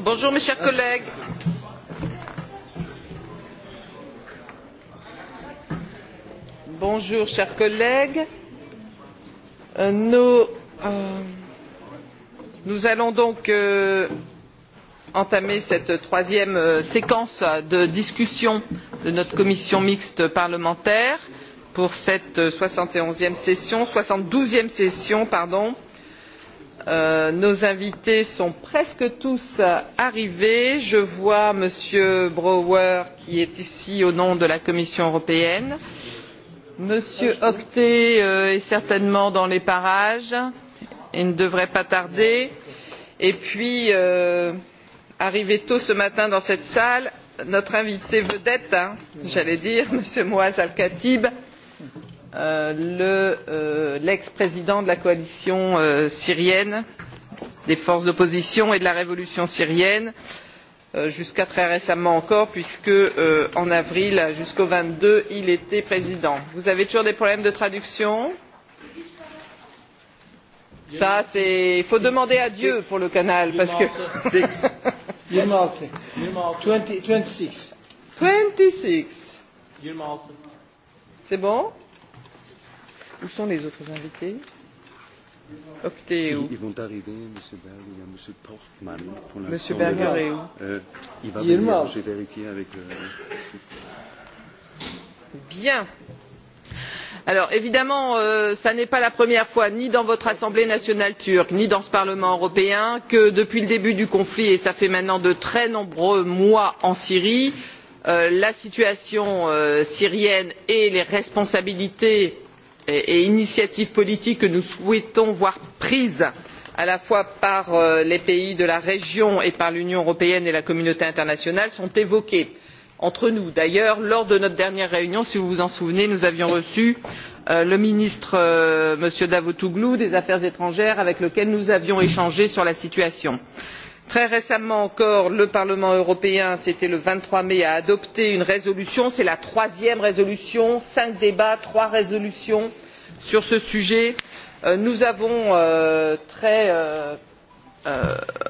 bonjour mes chers collègues bonjour chers collègues euh, euh, nous allons donc euh, entamer cette troisième séquence de discussion de notre commission mixte parlementaire pour cette soixante et onze e session soixante douze e session pardon Euh, nos invités sont presque tous arrivés je vois m. brouwer qui est ici au nom de la commission européenne m. octet euh, est certainement dans les parages il ne devrait pas tarder et puis euh, arrivé tôt ce matin dans cette salle notre invité vedette j'allais dire m. moaz al khatib Euh, euh, l'ex président de la coalition euh, syrienne des forces d'opposition et de la révolution syrienne jusqu'à très récemment encore puisque en avril jusqu'au vingt deux il était président. vous avez toujours des problèmes de traduction? ça c'est il faut demander à dieu pour le canal parce que. Twenty-six. Twenty-six. C'est bon? où sont les autres invités? Ils vont arriver, M. Berg, il y a M. Portman pour l'instant. M. Berger est où euh, Il va il venir, j'ai vérifié avec... Euh... Bien. Alors, évidemment, euh, ça n'est pas la première fois, ni dans votre Assemblée nationale turque, ni dans ce Parlement européen, que depuis le début du conflit, et ça fait maintenant de très nombreux mois en Syrie, euh, la situation euh, syrienne et les responsabilités et initiatives politiques que nous souhaitons voir prises à la fois par euh, les pays de la région et par l'union européenne et la communauté internationale sont évoquées entre nous. d'ailleurs lors de notre dernière réunion si vous vous en souvenez nous avions reçu euh, le ministre euh, m. davutolu des affaires étrangères avec lequel nous avions échangé sur la situation en syrie très récemment encore le parlement européen c'était le vingt trois mai a adopté une résolution c'est la troisième résolution cinq débats trois résolutions sur ce sujet. Euh, nous avons euh, très euh,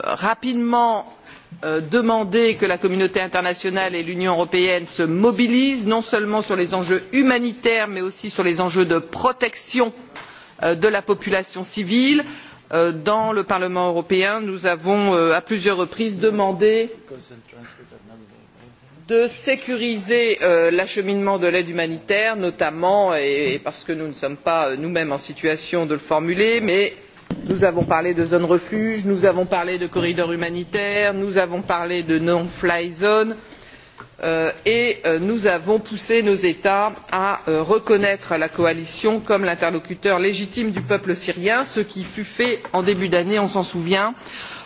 rapidement demandé que la communauté internationale et l'union européenne se mobilisent non seulement sur les enjeux humanitaires mais aussi sur les enjeux de protection de la population civile. nous Euh, dans le parlement européen nous avons euh, à plusieurs reprises demandé de sécuriser euh, l'acheminement de l'aide humanitaire notamment parce que nous ne sommes pas nous mêmes en situation de le formuler mais nous avons parlé de zones refuge nous avons parlé de corridors humanitaires nous avons parlé de no fly zones Euh, et euh, nous avons poussé nos états à euh, reconnaître la coalition comme l'interlocuteur légitime du peuple syrien ce qui fut fait en début d'année on s'en souvient.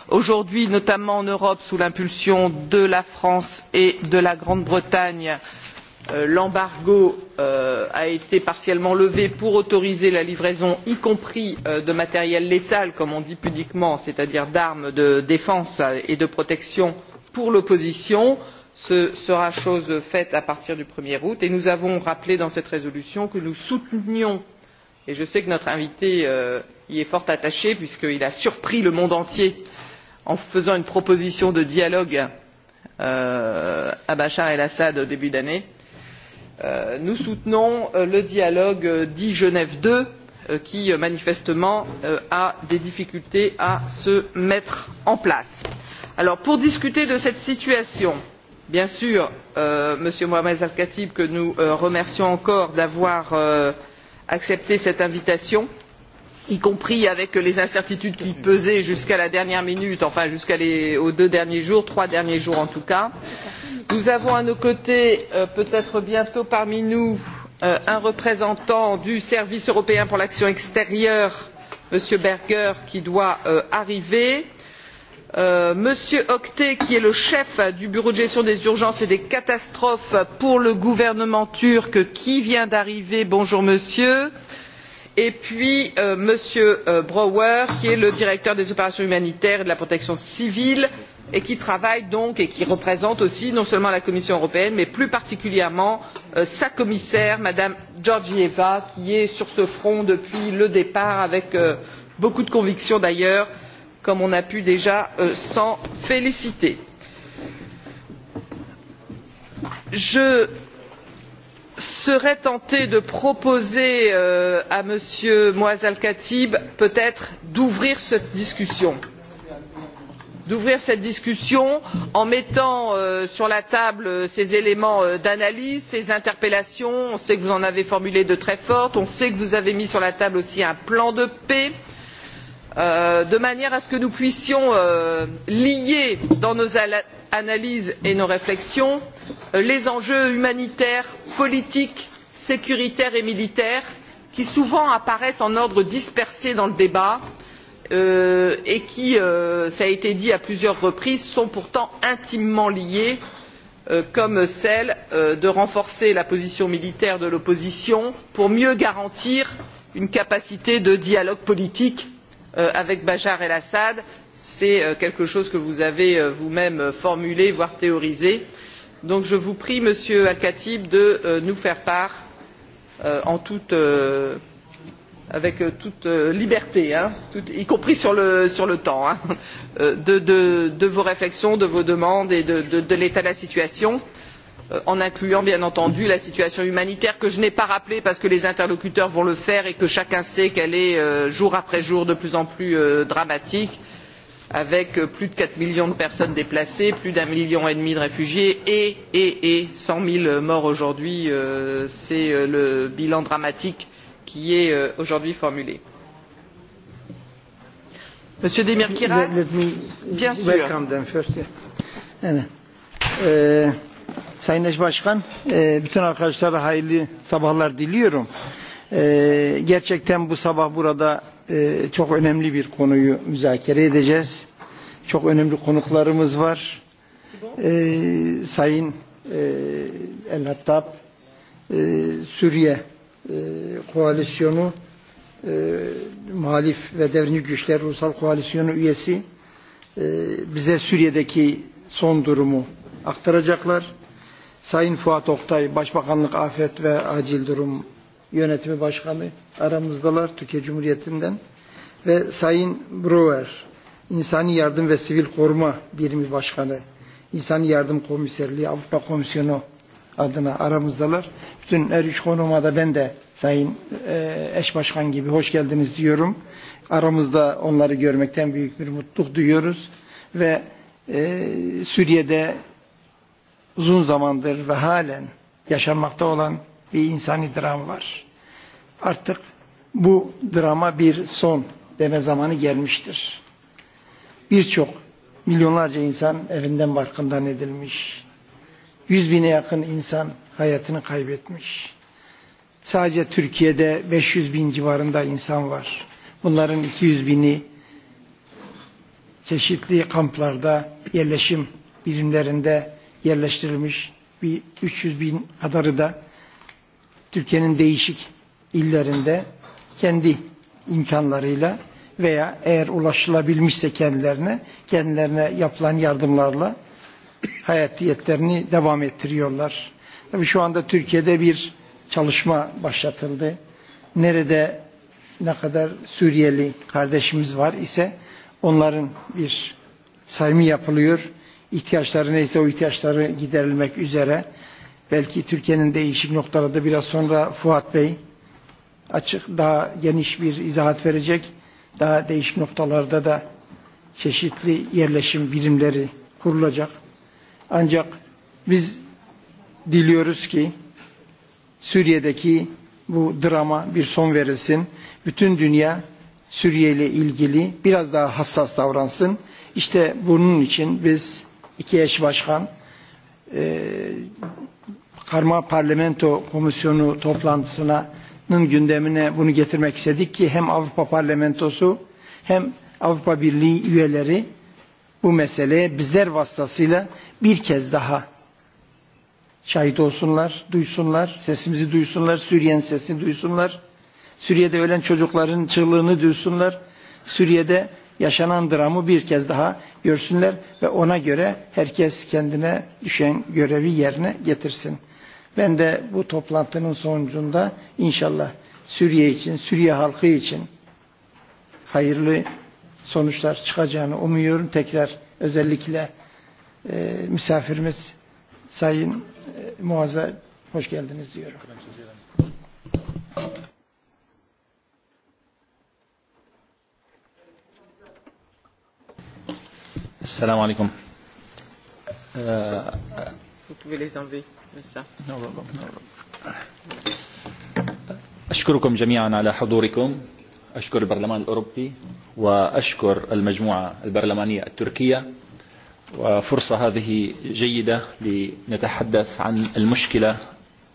aujourd'hui notamment en europe sous l'impulsion de la france et de la grande bretagne l'embargo a été partiellement levé pour autoriser la livraison y compris de matériel létal comme on dit pudiquement c'est à dire d'armes de défense et de protection à l'opposition ce sera chose faite à partir du un er août et nous avons rappelé dans cette résolution que nous soutenions et je sais que notre invité euh, y est fort attaché puisqu'il a surpris le monde entier en faisant une proposition de dialogue euh, à bachar el assad au début d'année euh, nous soutenons le dialogue dit genève ii qui manifestement a des difficultés à se mettre en place. pour discuter de cette situation nous bien sûr euh, m. mohamed el khatib que nous euh, remercions encore d'avoir euh, accepté cette invitation y compris avec les incertitudes qui pesaient jusqu'à la dernière minute enfin jusqu'aux deux derniers jours trois derniers jours en tout cas. nous avons à nos côtés peut être bientôt parmi nous un représentant du service européen pour l'action extérieure m. berger qui doit arriver et Euh, m. octet qui est le chef du bureau de gestion des urgences et des catastrophes pour le gouvernement turc qui vient d'arriver bonjour monsieur et puis euh, m. Euh, brouwer qui est le directeur des opérations humanitaires et de la protection civile et qui travaille donc et qui représente aussi non seulement la commission européenne mais plus particulièrement sa commissaire mme georgieva qui est sur ce front depuis le départ avec beaucoup de conviction d'ailleurs comme on a pu déjà euh, s'en féliciter. je serais tentée de proposer euh, à m. moazal khatib peut être d'ouvrir cette discussion en mettant euh, sur la table ces éléments d'analyse ces interpellations on sait que vous en avez formulé de très fortes on sait que vous avez mis sur la table aussi un plan de paix. Euh, de manière à ce que nous puissions euh, lier dans nos analyses et nos réflexions euh, les enjeux humanitaires politiques sécuritaires et militaires qui souvent apparaissent en ordre dispersé dans le débat et qui cela a été dit à plusieurs reprises sont pourtant intimement liés comme celle de renforcer la position militaire de l'opposition pour mieux garantir une capacité de dialogue politique Euh, avec bachar el assad c'est euh, quelque chose que vous avez euh, vous même formulé voire théorisé. donc je vous prie monsieur al khatib de nous faire part avec toute liberté y compris sur le temps de vos réflexions de vos demandes et de l'état de la situation. Euh, en incluant bien entendu la situation humanitaire que je n'ai pas rappelée parce que les interlocuteurs vont le faire et que chacun sait qu'elle est euh, jour après jour de plus en plus euh, dramatique avec plus de quatre millions de personnes déplacées plus d'un million et demi de réfugiés et cent zéro morts aujourd'hui c'est le bilan dramatique qui est aujourd'hui formulé. Monsieur Demirkirat, bien sûr. Sayın Eş Başkan, e, bütün arkadaşlara hayırlı sabahlar diliyorum. E, gerçekten bu sabah burada e, çok önemli bir konuyu müzakere edeceğiz. Çok önemli konuklarımız var. Sayın El Hattab, Suriye Koalisyonu, Muhalif ve Devrimci Güçler Ulusal Koalisyonu üyesi bize Suriye'deki son durumu aktaracaklar. Sayın Fuat Oktay Başbakanlık Afet ve Acil Durum Yönetimi Başkanı aramızdalar Türkiye Cumhuriyeti'nden ve Sayın Brewer İnsani Yardım ve Sivil Koruma Birimi Başkanı İnsani Yardım Komiserliği Avrupa Komisyonu adına aramızdalar. Bütün her üç konuma da ben de Sayın e, Eş Başkan gibi hoş geldiniz diyorum. Aramızda onları görmekten büyük bir mutluluk duyuyoruz ve e, Suriye'de uzun zamandır ve halen yaşanmakta olan bir insani dram var. Artık bu drama bir son deme zamanı gelmiştir. Birçok milyonlarca insan evinden barkından edilmiş. Yüz bine yakın insan hayatını kaybetmiş. Sadece Türkiye'de 500 bin civarında insan var. Bunların 200 bini çeşitli kamplarda, yerleşim birimlerinde yaşanmakta yerleştirilmiş bir 300 bin kadarı da Türkiye'nin değişik illerinde kendi imkanlarıyla veya eğer ulaşılabilmişse kendilerine kendilerine yapılan yardımlarla hayatiyetlerini devam ettiriyorlar. Tabii şu anda Türkiye'de bir çalışma başlatıldı. Nerede ne kadar Suriyeli kardeşimiz var ise onların bir sayımı yapılıyor ihtiyaçları neyse o ihtiyaçları giderilmek üzere. Belki Türkiye'nin değişik noktalarında biraz sonra Fuat Bey açık daha geniş bir izahat verecek. Daha değişik noktalarda da çeşitli yerleşim birimleri kurulacak. Ancak biz diliyoruz ki Suriye'deki bu drama bir son verilsin. Bütün dünya Suriye ile ilgili biraz daha hassas davransın. İşte bunun için biz iki eş başkan e, karma parlamento komisyonu toplantısının gündemine bunu getirmek istedik ki hem Avrupa parlamentosu hem Avrupa Birliği üyeleri bu meseleye bizler vasıtasıyla bir kez daha şahit olsunlar, duysunlar, sesimizi duysunlar, Suriye'nin sesini duysunlar, Suriye'de ölen çocukların çığlığını duysunlar, Suriye'de yaşanan dramı bir kez daha görsünler ve ona göre herkes kendine düşen görevi yerine getirsin. Ben de bu toplantının sonucunda inşallah Suriye için, Suriye halkı için hayırlı sonuçlar çıkacağını umuyorum. Tekrar özellikle e, misafirimiz Sayın e, Muazzez hoş geldiniz diyorum. Efendim. السلام عليكم أشكركم جميعا على حضوركم أشكر البرلمان الأوروبي وأشكر المجموعة البرلمانية التركية وفرصة هذه جيدة لنتحدث عن المشكلة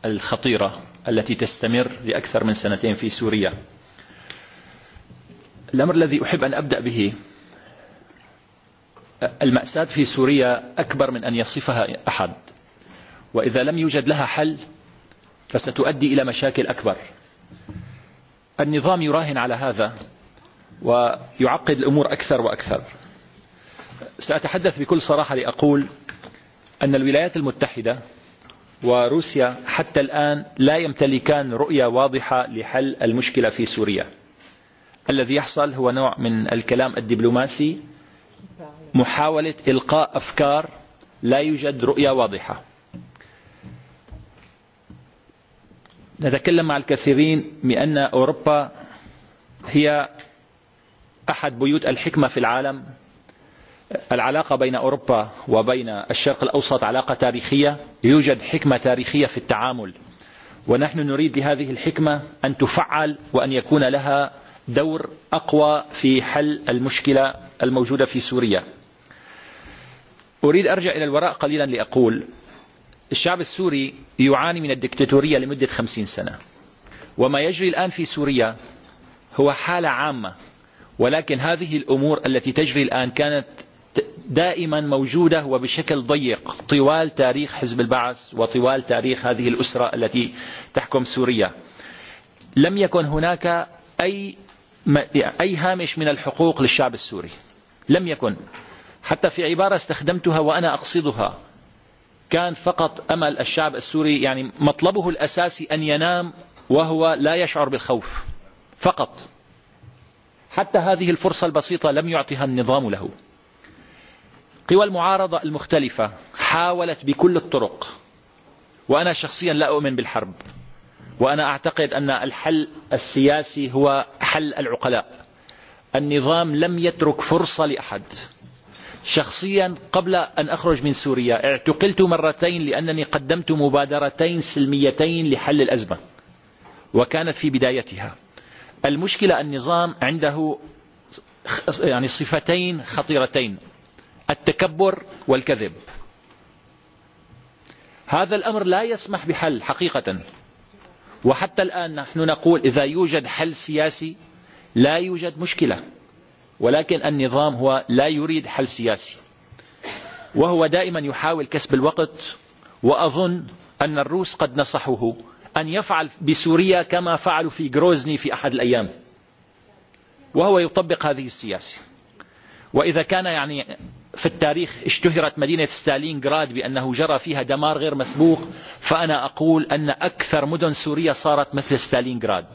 الخطيرة التي تستمر لأكثر من سنتين في سوريا الأمر الذي أحب أن أبدأ به المأساة في سوريا أكبر من أن يصفها أحد وإذا لم يوجد لها حل فستؤدي إلى مشاكل أكبر النظام يراهن على هذا ويعقد الأمور أكثر وأكثر سأتحدث بكل صراحة لأقول أن الولايات المتحدة وروسيا حتى الآن لا يمتلكان رؤية واضحة لحل المشكلة في سوريا الذي يحصل هو نوع من الكلام الدبلوماسي محاولة إلقاء أفكار لا يوجد رؤية واضحة نتكلم مع الكثيرين بأن أوروبا هي أحد بيوت الحكمة في العالم العلاقة بين أوروبا وبين الشرق الأوسط علاقة تاريخية يوجد حكمة تاريخية في التعامل ونحن نريد لهذه الحكمة أن تفعل وأن يكون لها دور أقوى في حل المشكلة الموجودة في سوريا أريد أرجع إلى الوراء قليلا لأقول الشعب السوري يعاني من الدكتاتورية لمدة خمسين سنة وما يجري الآن في سوريا هو حالة عامة ولكن هذه الأمور التي تجري الآن كانت دائما موجودة وبشكل ضيق طوال تاريخ حزب البعث وطوال تاريخ هذه الأسرة التي تحكم سوريا لم يكن هناك أي, أي هامش من الحقوق للشعب السوري لم يكن حتى في عبارة استخدمتها وأنا أقصدها كان فقط أمل الشعب السوري يعني مطلبه الأساسي أن ينام وهو لا يشعر بالخوف فقط حتى هذه الفرصة البسيطة لم يعطها النظام له قوى المعارضة المختلفة حاولت بكل الطرق وأنا شخصيا لا أؤمن بالحرب وأنا أعتقد أن الحل السياسي هو حل العقلاء النظام لم يترك فرصة لأحد شخصيا قبل أن أخرج من سوريا اعتقلت مرتين لأنني قدمت مبادرتين سلميتين لحل الأزمة وكانت في بدايتها المشكلة النظام عنده يعني صفتين خطيرتين التكبر والكذب هذا الأمر لا يسمح بحل حقيقة وحتى الآن نحن نقول إذا يوجد حل سياسي لا يوجد مشكلة ولكن النظام هو لا يريد حل سياسي وهو دائما يحاول كسب الوقت وأظن أن الروس قد نصحوه أن يفعل بسوريا كما فعلوا في جروزني في أحد الأيام وهو يطبق هذه السياسة وإذا كان يعني في التاريخ اشتهرت مدينة ستالينغراد بأنه جرى فيها دمار غير مسبوق فأنا أقول أن أكثر مدن سورية صارت مثل ستالينغراد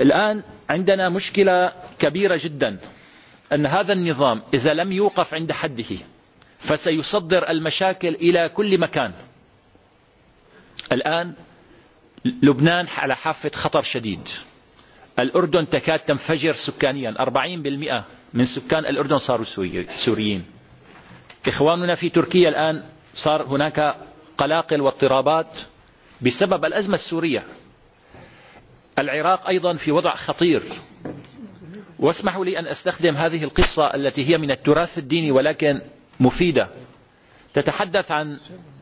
الآن عندنا مشكلة كبيرة جدا أن هذا النظام إذا لم يوقف عند حده فسيصدر المشاكل إلى كل مكان الآن لبنان على حافة خطر شديد الأردن تكاد تنفجر سكانيا 40% من سكان الأردن صاروا سوريين إخواننا في تركيا الآن صار هناك قلاقل واضطرابات بسبب الأزمة السورية العراق أيضا في وضع خطير واسمحوا لي أن أستخدم هذه القصة التي هي من التراث الديني ولكن مفيدة تتحدث عن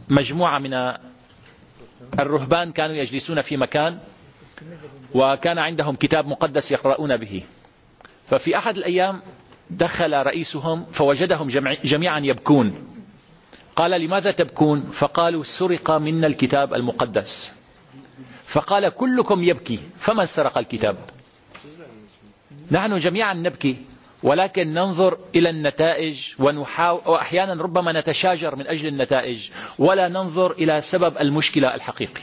مجموعة من الرهبان كانوا يجلسون في مكان وكان عندهم كتاب مقدس يقرؤون به ففي أحد الأيام دخل رئيسهم فوجدهم جميعا يبكون قال لماذا تبكون فقالوا سرق منا الكتاب المقدس فقال كلكم يبكي فمن سرق الكتاب نحن جميعا نبكي ولكن ننظر إلى النتائج وأحيانا ربما نتشاجر من أجل النتائج ولا ننظر إلى سبب المشكلة الحقيقي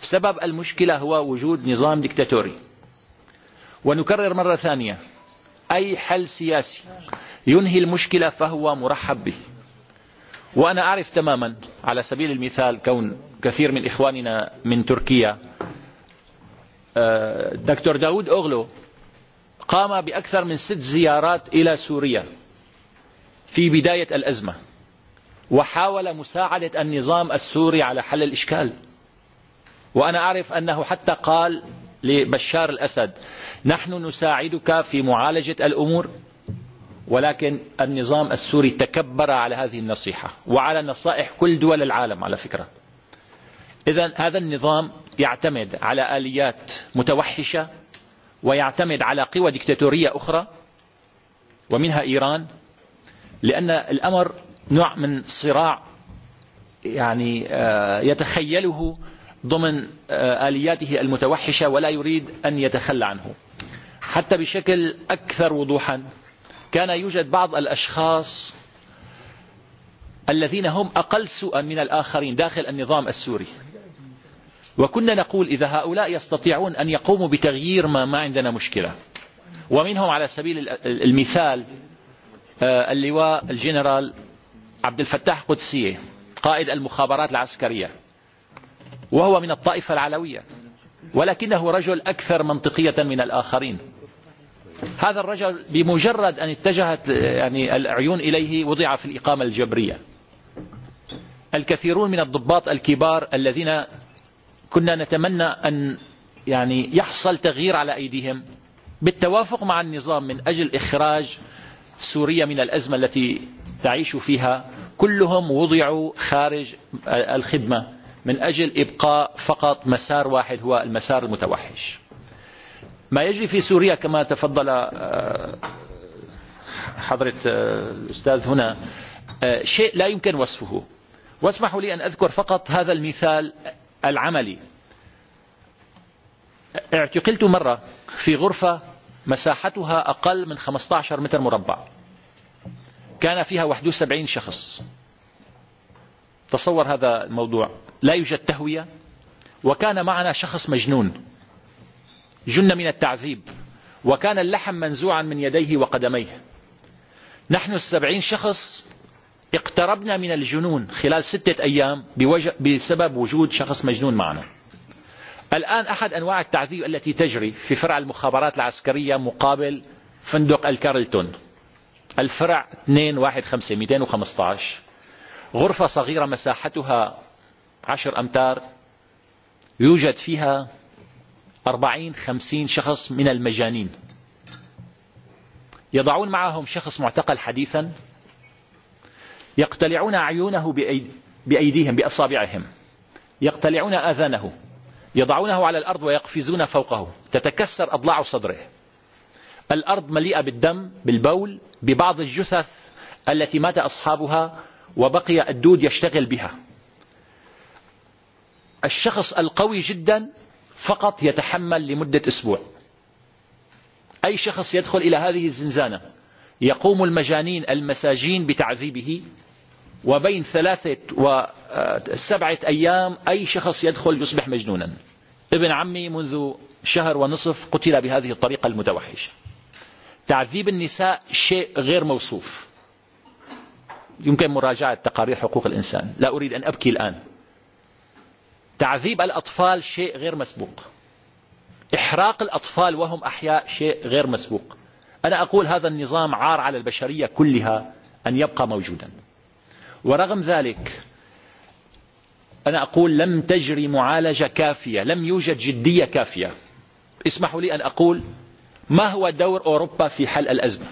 سبب المشكلة هو وجود نظام ديكتاتوري ونكرر مرة ثانية أي حل سياسي ينهي المشكلة فهو مرحب به وأنا أعرف تماما على سبيل المثال كون كثير من إخواننا من تركيا دكتور داود أغلو قام بأكثر من ست زيارات إلى سوريا في بداية الأزمة وحاول مساعدة النظام السوري على حل الإشكال وأنا أعرف أنه حتى قال لبشار الأسد نحن نساعدك في معالجة الأمور ولكن النظام السوري تكبر على هذه النصيحة وعلى نصائح كل دول العالم على فكرة إذا هذا النظام يعتمد على آليات متوحشة ويعتمد على قوى ديكتاتورية أخرى ومنها إيران لأن الأمر نوع من صراع يعني يتخيله ضمن آلياته المتوحشة ولا يريد أن يتخلى عنه حتى بشكل أكثر وضوحاً كان يوجد بعض الأشخاص الذين هم أقل سوءا من الآخرين داخل النظام السوري وكنا نقول إذا هؤلاء يستطيعون أن يقوموا بتغيير ما ما عندنا مشكلة ومنهم على سبيل المثال اللواء الجنرال عبد الفتاح قدسية قائد المخابرات العسكرية وهو من الطائفة العلوية ولكنه رجل أكثر منطقية من الآخرين هذا الرجل بمجرد أن اتجهت يعني العيون إليه وضع في الإقامة الجبرية الكثيرون من الضباط الكبار الذين كنا نتمنى أن يعني يحصل تغيير على أيديهم بالتوافق مع النظام من أجل إخراج سوريا من الأزمة التي تعيش فيها كلهم وضعوا خارج الخدمة من أجل إبقاء فقط مسار واحد هو المسار المتوحش ما يجري في سوريا كما تفضل حضرة الأستاذ هنا شيء لا يمكن وصفه واسمحوا لي أن أذكر فقط هذا المثال العملي اعتقلت مرة في غرفة مساحتها أقل من 15 متر مربع كان فيها 71 شخص تصور هذا الموضوع لا يوجد تهوية وكان معنا شخص مجنون جن من التعذيب وكان اللحم منزوعا من يديه وقدميه نحن السبعين شخص اقتربنا من الجنون خلال ستة أيام بسبب وجود شخص مجنون معنا الآن أحد أنواع التعذيب التي تجري في فرع المخابرات العسكرية مقابل فندق الكارلتون الفرع 215 غرفة صغيرة مساحتها 10 أمتار يوجد فيها أربعين خمسين شخص من المجانين يضعون معهم شخص معتقل حديثا يقتلعون عيونه بأيديهم بأصابعهم يقتلعون أذنه يضعونه على الأرض ويقفزون فوقه تتكسر أضلاع صدره الأرض مليئة بالدم بالبول ببعض الجثث التي مات أصحابها وبقي الدود يشتغل بها الشخص القوي جداً فقط يتحمل لمدة أسبوع أي شخص يدخل إلى هذه الزنزانة يقوم المجانين المساجين بتعذيبه وبين ثلاثة وسبعة أيام أي شخص يدخل يصبح مجنونا ابن عمي منذ شهر ونصف قتل بهذه الطريقة المتوحشة تعذيب النساء شيء غير موصوف يمكن مراجعة تقارير حقوق الإنسان لا أريد أن أبكي الآن تعذيب الأطفال شيء غير مسبوق إحراق الأطفال وهم أحياء شيء غير مسبوق أنا أقول هذا النظام عار على البشرية كلها أن يبقى موجودا ورغم ذلك أنا أقول لم تجري معالجة كافية لم يوجد جدية كافية اسمحوا لي أن أقول ما هو دور أوروبا في حل الأزمة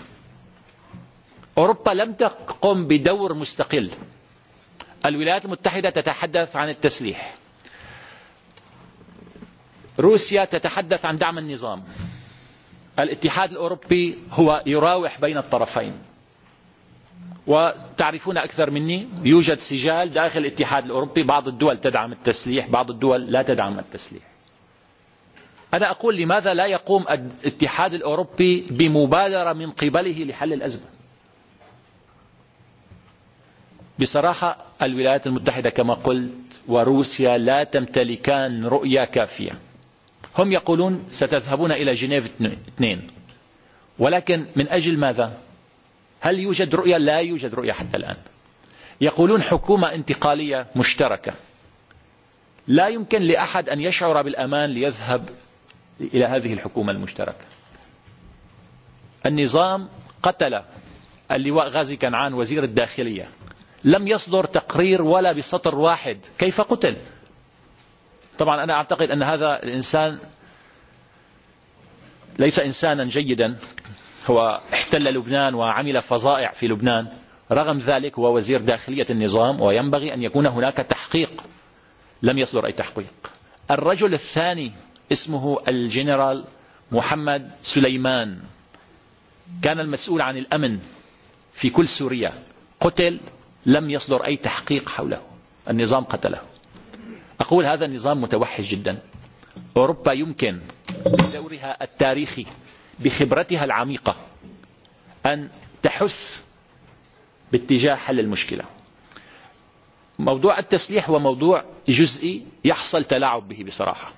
أوروبا لم تقم بدور مستقل الولايات المتحدة تتحدث عن التسليح روسيا تتحدث عن دعم النظام الاتحاد الأوروبي هو يراوح بين الطرفين وتعرفون أكثر مني يوجد سجال داخل الاتحاد الأوروبي بعض الدول تدعم التسليح بعض الدول لا تدعم التسليح أنا أقول لماذا لا يقوم الاتحاد الأوروبي بمبادرة من قبله لحل الأزمة بصراحة الولايات المتحدة كما قلت وروسيا لا تمتلكان رؤية كافية هم يقولون ستذهبون إلى جنيف 2 ولكن من أجل ماذا هل يوجد رؤية لا يوجد رؤية حتى الآن يقولون حكومة انتقالية مشتركة لا يمكن لأحد أن يشعر بالأمان ليذهب إلى هذه الحكومة المشتركة النظام قتل اللواء غازي كنعان وزير الداخلية لم يصدر تقرير ولا بسطر واحد كيف قتل طبعا أنا أعتقد أن هذا الإنسان ليس إنسانا جيدا هو احتل لبنان وعمل فظائع في لبنان رغم ذلك هو وزير داخلية النظام وينبغي أن يكون هناك تحقيق لم يصدر أي تحقيق الرجل الثاني اسمه الجنرال محمد سليمان كان المسؤول عن الأمن في كل سوريا قتل لم يصدر أي تحقيق حوله النظام قتله تقول هذا نظام متوحش جدا أوروبا يمكن بدورها التاريخي بخبرتها العميقة أن تحث باتجاه حل المشكلة موضوع التسليح هو موضوع جزئي يحصل تلاعب به بصراحة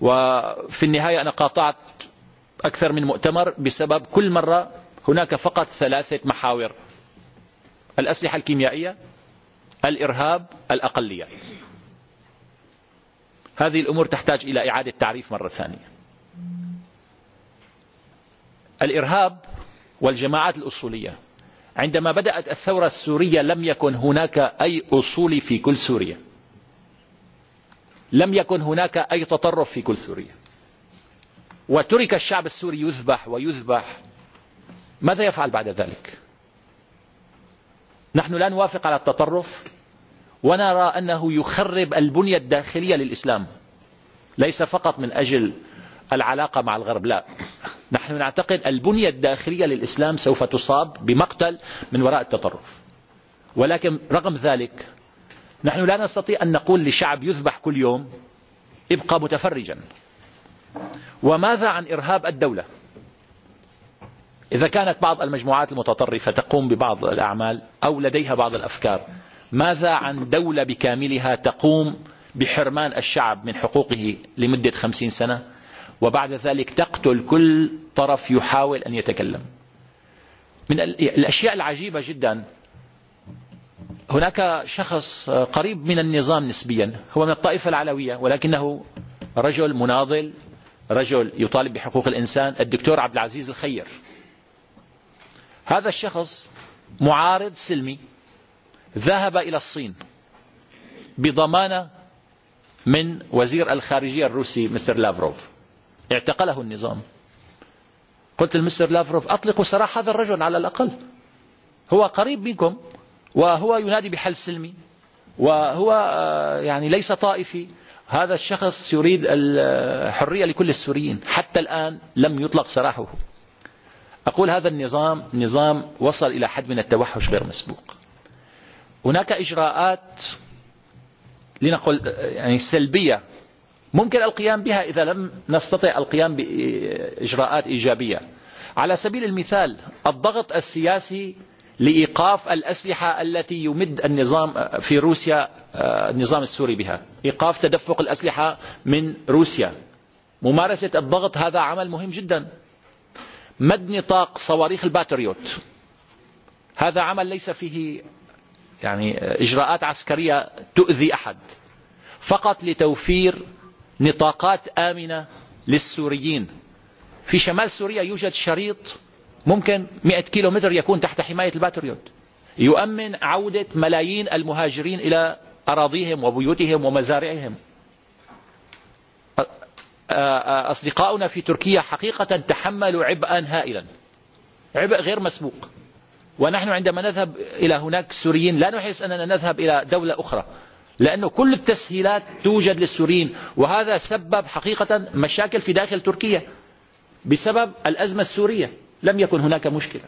وفي النهاية أنا قاطعت أكثر من مؤتمر بسبب كل مرة هناك فقط ثلاثة محاور الأسلحة الكيميائية الإرهاب الأقليات هذه الأمور تحتاج إلى إعادة تعريف مرة ثانية الإرهاب والجماعات الأصولية عندما بدأت الثورة السورية لم يكن هناك أي أصول في كل سوريا لم يكن هناك أي تطرف في كل سوريا وترك الشعب السوري يذبح ويذبح ماذا يفعل بعد ذلك نحن لا نوافق على التطرف ونرى أنه يخرب البنية الداخلية للإسلام ليس فقط من أجل العلاقة مع الغرب لا نحن نعتقد البنية الداخلية للإسلام سوف تصاب بمقتل من وراء التطرف ولكن رغم ذلك نحن لا نستطيع أن نقول لشعب يذبح كل يوم ابقى متفرجا وماذا عن إرهاب الدولة إذا كانت بعض المجموعات المتطرفة تقوم ببعض الأعمال أو لديها بعض الأفكار ماذا عن دولة بكاملها تقوم بحرمان الشعب من حقوقه لمدة خمسين سنة وبعد ذلك تقتل كل طرف يحاول أن يتكلم من الأشياء العجيبة جدا هناك شخص قريب من النظام نسبيا هو من الطائفة العلوية ولكنه رجل مناضل رجل يطالب بحقوق الإنسان الدكتور عبد العزيز الخير هذا الشخص معارض سلمي ذهب إلى الصين بضمانة من وزير الخارجية الروسي مستر لافروف اعتقله النظام قلت لمستر لافروف أطلقوا سراح هذا الرجل على الأقل هو قريب منكم وهو ينادي بحل سلمي وهو يعني ليس طائفي هذا الشخص يريد الحرية لكل السوريين حتى الآن لم يطلق سراحه أقول هذا النظام نظام وصل إلى حد من التوحش غير مسبوق هناك إجراءات لنقل يعني سلبية ممكن القيام بها إذا لم نستطع القيام بإجراءات إيجابية على سبيل المثال الضغط السياسي لإيقاف الأسلحة التي يمد النظام في روسيا النظام السوري بها إيقاف تدفق الأسلحة من روسيا ممارسة الضغط هذا عمل مهم جدا مد نطاق صواريخ الباتريوت هذا عمل ليس فيه يعني إجراءات عسكرية تؤذي أحد فقط لتوفير نطاقات آمنة للسوريين في شمال سوريا يوجد شريط ممكن 100 كيلومتر يكون تحت حماية الباتريوت يؤمن عودة ملايين المهاجرين إلى أراضيهم وبيوتهم ومزارعهم أصدقاؤنا في تركيا حقيقة تحملوا عبئا هائلا عبء غير مسبوق ونحن عندما نذهب إلى هناك سوريين لا نحس أننا نذهب إلى دولة أخرى لأن كل التسهيلات توجد للسوريين وهذا سبب حقيقة مشاكل في داخل تركيا بسبب الأزمة السورية لم يكن هناك مشكلة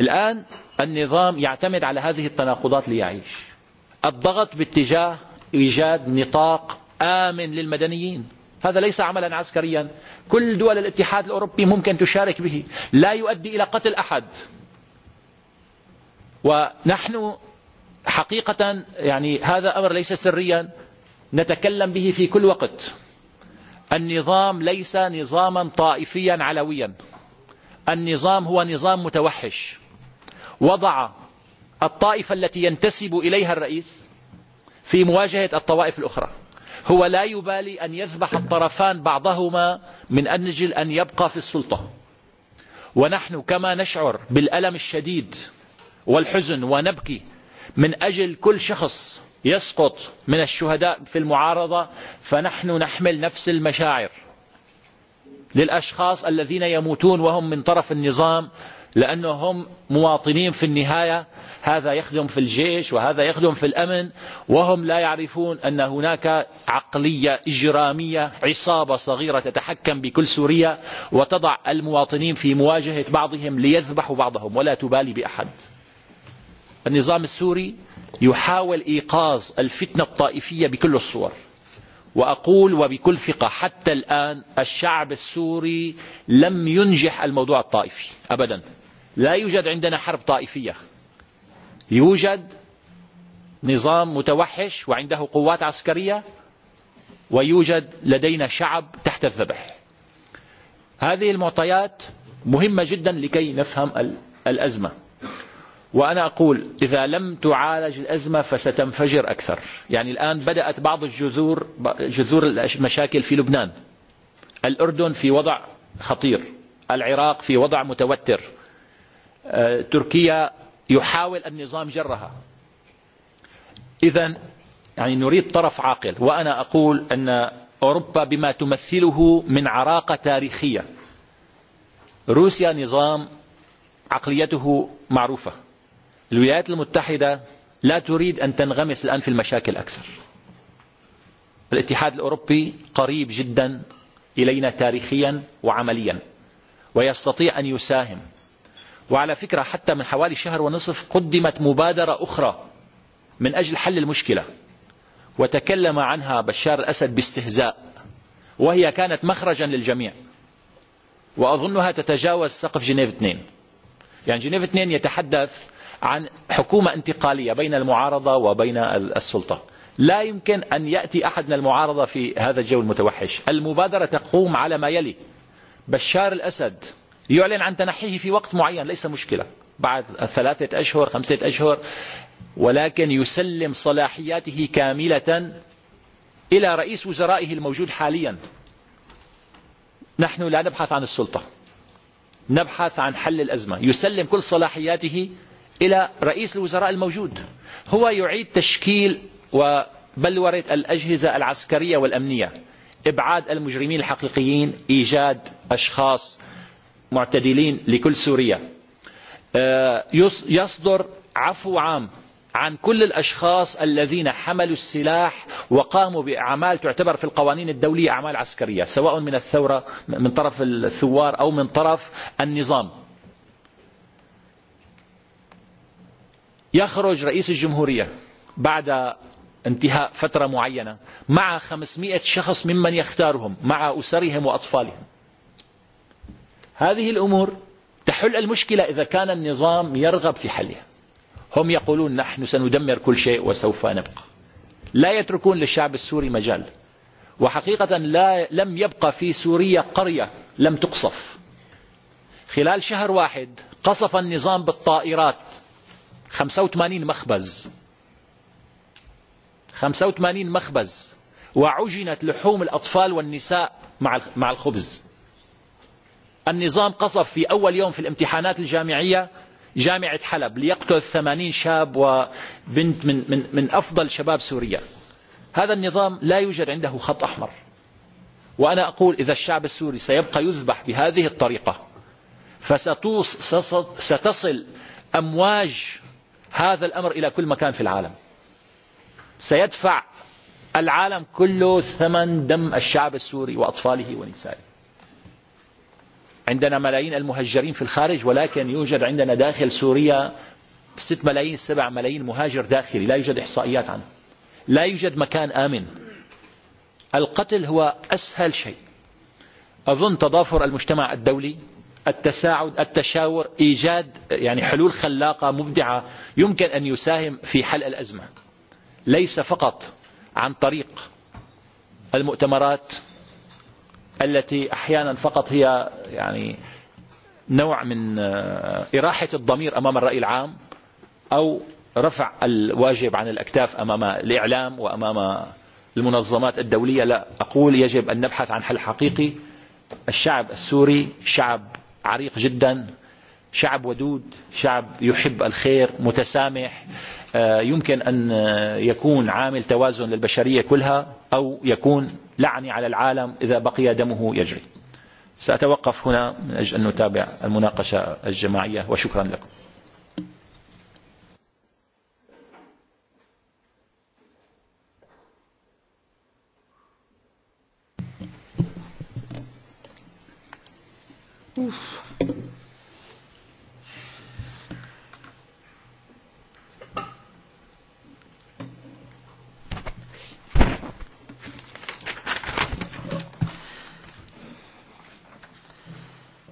الآن النظام يعتمد على هذه التناقضات ليعيش الضغط باتجاه إيجاد نطاق آمن للمدنيين هذا ليس عملا عسكريا كل دول الاتحاد الأوروبي ممكن تشارك به لا يؤدي إلى قتل أحد ونحن حقيقة يعني هذا أمر ليس سريا نتكلم به في كل وقت النظام ليس نظاما طائفيا علويا النظام هو نظام متوحش وضع الطائفة التي ينتسب إليها الرئيس في مواجهة الطوائف الأخرى هو لا يبالي أن يذبح الطرفان بعضهما من أنجل أن يبقى في السلطة ونحن كما نشعر بالألم الشديد والحزن ونبكي من أجل كل شخص يسقط من الشهداء في المعارضة فنحن نحمل نفس المشاعر للأشخاص الذين يموتون وهم من طرف النظام لأنهم مواطنين في النهاية هذا يخدم في الجيش وهذا يخدم في الأمن وهم لا يعرفون أن هناك عقلية إجرامية عصابة صغيرة تتحكم بكل سوريا وتضع المواطنين في مواجهة بعضهم ليذبحوا بعضهم ولا تبالي بأحد النظام السوري يحاول إيقاظ الفتنة الطائفية بكل الصور وأقول وبكل ثقة حتى الآن الشعب السوري لم ينجح الموضوع الطائفي أبدا لا يوجد عندنا حرب طائفية يوجد نظام متوحش وعنده قوات عسكرية ويوجد لدينا شعب تحت الذبح هذه المعطيات مهمة جدا لكي نفهم الأزمة وأنا أقول إذا لم تعالج الأزمة فستنفجر أكثر يعني الآن بدأت بعض الجذور جذور المشاكل في لبنان الأردن في وضع خطير العراق في وضع متوتر تركيا يحاول النظام جرها إذا يعني نريد طرف عاقل وأنا أقول أن أوروبا بما تمثله من عراقة تاريخية روسيا نظام عقليته معروفة الولايات المتحدة لا تريد أن تنغمس الآن في المشاكل أكثر الاتحاد الأوروبي قريب جدا إلينا تاريخيا وعمليا ويستطيع أن يساهم وعلى فكرة حتى من حوالي شهر ونصف قدمت مبادرة أخرى من أجل حل المشكلة وتكلم عنها بشار الأسد باستهزاء وهي كانت مخرجا للجميع وأظنها تتجاوز سقف جنيف 2 يعني جنيف 2 يتحدث عن حكومة انتقالية بين المعارضة وبين السلطة لا يمكن أن يأتي أحد من المعارضة في هذا الجو المتوحش المبادرة تقوم على ما يلي بشار الأسد يعلن عن تنحيه في وقت معين ليس مشكلة بعد ثلاثة أشهر خمسة أشهر ولكن يسلم صلاحياته كاملة إلى رئيس وزرائه الموجود حاليا نحن لا نبحث عن السلطة نبحث عن حل الأزمة يسلم كل صلاحياته إلى رئيس الوزراء الموجود هو يعيد تشكيل وبلورة الأجهزة العسكرية والأمنية إبعاد المجرمين الحقيقيين إيجاد أشخاص معتدلين لكل سوريا يصدر عفو عام عن كل الأشخاص الذين حملوا السلاح وقاموا بأعمال تعتبر في القوانين الدولية أعمال عسكرية سواء من الثورة من طرف الثوار أو من طرف النظام يخرج رئيس الجمهورية بعد انتهاء فترة معينة مع خمسمائة شخص ممن يختارهم مع أسرهم وأطفالهم هذه الأمور تحل المشكلة إذا كان النظام يرغب في حلها هم يقولون نحن سندمر كل شيء وسوف نبقى لا يتركون للشعب السوري مجال وحقيقة لا لم يبقى في سوريا قرية لم تقصف خلال شهر واحد قصف النظام بالطائرات 85 مخبز 85 مخبز وعجنت لحوم الأطفال والنساء مع الخبز النظام قصف في أول يوم في الامتحانات الجامعية جامعة حلب ليقتل 80 شاب وبنت من, من, من أفضل شباب سوريا هذا النظام لا يوجد عنده خط أحمر وأنا أقول إذا الشعب السوري سيبقى يذبح بهذه الطريقة فستصل أمواج هذا الأمر إلى كل مكان في العالم سيدفع العالم كله ثمن دم الشعب السوري وأطفاله ونسائه عندنا ملايين المهجرين في الخارج ولكن يوجد عندنا داخل سوريا 6 ملايين 7 ملايين مهاجر داخلي لا يوجد إحصائيات عنه لا يوجد مكان آمن القتل هو أسهل شيء أظن تضافر المجتمع الدولي التساعد التشاور إيجاد يعني حلول خلاقة مبدعة يمكن أن يساهم في حل الأزمة ليس فقط عن طريق المؤتمرات التي أحيانا فقط هي يعني نوع من إراحة الضمير أمام الرأي العام أو رفع الواجب عن الأكتاف أمام الإعلام وأمام المنظمات الدولية لا أقول يجب أن نبحث عن حل حقيقي الشعب السوري شعب عريق جدا شعب ودود شعب يحب الخير متسامح يمكن أن يكون عامل توازن للبشرية كلها أو يكون لعني على العالم إذا بقي دمه يجري سأتوقف هنا من أجل أن نتابع المناقشة الجماعية وشكرا لكم Uf.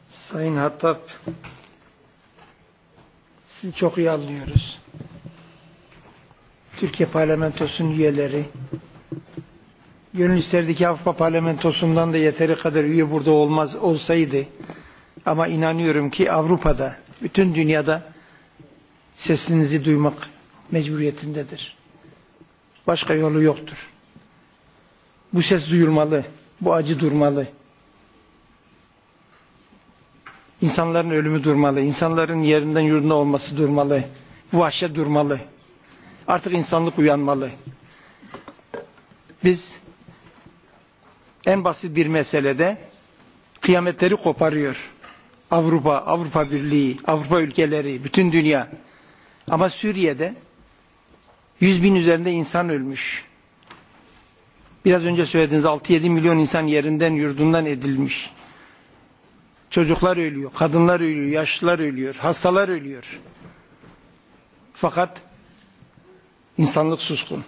Sayın Hatap, sizi çok iyi anlıyoruz. Türkiye Parlamentosu'nun üyeleri, gönül isterdi ki Avrupa Parlamentosu'ndan da yeteri kadar üye burada olmaz olsaydı ama inanıyorum ki Avrupa'da, bütün dünyada sesinizi duymak mecburiyetindedir. Başka yolu yoktur. Bu ses duyulmalı, bu acı durmalı. İnsanların ölümü durmalı, insanların yerinden yurdunda olması durmalı, bu vahşet durmalı. Artık insanlık uyanmalı. Biz en basit bir meselede kıyametleri koparıyor. Avrupa, Avrupa Birliği, Avrupa ülkeleri, bütün dünya. Ama Suriye'de yüz bin üzerinde insan ölmüş. Biraz önce söylediğiniz 6-7 milyon insan yerinden yurdundan edilmiş. Çocuklar ölüyor, kadınlar ölüyor, yaşlılar ölüyor, hastalar ölüyor. Fakat insanlık suskun.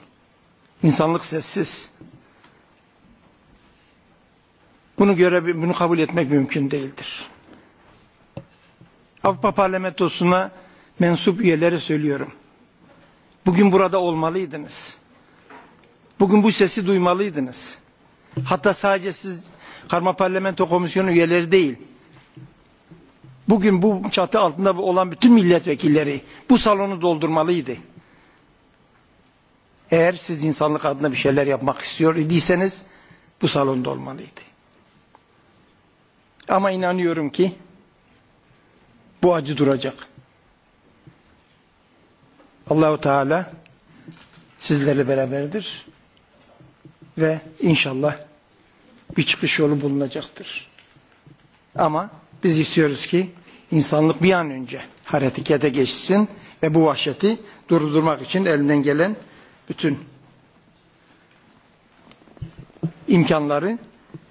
İnsanlık sessiz. Bunu göre bunu kabul etmek mümkün değildir. Avrupa Parlamentosu'na mensup üyelere söylüyorum. Bugün burada olmalıydınız. Bugün bu sesi duymalıydınız. Hatta sadece siz Karma Parlamento Komisyonu üyeleri değil. Bugün bu çatı altında olan bütün milletvekilleri bu salonu doldurmalıydı. Eğer siz insanlık adına bir şeyler yapmak istiyor idiyseniz bu salonda olmalıydı. Ama inanıyorum ki bu acı duracak. Allahu Teala sizlerle beraberdir ve inşallah bir çıkış yolu bulunacaktır. Ama biz istiyoruz ki insanlık bir an önce harekete geçsin ve bu vahşeti durdurmak için elinden gelen bütün imkanları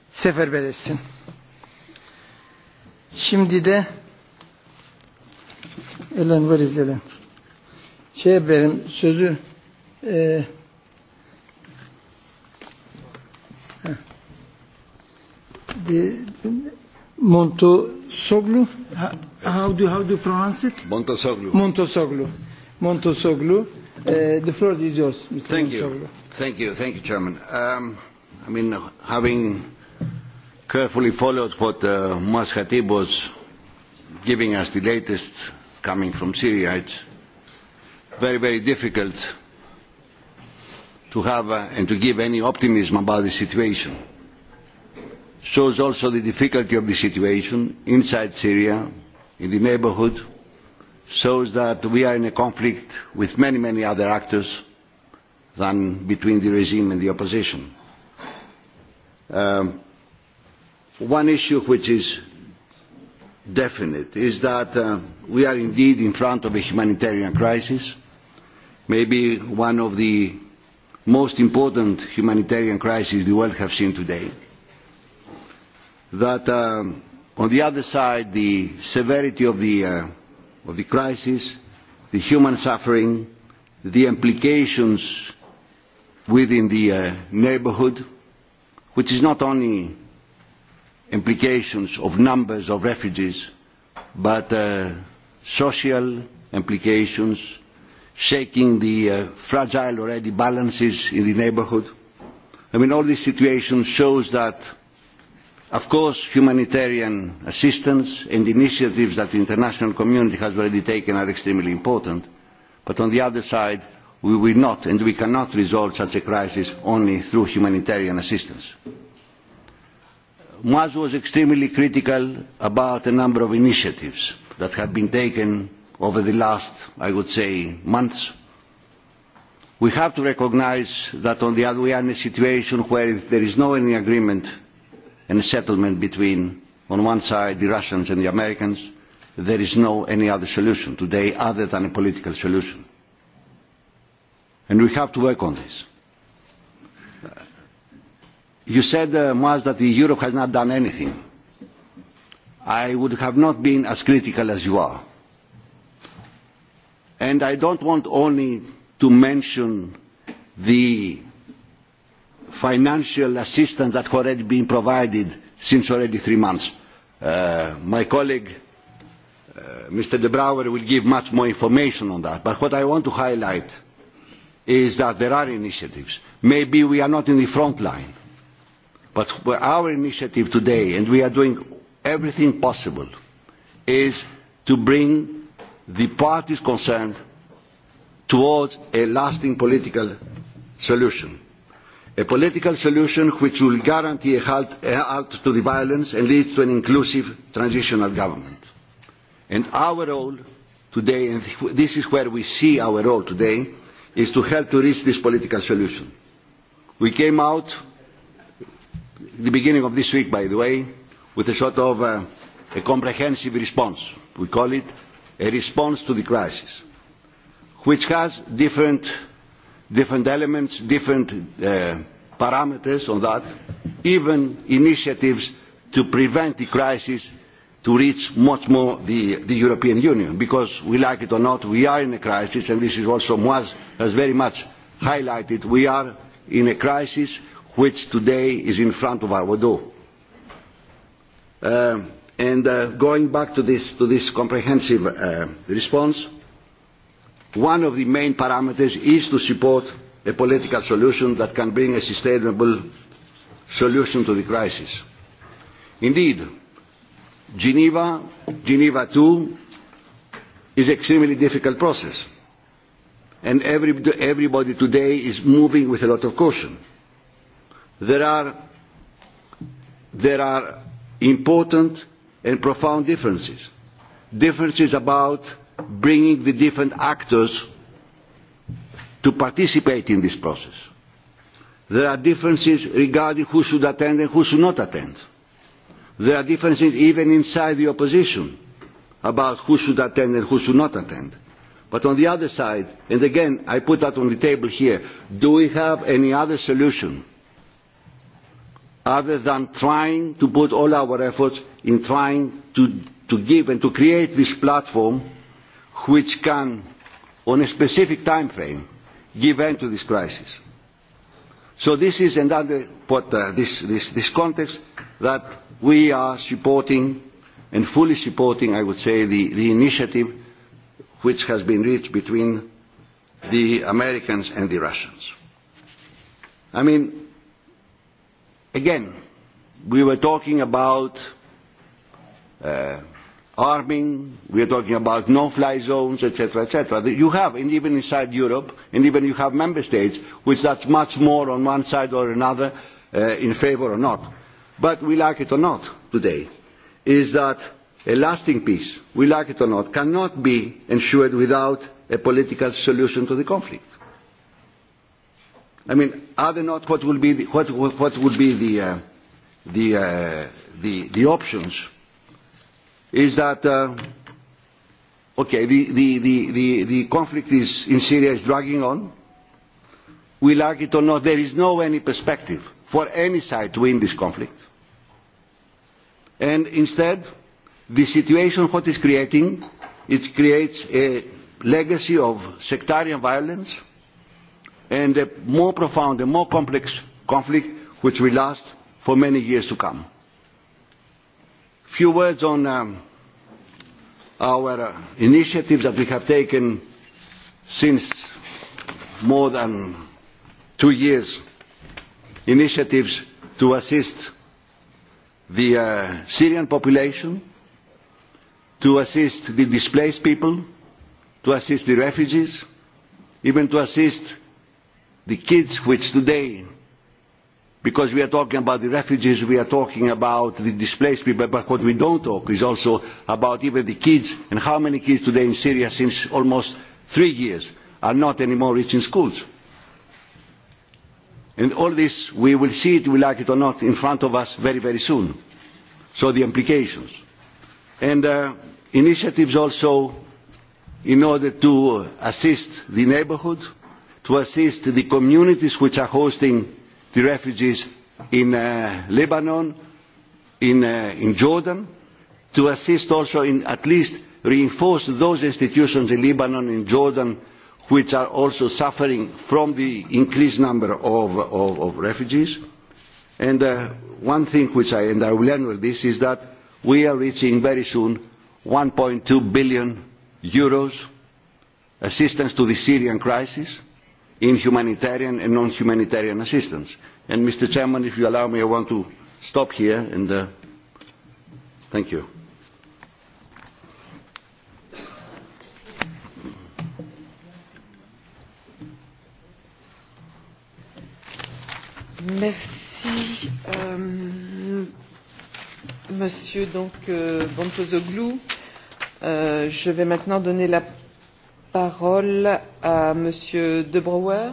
seferber etsin. Şimdi de Elen var izelen. Şey benim sözü e, de, Monto Soglu how do how do you pronounce it? Monto Soglu. Monto Soglu. Monto Soglu. Uh, e, the floor is yours, Mr. Thank Monto you. Soglu. Thank you. Thank you, Chairman. Um, I mean, having carefully followed what uh, Mas was giving us the latest coming from Syria, it's very, very difficult to have uh, and to give any optimism about the situation. Shows also the difficulty of the situation inside Syria, in the neighborhood, shows that we are in a conflict with many, many other actors than between the regime and the opposition. Um, one issue which is definite is that uh, we are indeed in front of a humanitarian crisis maybe one of the most important humanitarian crises the world has seen today that um, on the other side the severity of the uh, of the crisis the human suffering the implications within the uh, neighbourhood which is not only implications of numbers of refugees, but uh, social implications, shaking the uh, fragile already balances in the neighbourhood. I mean, all this situation shows that, of course, humanitarian assistance and initiatives that the international community has already taken are extremely important, but on the other side, we will not and we cannot resolve such a crisis only through humanitarian assistance. Moaz was extremely critical about a number of initiatives that have been taken over the last, I would say, months. We have to recognize that on the other we are in a situation where there is no any agreement and settlement between, on one side, the Russians and the Americans, there is no any other solution today other than a political solution. And we have to work on this you said, uh, Moaz, that the Europe has not done anything. I would have not been as critical as you are. And I don't want only to mention the financial assistance that has already been provided since already three months. Uh, my colleague, uh, Mr. De Brouwer, will give much more information on that. But what I want to highlight is that there are initiatives. Maybe we are not in the front line, but our initiative today and we are doing everything possible is to bring the parties concerned towards a lasting political solution a political solution which will guarantee a halt, a halt to the violence and lead to an inclusive transitional government and our role today and this is where we see our role today is to help to reach this political solution we came out the beginning of this week by the way with a sort of uh, a comprehensive response we call it a response to the crisis which has different different elements different uh, parameters on that even initiatives to prevent the crisis to reach much more the, the European Union because we like it or not we are in a crisis and this is what Somoise has very much highlighted we are in a crisis which today is in front of our door. Uh, uh, going back to this, to this comprehensive uh, response, one of the main parameters is to support a political solution that can bring a sustainable solution to the crisis. Indeed, Geneva, Geneva II, is an extremely difficult process, and every, everybody today is moving with a lot of caution there are important and profound differences differences about bringing the different actors to participate in this process. there are differences regarding who should attend and who should not attend. there are differences even inside the opposition about who should attend and who should not attend. but on the other side and again i put that on the table here do we have any other solution? other than trying to put all our efforts in trying to, to give and to create this platform which can, on a specific time frame, give end to this crisis. So this is another what, uh, this, this, this context that we are supporting and fully supporting, I would say, the, the initiative which has been reached between the Americans and the Russians. I mean, again we were talking about uh, arming we were talking about no fly zones etc etc you have and even inside europe and even you have member states which that's much more on one side or another uh, in favor or not but we like it or not today is that a lasting peace we like it or not cannot be ensured without a political solution to the conflict I mean, are they not? What would be the, what, what would be the, uh, the, uh, the, the options? Is that, uh, okay, the, the, the, the, the conflict is in Syria is dragging on. We like it or not, there is no any perspective for any side to win this conflict. And instead, the situation what is creating, it creates a legacy of sectarian violence, and a more profound and more complex conflict which will last for many years to come. A few words on um, our uh, initiatives that we have taken since more than two years, initiatives to assist the uh, Syrian population, to assist the displaced people, to assist the refugees, even to assist the kids which today because we are talking about the refugees we are talking about the displaced people but what we don't talk is also about even the kids and how many kids today in Syria since almost three years are not anymore reaching schools. And all this we will see it, we like it or not, in front of us very, very soon. So the implications. And uh, initiatives also in order to assist the neighbourhood to assist the communities which are hosting the refugees in uh, Lebanon, in, uh, in Jordan, to assist also in at least reinforce those institutions in Lebanon and Jordan which are also suffering from the increased number of, of, of refugees. And uh, one thing which I, and I will end with this, is that we are reaching very soon 1.2 billion euros assistance to the Syrian crisis in humanitarian and non humanitarian assistance. mr chairman if you allow me i want to stop here and uh, thank you. Merci, euh, Monsieur donc euh, Bontozoglou. Euh, je vais maintenant donner la parole à m. de brouwer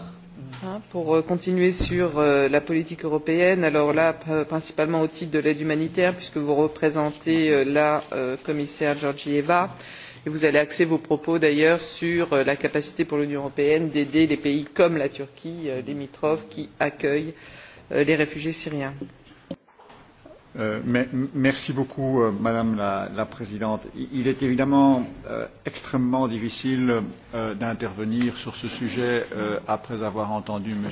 pour euh, continuer sur euh, la politique européenne alors là principalement au titre de l'aide humanitaire puisque vous représentez euh, la commissaire georgieva et vous allez axer vos propos d'ailleurs sur la capacité pour l'union européenne d'aider des pays comme la turquie limitrophe qui accueille les réfugiés syriens. Euh, euh, madame la présidente il est évidemment euh, extrêmement difficile d'intervenir sur ce sujet après avoir entendu m.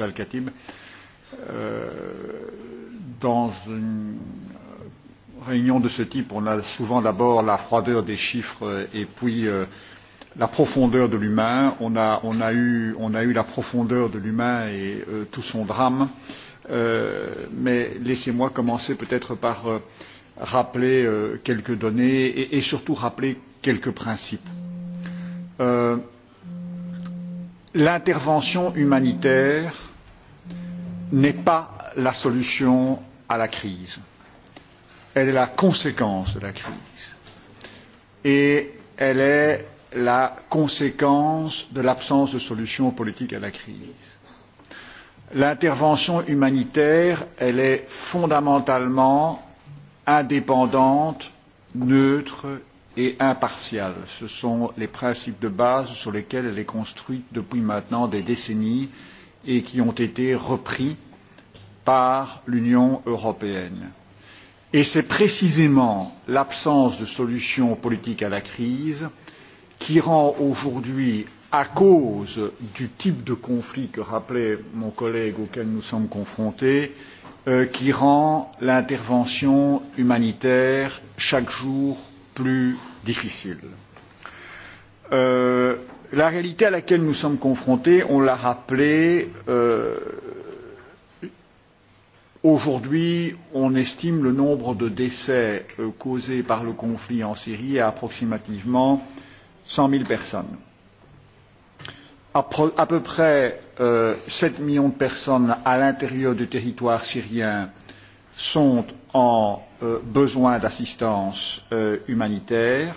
al khatib dans une réunion de ce type on a souvent d'abord la froideur des chiffres et puis la profondeur de l'humain on a eu la profondeur de l'humain et tout son drame et puis on a eu Euh, mais laissez moi commencer peut être par euh, rappeler euh, quelques données et surtout rappeler quelques principes. l'intervention humanitaire n'est pas la solution à la crise elle est la conséquence de la crise et elle est la conséquence de l'absence de solution politique à la crise l'intervention humanitaire elle est fondamentalement indépendante neutre et impartiale ce sont les principes de base sur lesquels elle est construite depuis maintenant des décennies et qui ont été repris par l'union européenne. et c'est précisément l'absence de solution politique à la crise qui rend aujourd'hui à cause du type de conflit que rappelait mon collègue auquel nous sommes confrontés, euh, qui rend l'intervention humanitaire chaque jour plus difficile. Euh, la réalité à laquelle nous sommes confrontés, on l'a rappelé, euh, aujourd'hui, on estime le nombre de décès euh, causés par le conflit en Syrie à approximativement 100 000 personnes à peu près euh, sept millions de personnes à l'intérieur du territoire syrien ont euh, besoin d'assistance euh, humanitaire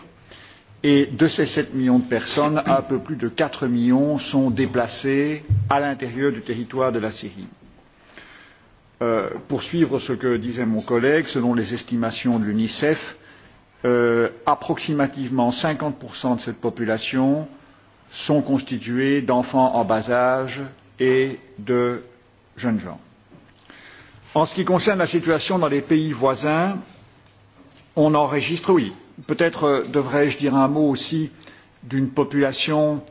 et de ces sept millions de personnes un peu plus de quatre millions sont déplacées à l'intérieur du territoire de la syrie. pour suivre ce que disait mon collègue selon les estimations de l'unicef approximativement cinquante de cette population sont constitués d'enfants en bas âge et de jeunes gens. En ce qui concerne la situation dans les pays voisins, on enregistre, oui, peut-être euh, devrais-je dire un mot aussi d'une population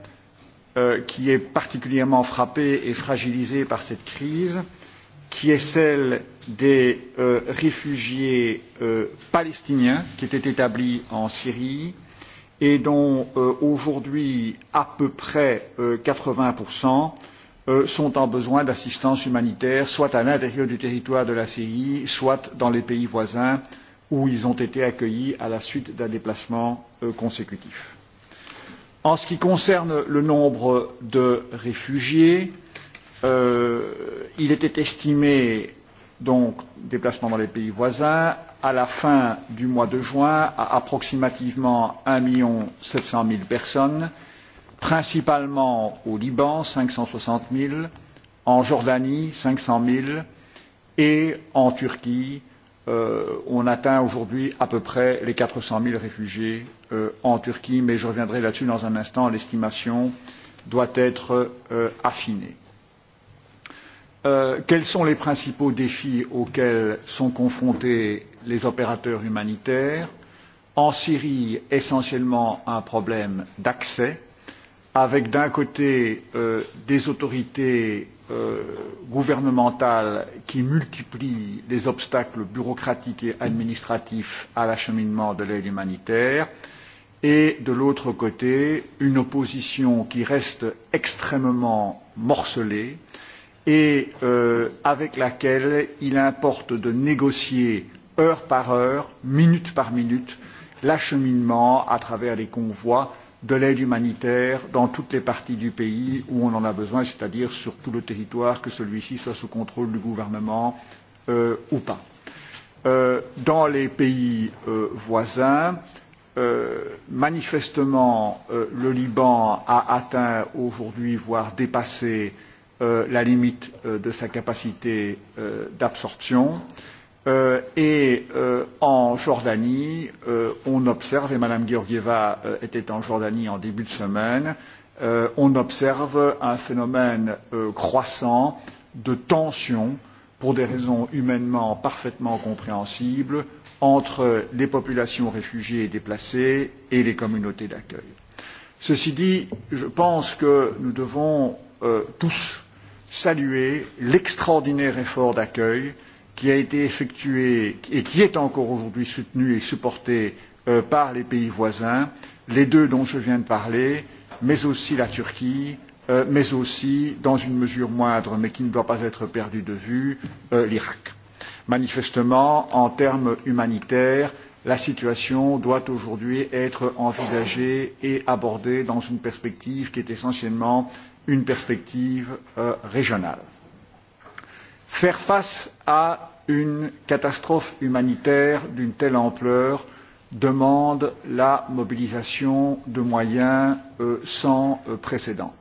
euh, qui est particulièrement frappée et fragilisée par cette crise, qui est celle des euh, réfugiés euh, palestiniens qui étaient établis en Syrie, euh, et dont euh, aujourd'hui à peu près euh, 80% euh, sont en besoin d'assistance humanitaire, soit à l'intérieur du territoire de la Syrie, soit dans les pays voisins où ils ont été accueillis à la suite d'un déplacement euh, consécutif. En ce qui concerne le nombre de réfugiés, euh, il était estimé, donc déplacement dans les pays voisins, à la fin du mois de juin à approximativement un million sept cent mille personnes principalement au liban cinq cent soixante mille en jordanie cinq cents mille et en turquie euh, on atteint aujourd'hui à peu près les quatre cents mille réfugiés euh, en turquie mais je reviendrai là dessus dans un instant l'estimation doit être euh, affinée. Euh, quels sont les principaux défis auxquels sont confrontés les opérateurs humanitaires en syrie essentiellement un problème d'accès avec d'un côté euh, des autorités euh, gouvernementales qui multiplient les obstacles bureaucratiques et administratifs à l'acheminement de l'aide humanitaire et de l'autre côté une opposition qui reste extrêmement morcelée et euh, avec laquelle il importe de négocier heure par heure minute par minute l'acheminement à travers les convois de l'aide humanitaire dans toutes les parties du pays où on en a besoin c'est à dire sur tout le territoire que celui ci soit sous contrôle du gouvernement euh, ou pas. Euh, dans les pays euh, voisins euh, manifestement euh, le liban a atteint aujourd'hui voire dépassé euh, la limite euh, de sa capacité euh, d'absorption. Euh, Euh, et euh, en Jordanie, euh, on observe, et Mme Georgieva euh, était en Jordanie en début de semaine, euh, on observe un phénomène euh, croissant de tension, pour des raisons humainement parfaitement compréhensibles, entre les populations réfugiées et déplacées et les communautés d'accueil. Ceci dit, je pense que nous devons euh, tous saluer l'extraordinaire effort d'accueil euh, qui a été effectué et qui est encore aujourd'hui soutenu et supporté euh, par les pays voisins les deux dont je viens de parler mais aussi la turquie euh, mais aussi dans une mesure moindre mais qui ne doit pas être perdue de vue euh, l'iraq. manifestement en termes humanitaires la situation doit aujourd'hui être envisagée et abordée dans une perspective qui est essentiellement une perspective régionale faire face à une catastrophe humanitaire d'une telle ampleur demande la mobilisation de moyens euh, sans euh, précédent.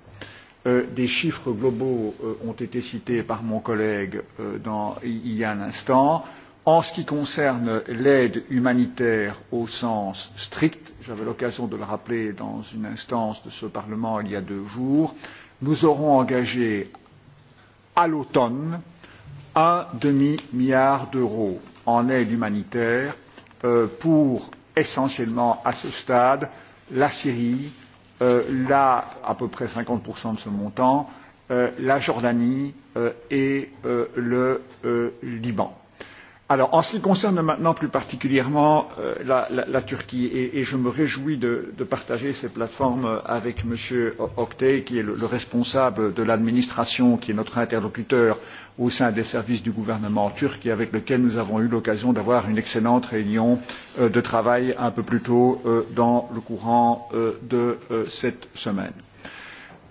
Euh, des chiffres globaux ont été cités par mon collègue dans, il y a un instant. En ce qui concerne l'aide humanitaire au sens strict, j'avais l'occasion de le rappeler dans une instance de ce Parlement il y a deux jours, nous aurons engagé à l'automne un demi milliard d'euros en aide humanitaire euh, pour essentiellement à ce stade la syrie euh, là à peu près cinquante de ce montant euh, la jordanie et le liban. Alors, en ce qui concerne maintenant plus particulièrement euh, la, la, la Turquie, et, et je me réjouis de, de partager ces plateformes avec M. Oktay, qui est le, le responsable de l'administration, qui est notre interlocuteur au sein des services du gouvernement turc, et avec lequel nous avons eu l'occasion d'avoir une excellente réunion euh, de travail un peu plus tôt euh, dans le courant euh, de euh, cette semaine.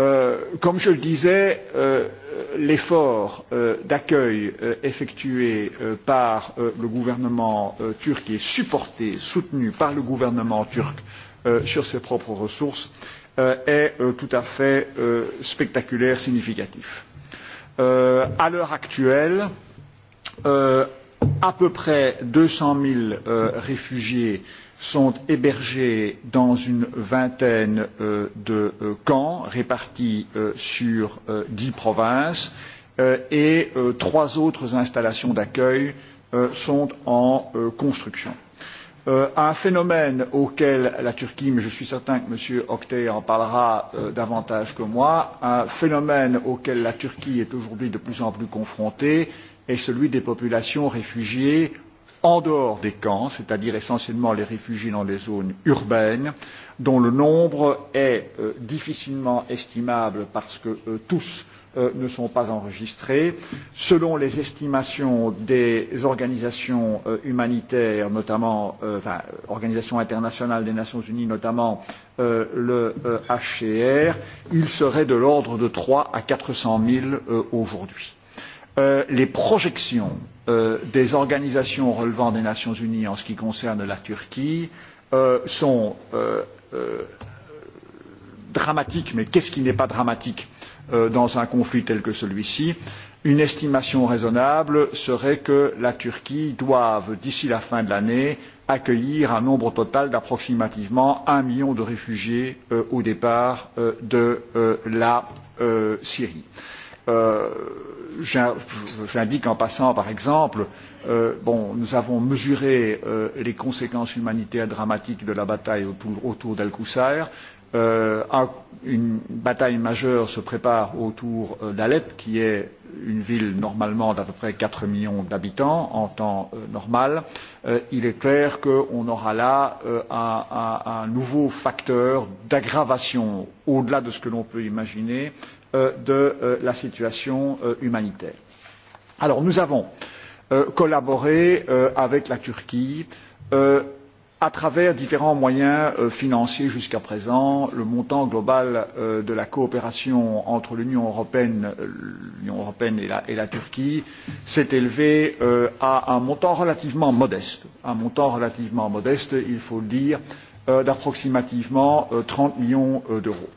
Euh, comme je le disais euh, l'effort euh, d'accueil effectué par le gouvernement turc et supporté soutenu par le gouvernement turc sur ses propres ressources est tout à fait spectaculaire significatif. à l'heure actuelle à peu près deux cents zéro réfugiés sont hébergés dans une vingtaine euh, de euh, camps répartis euh, sur dix provinces et trois autres installations d'accueil sont en construction. un phénomène auquel la turquie mais je suis certain que m. oktay en parlera davantage que moi est aujourd'hui de plus en plus confrontée est celui des populations réfugiées en dehors des camps c'est à dire essentiellement les réfugiés dans les zones urbaines dont le nombre est euh, difficilement estimable parce que euh, tous euh, ne sont pas enregistrés. Selon les estimations des organisations euh, humanitaires, notamment euh, enfin, organisations internationales des Nations Unies, notamment euh, le euh, HCR, il serait de l'ordre de 3 à 400 000 euh, aujourd'hui. Euh, les projections euh, des organisations relevant des Nations unies en ce qui concerne la Turquie euh, sont euh, euh, dramatiques, mais qu'est ce qui n'est pas dramatique euh, dans un conflit tel que celui ci? Une estimation raisonnable serait que la Turquie doive, d'ici la fin de l'année, accueillir un nombre total d'approximativement un million de réfugiés euh, au départ euh, de euh, la euh, Syrie euh, j'indique en passant par exemple euh, bon, nous avons mesuré euh, les conséquences humanitaires dramatiques de la bataille autour, autour d'El Koussaïr. Euh, une bataille majeure se prépare autour euh, d'Alep, qui est une ville normalement d'à peu près 4 millions d'habitants en temps euh, normal. Euh, il est clair qu'on aura là euh, un, un, un nouveau facteur d'aggravation au-delà de ce que l'on peut imaginer euh, Euh, de euh, la situation euh, humanitaire. Alors, nous avons collaboré avec la Turquie à travers différents moyens financiers jusqu'à présent. Le montant global de la coopération entre l'Union européenne, l'Union européenne et, la, et la Turquie s'est élevé à un montant relativement modeste, un montant relativement modeste il faut le dire, d'approximativement 30 millions d'euros.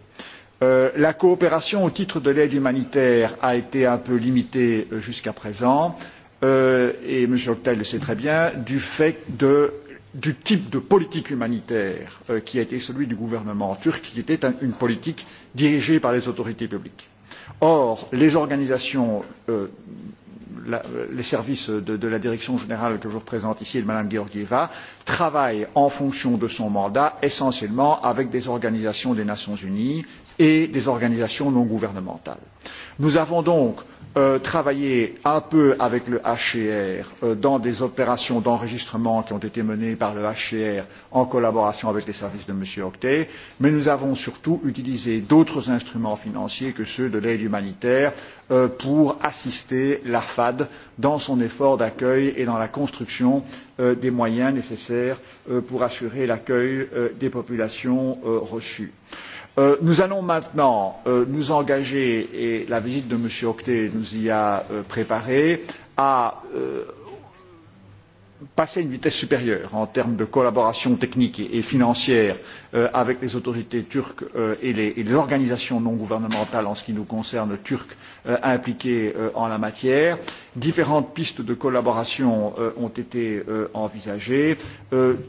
Euh, la coopération au titre de l'aide humanitaire a été un peu limitée euh, jusqu'à présent euh, et m. hautel le sait très bien du fait de, du type de politique humanitaire qui a été celui du gouvernement turc qui était une politique dirigée par les autorités publiques. or les organisations la, les services de, de la direction générale que je représente ici et de mme georgieva travaillent en fonction de son mandat essentiellement avec des organisations des nations unies et des organisations non gouvernementales. nous avons donc euh, travaillé un peu avec le her euh, dans des opérations d'enregistrement qui ont été menées par le her en collaboration avec les services de m. oktay mais nous avons surtout utilisé d'autres instruments financiers que ceux de l'aide humanitaire euh, pour assister l'afad dans son effort d'accueil et dans la construction des moyens nécessaires pour assurer l'accueil des populations reçues. Euh, nous allons maintenant euh, nous engager et la visite de m. octet nous y a euh, préparés à passer à une vitesse supérieure en termes de collaboration technique et financière avec les autorités turques et les organisations non gouvernementales en ce qui nous concerne turques impliquées en la matière. différentes pistes de collaboration ont été envisagées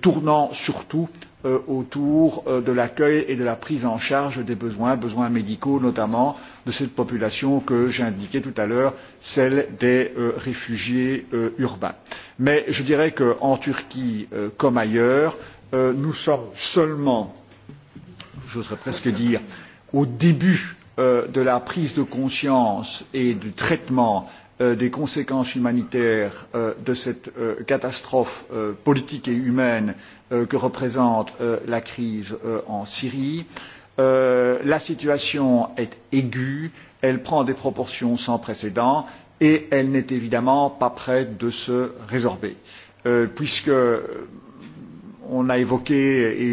tournant surtout Euh, autour euh, de l'accueil et de la prise en charge des besoins besoins médicaux notamment de cette population que j'ai indiquée tout à l'heure celle des euh, réfugiés urbains. mais je dirais qu'en turquie comme ailleurs nous sommes seulement j'oserais presque dire au début de la prise de conscience et du traitement des conséquences humanitaires de cette catastrophe politique et humaine Euh, que représente euh, la crise euh, en syrie. la situation est aiguë elle prend des proportions sans précédent et elle n'est évidemment pas près de se résorber puisqu'on a évoqué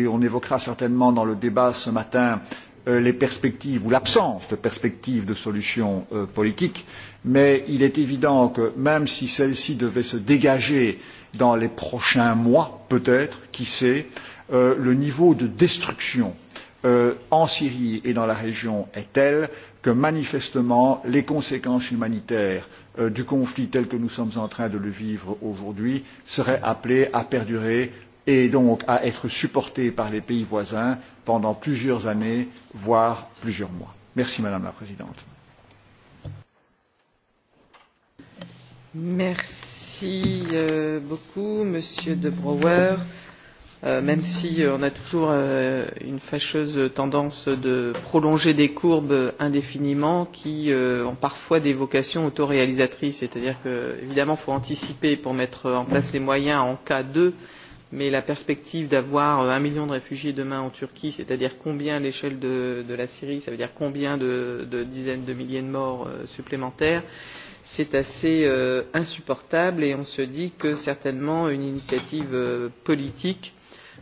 et on évoquera certainement dans le débat ce matin les perspectives ou l'absence de perspectives de solution politique mais il est évident que même si celles ci devaient se dégager dans les prochains mois peut être qui sait euh, le niveau de destruction euh, en syrie et dans la région est tel que manifestement les conséquences humanitaires euh, du conflit tel que nous sommes en train de le vivre aujourd'hui seraient appelées à perdurer et donc à être supportées par les pays voisins pendant plusieurs années voire plusieurs mois. merci madame la présidente. merci euh, beaucoup monsieur de brouwer euh, même si euh, on a toujours une fâcheuse tendance de prolonger des courbes indéfiniment qui ont parfois des vocations autoréalisatrices c'est à dire qu'évidemment il faut anticiper pour mettre en place les moyens en cas de mais la perspective d'avoir un million de réfugiés demain en Turquie c'est à dire combien à l'échelle de, de la Syrie ça veut dire combien de, de dizaines de milliers de morts supplémentaires euh, c'est assez euh, insupportable et on se dit que certainement une initiative euh, politique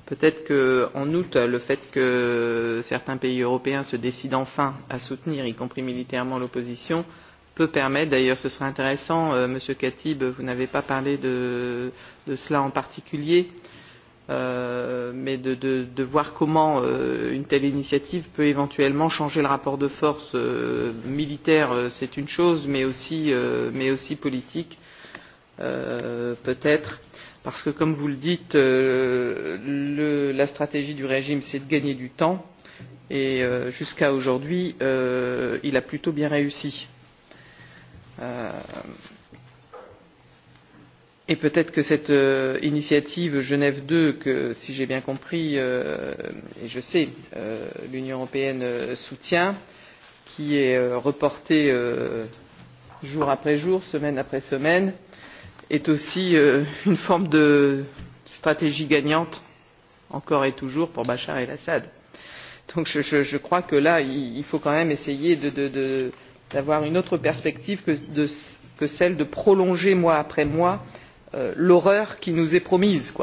peut être qu'en août le fait que certains pays européens se décident enfin à soutenir y compris militairement l'opposition peut permettre d'ailleurs ce serait intéressant euh, monsieur khatib vous n'avez pas parlé de cela en particulier euh, Euh, mais de voir comment euh, une telle initiative peut éventuellement changer le rapport de force euh, militaire c'est une chose mais aussi, mais aussi politique peut être parce que comme vous le dites le, la stratégie du régime c'est de gagner du temps et jusqu'à aujourd'hui il a plutôt bien réussi euh, et peut être que cette euh, initiative genève ii que si j'ai bien compris euh, et je sais euh, l'union européenne euh, soutient qui est euh, reportée euh, jour après jour semaine après semaine est aussi euh, une forme de stratégie gagnante encore et toujours pour bachar el assad. donc je, je, je crois que là il, il faut quand même essayer de, de, de d'avoir une autre perspective que, de, que celle de prolonger mois après mois euh, Euh, l'horreur qui nous est promise.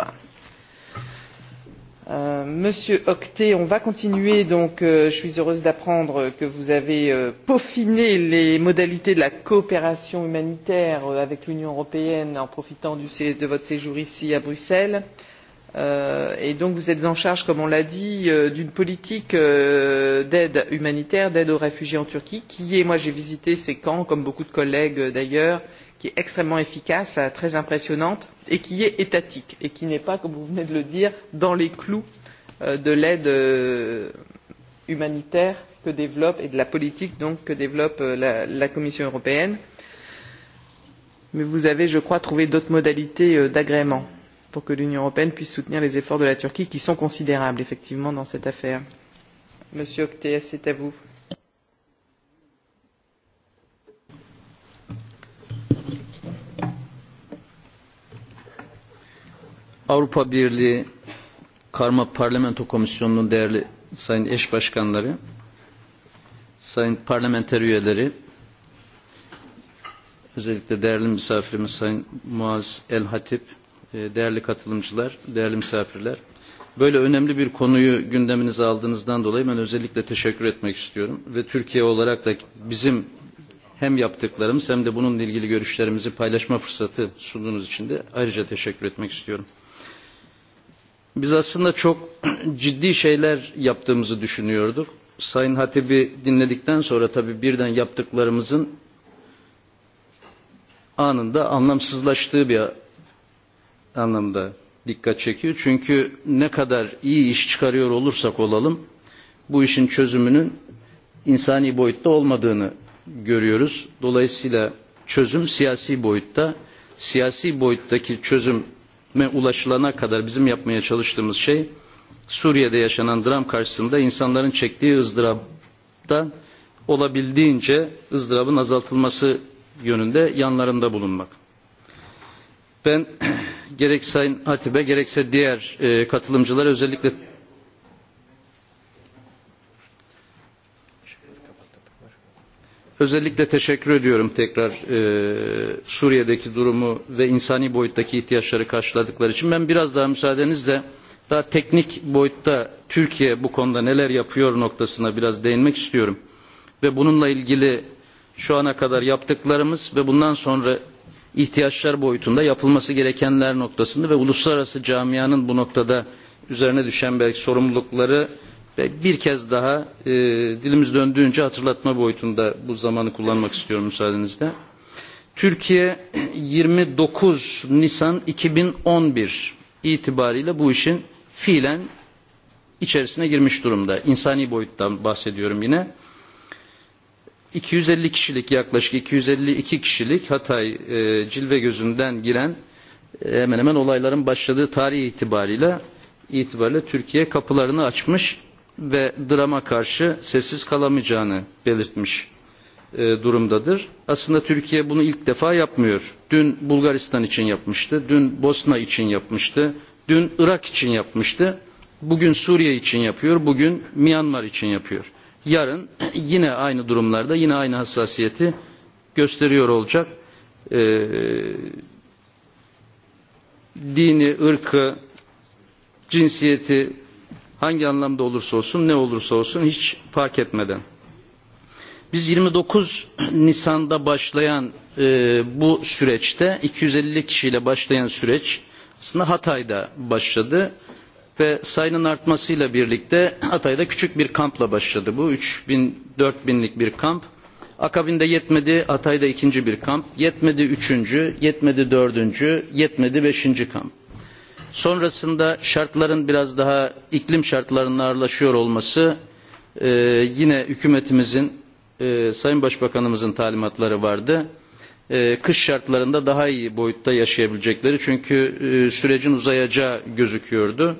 Euh, monsieur octet on va continuer donc euh, je suis heureuse d'apprendre que vous avez peaufiné les modalités de la coopération humanitaire avec l'union européenne en profitant de votre séjour ici à bruxelles et donc vous êtes en charge comme on l'a dit d'une politique d'aide humanitaire d'aide aux réfugiés en turquie qui est moi j'ai visité ces camps comme beaucoup de collègues d'ailleurs qui est extrêmement efficace euh, très impressionnante et qui est étatique et qui n'est pas comme vous venez de le dire dans les clous euh, de l'aide euh, humanitaire que développe et de la politique donc que développe la commission européenne. mais vous avez je crois trouvé d'autres modalités d'agrément pour que l'union européenne puisse soutenir les efforts de la turquie qui sont considérables effectivement dans cette affaire. monsieur chrétien c'est à vous. Avrupa Birliği Karma Parlamento Komisyonu'nun değerli sayın eş başkanları, sayın parlamenter üyeleri, özellikle değerli misafirimiz sayın Muaz El Hatip, e, değerli katılımcılar, değerli misafirler. Böyle önemli bir konuyu gündeminize aldığınızdan dolayı ben özellikle teşekkür etmek istiyorum. Ve Türkiye olarak da bizim hem yaptıklarımız hem de bununla ilgili görüşlerimizi paylaşma fırsatı sunduğunuz için de ayrıca teşekkür etmek istiyorum biz aslında çok ciddi şeyler yaptığımızı düşünüyorduk. Sayın Hatibi dinledikten sonra tabii birden yaptıklarımızın anında anlamsızlaştığı bir anlamda dikkat çekiyor. Çünkü ne kadar iyi iş çıkarıyor olursak olalım bu işin çözümünün insani boyutta olmadığını görüyoruz. Dolayısıyla çözüm siyasi boyutta. Siyasi boyuttaki çözüm me ulaşılana kadar bizim yapmaya çalıştığımız şey Suriye'de yaşanan dram karşısında insanların çektiği ızdırapta olabildiğince ızdırabın azaltılması yönünde yanlarında bulunmak. Ben gerek Sayın Hatip'e gerekse diğer e, katılımcılara özellikle özellikle teşekkür ediyorum tekrar e, Suriye'deki durumu ve insani boyuttaki ihtiyaçları karşıladıkları için. Ben biraz daha müsaadenizle daha teknik boyutta Türkiye bu konuda neler yapıyor noktasına biraz değinmek istiyorum. Ve bununla ilgili şu ana kadar yaptıklarımız ve bundan sonra ihtiyaçlar boyutunda yapılması gerekenler noktasında ve uluslararası camianın bu noktada üzerine düşen belki sorumlulukları Bir kez daha e, dilimiz döndüğünce hatırlatma boyutunda bu zamanı kullanmak istiyorum müsaadenizle. Türkiye 29 Nisan 2011 itibariyle bu işin fiilen içerisine girmiş durumda. İnsani boyuttan bahsediyorum yine. 250 kişilik yaklaşık 252 kişilik Hatay e, cilve gözünden giren e, hemen hemen olayların başladığı tarih itibariyle itibariyle Türkiye kapılarını açmış ve drama karşı sessiz kalamayacağını belirtmiş e, durumdadır. Aslında Türkiye bunu ilk defa yapmıyor. Dün Bulgaristan için yapmıştı, dün Bosna için yapmıştı, dün Irak için yapmıştı, bugün Suriye için yapıyor, bugün Myanmar için yapıyor. Yarın yine aynı durumlarda, yine aynı hassasiyeti gösteriyor olacak. Ee, dini, ırkı, cinsiyeti hangi anlamda olursa olsun ne olursa olsun hiç fark etmeden. Biz 29 Nisan'da başlayan e, bu süreçte 250 kişiyle başlayan süreç aslında Hatay'da başladı ve sayının artmasıyla birlikte Hatay'da küçük bir kampla başladı bu 3000 4000'lik bir kamp. Akabinde yetmedi Hatay'da ikinci bir kamp, yetmedi üçüncü, yetmedi dördüncü, yetmedi beşinci kamp sonrasında şartların biraz daha iklim şartlarının ağırlaşıyor olması e, yine hükümetimizin e, Sayın Başbakanımızın talimatları vardı. E, kış şartlarında daha iyi boyutta yaşayabilecekleri çünkü e, sürecin uzayacağı gözüküyordu.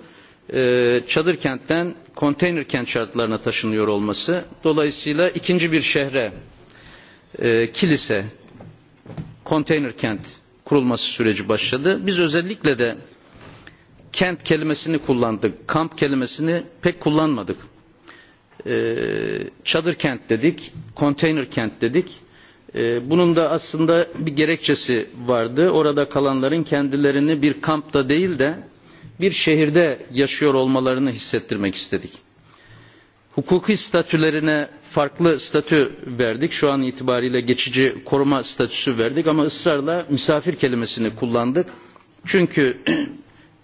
E, çadır kentten konteyner kent şartlarına taşınıyor olması dolayısıyla ikinci bir şehre e, kilise konteyner kent kurulması süreci başladı. Biz özellikle de kent kelimesini kullandık, kamp kelimesini pek kullanmadık. Ee, çadır kent dedik, konteyner kent dedik. Ee, bunun da aslında bir gerekçesi vardı. Orada kalanların kendilerini bir kampta değil de bir şehirde yaşıyor olmalarını hissettirmek istedik. Hukuki statülerine farklı statü verdik. Şu an itibariyle geçici koruma statüsü verdik ama ısrarla misafir kelimesini kullandık. Çünkü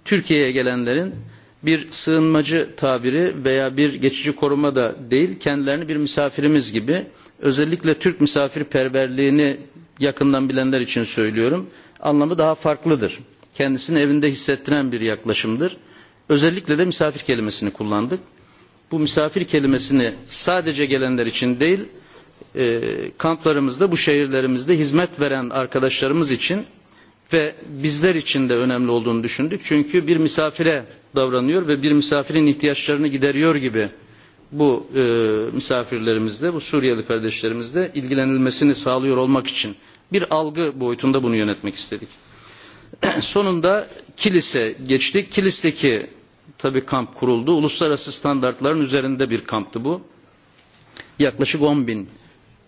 Türkiye'ye gelenlerin bir sığınmacı tabiri veya bir geçici koruma da değil, kendilerini bir misafirimiz gibi, özellikle Türk misafirperverliğini yakından bilenler için söylüyorum, anlamı daha farklıdır. Kendisini evinde hissettiren bir yaklaşımdır. Özellikle de misafir kelimesini kullandık. Bu misafir kelimesini sadece gelenler için değil, e, kamplarımızda, bu şehirlerimizde hizmet veren arkadaşlarımız için ve bizler için de önemli olduğunu düşündük. Çünkü bir misafire davranıyor ve bir misafirin ihtiyaçlarını gideriyor gibi bu e, misafirlerimizde, bu Suriyeli kardeşlerimizde ilgilenilmesini sağlıyor olmak için bir algı boyutunda bunu yönetmek istedik. Sonunda kilise geçtik. Kilisteki tabi kamp kuruldu. Uluslararası standartların üzerinde bir kamptı bu. Yaklaşık 10 bin